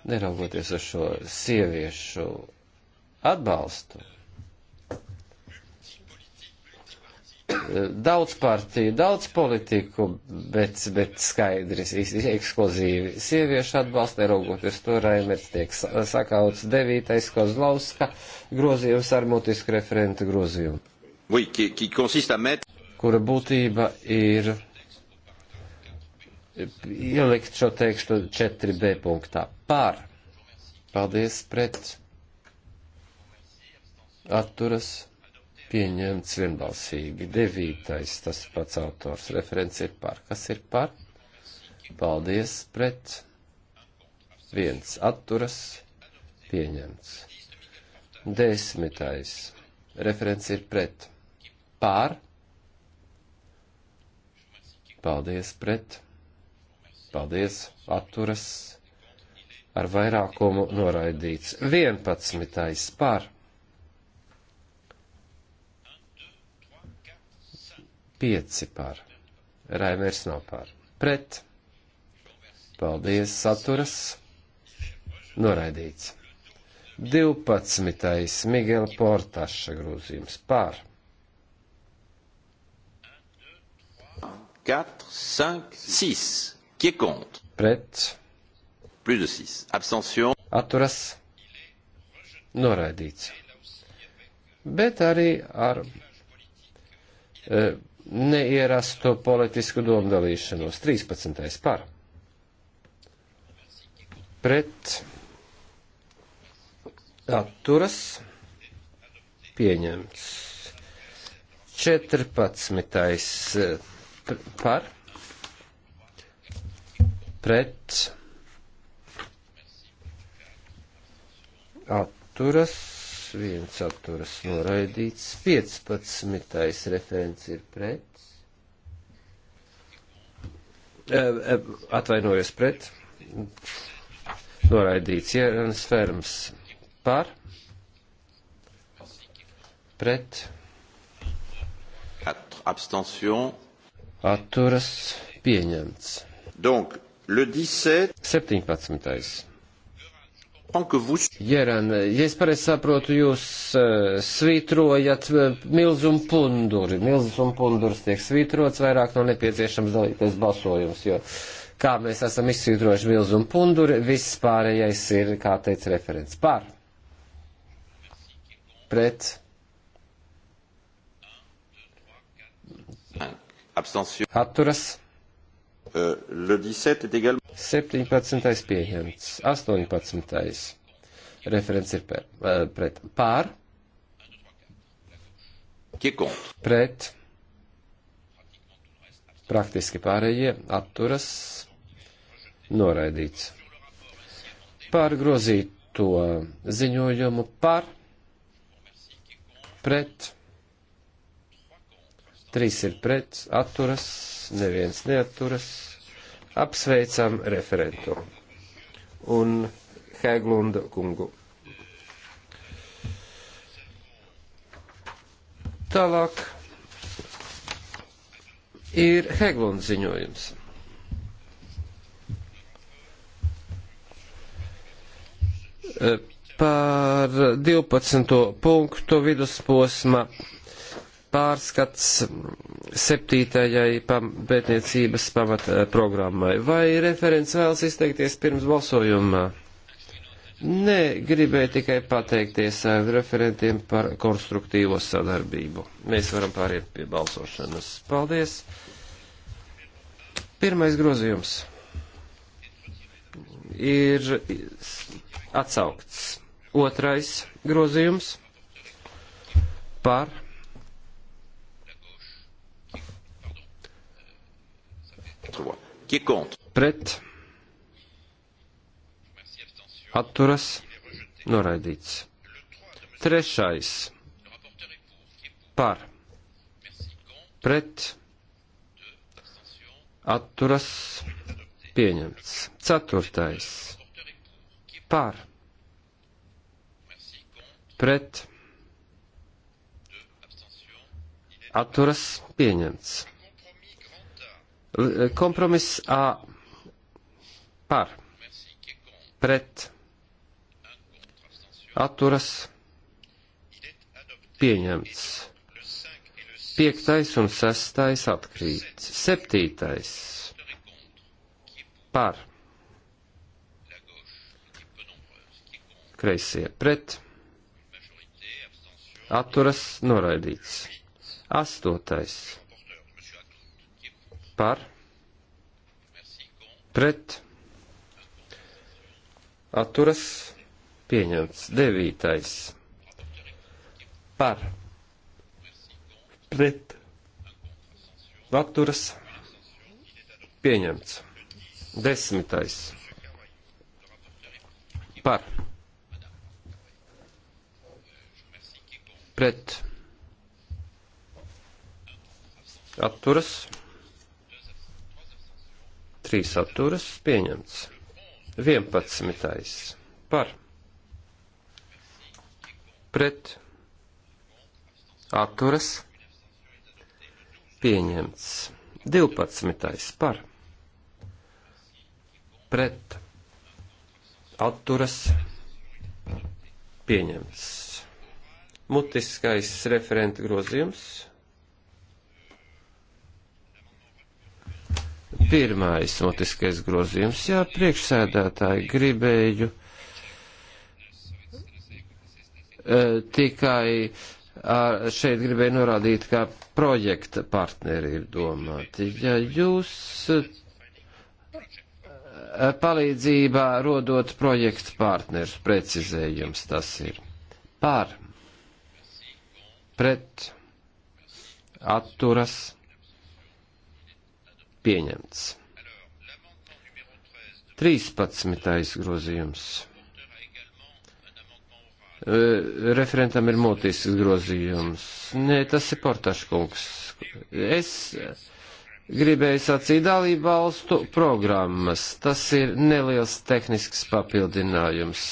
[SPEAKER 2] Neraugoties uz šo sieviešu atbalstu, daudz partiju, daudz politiku, bet, bet skaidrs, ekskluzīvi. Sieviešu atbalsta, neraugoties to, Raimers tiek sakauts devītais Kozlauska grozījums ar mutisku referentu grozījumu.
[SPEAKER 1] Oui, qui, qui consiste à mettre...
[SPEAKER 2] Kura būtība ir ielikt šo tekstu 4b punktā. Pār. Paldies pret. Atturas pieņemts vienbalsīgi. Devītais, tas pats autors referents ir par. Kas ir par? Paldies pret. Viens atturas. Pieņemts. Desmitais. Referents ir pret. Pār. Paldies pret. Paldies. Atturas. Ar vairākumu noraidīts. Vienpadsmitais par 5 par. Raimers nav par. Pret. Paldies, saturas. Noraidīts. 12. Miguel Portaša grūzījums par.
[SPEAKER 1] 4, 5, 6. Qui est contre Pret. Plus de 6. Abstention. Atturas. Noraidīts.
[SPEAKER 2] Bet arī ar e, neierastu politisku domdalīšanos. 13. par. Pret atturas pieņemts. 14. Eh, par. Pret atturas viens atturas noraidīts, 15. referents ir pret, e, e, atvainojos pret, noraidīts ierans ferms
[SPEAKER 1] par, pret, abstention, atturas pieņemts. Donc, le 17. 17.
[SPEAKER 2] Jeran, ja es pareizi saprotu, jūs eh, svītrojat eh, milzumu punduri. Milzumu punduris tiek svītrots, vairāk nav no nepieciešams dalīties balsojums, jo kā mēs esam izsvītrojuši milzumu punduri, viss pārējais ir, kā teica referents, par.
[SPEAKER 1] Pret. Atturas. Euh, le
[SPEAKER 2] 17 ir également. 17. pieņemts. 18. Referents ir pret. pret. Pār. Pret. Praktiski pārējie atturas. Noraidīts. Pār grozīto ziņojumu par. Pret 3 ir pret, atturas, neviens neaturas. Apsveicam referentu un Heglunda kungu. Tālāk ir Heglunda ziņojums. Par 12. punktu vidusposma pārskats septītajai pētniecības pamat eh, programmai. Vai referents vēlas izteikties pirms balsojumā? Nē, gribēju tikai pateikties eh, referentiem par konstruktīvo sadarbību. Mēs varam pāriet pie balsošanas. Paldies! Pirmais grozījums ir atsaukts. Otrais grozījums par Pret. Atturas. Noraidīts. Trešais. Par. Pret. Atturas. Pieņemts. Ceturtais. Par. Pret. Atturas. Pieņemts. Kompromiss A par pret atturas pieņemts. Piektais un sestais atkrīt. Septītais par kreisie pret atturas noraidīts. Astotais par pret atturas pieņemts. Devītais par pret atturas pieņemts. Desmitais par pret atturas pieņemts 3 atturas pieņemts. 11. par pret atturas pieņemts. 12. par pret atturas pieņemts. Mutiskais referenta grozījums Pirmais motiskais grozījums. Jā, priekšsēdētāji gribēju e, tikai šeit gribēju norādīt, kā projekta partneri ir domāti. Ja jūs e, palīdzībā rodot projekta partnerus, precizējums tas ir par, pret, atturas, pieņemts. 13. grozījums. E, referentam ir motīsks grozījums. Nē, tas ir portaškungs. Es gribēju sacīt dalību valstu programmas. Tas ir neliels tehnisks papildinājums,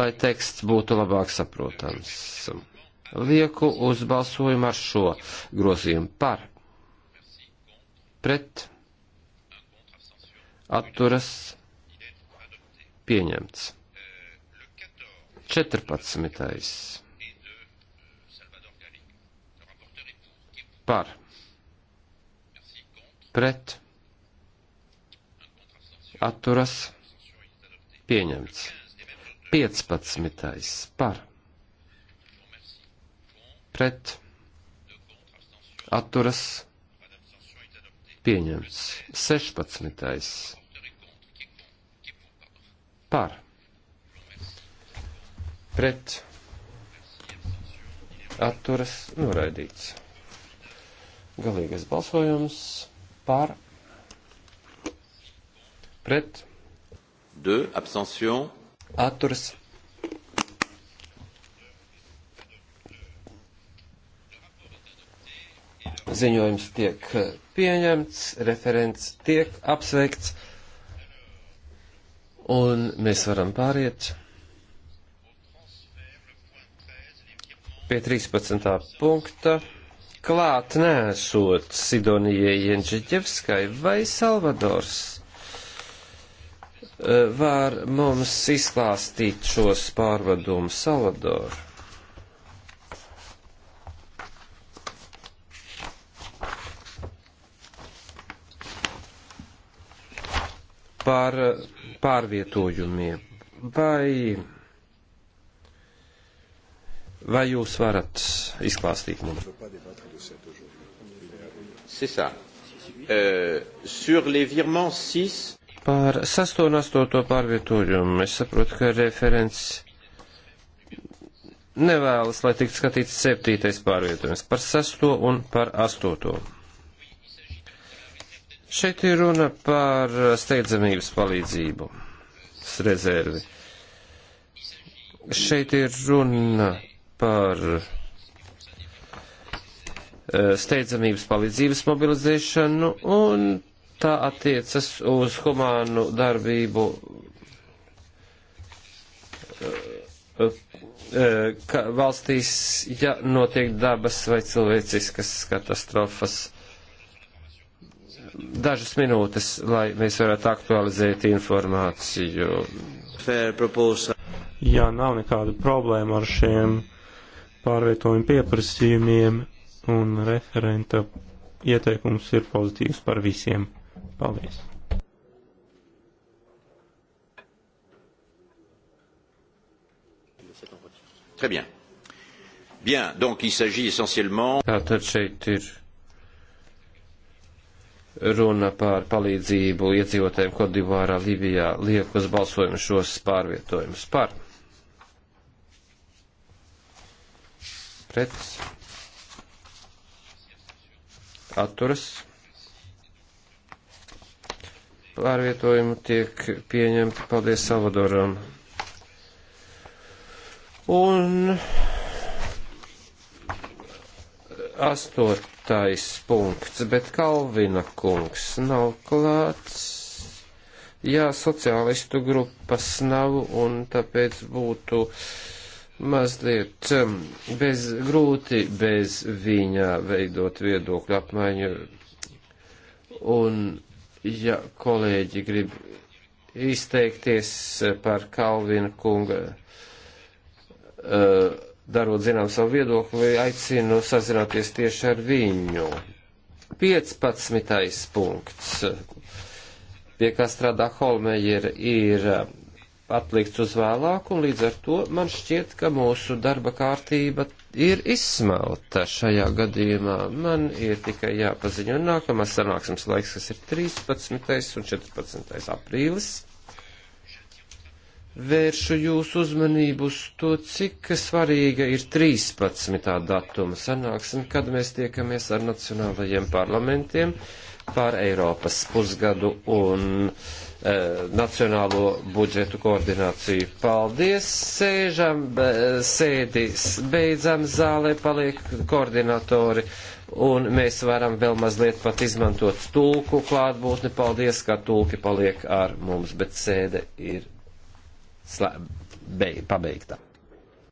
[SPEAKER 2] lai teksts būtu labāk saprotams. Lieku uz balsojumu ar šo grozījumu par pret atturas pieņemts. 14. Par. Pret. Atturas. Pieņemts. 15. Par. Pret. Atturas. Pieņemts pieņemts. 16. par pret atturas noraidīts. Galīgais balsojums par
[SPEAKER 1] pret 2 abstention
[SPEAKER 2] atturas noraidīts ziņojums tiek eh, pieņemts, referents tiek apsveikts, un mēs varam pāriet pie 13. punkta. Klāt nēsot Sidonijai Jenčiķevskai vai Salvadors eh, var mums izklāstīt šos pārvadumus Salvadoru. par pārvietojumiem. Vai, vai jūs varat izklāstīt mums?
[SPEAKER 1] Euh,
[SPEAKER 2] par sesto un astoto pārvietojumu es saprotu, ka referents nevēlas, lai tiktu skatīts septītais pārvietojums par sesto un par astoto. Šeit ir runa par steidzamības palīdzību rezervi. Šeit ir runa par eh, steidzamības palīdzības mobilizēšanu un tā attiecas uz humānu darbību, eh, ka valstīs, ja notiek dabas vai cilvēciskas katastrofas dažas minūtes, lai mēs varētu aktualizēt informāciju. Jā,
[SPEAKER 4] nav nekāda problēma ar šiem pārvietojumu pieprasījumiem, un referenta ieteikums ir pozitīvs par visiem. Paldies!
[SPEAKER 1] Très bien. Bien, donc il s'agit essentiellement. Tātad
[SPEAKER 2] šeit ir runa par palīdzību iedzīvotājiem Kodivārā, Libijā, liek uz balsojumu šos pārvietojumus par. Pret. Atturas. Pārvietojumu tiek pieņemti. Paldies Salvadoram. Un astot ceturtais punkts, bet Kalvina kungs nav klāts. Jā, sociālistu grupas nav, un tāpēc būtu mazliet um, bez, grūti bez viņa veidot viedokļu apmaiņu. Un, ja kolēģi grib izteikties par Kalvina kunga uh, darot zinām savu viedokli, aicinu sazināties tieši ar viņu. 15. punkts, pie kā strādā Holmejer, ir eh, atlikts uz vēlāku, un līdz ar to man šķiet, ka mūsu darba kārtība ir izsmelta šajā gadījumā. Man ir tikai jāpaziņo nākamās sanāksmes laiks, kas ir 13. un 14. aprīlis vēršu jūsu uzmanību uz to, cik svarīga ir 13. datuma sanāksme, kad mēs tiekamies ar nacionālajiem parlamentiem par Eiropas pusgadu un e, nacionālo budžetu koordināciju. Paldies! Sēžam, be, sēdis, beidzam zālē, paliek koordinatori un mēs varam vēl mazliet pat izmantot tulku klātbūtni. Paldies, ka tulki paliek ar mums, bet sēde ir slē, beig, pabeigta.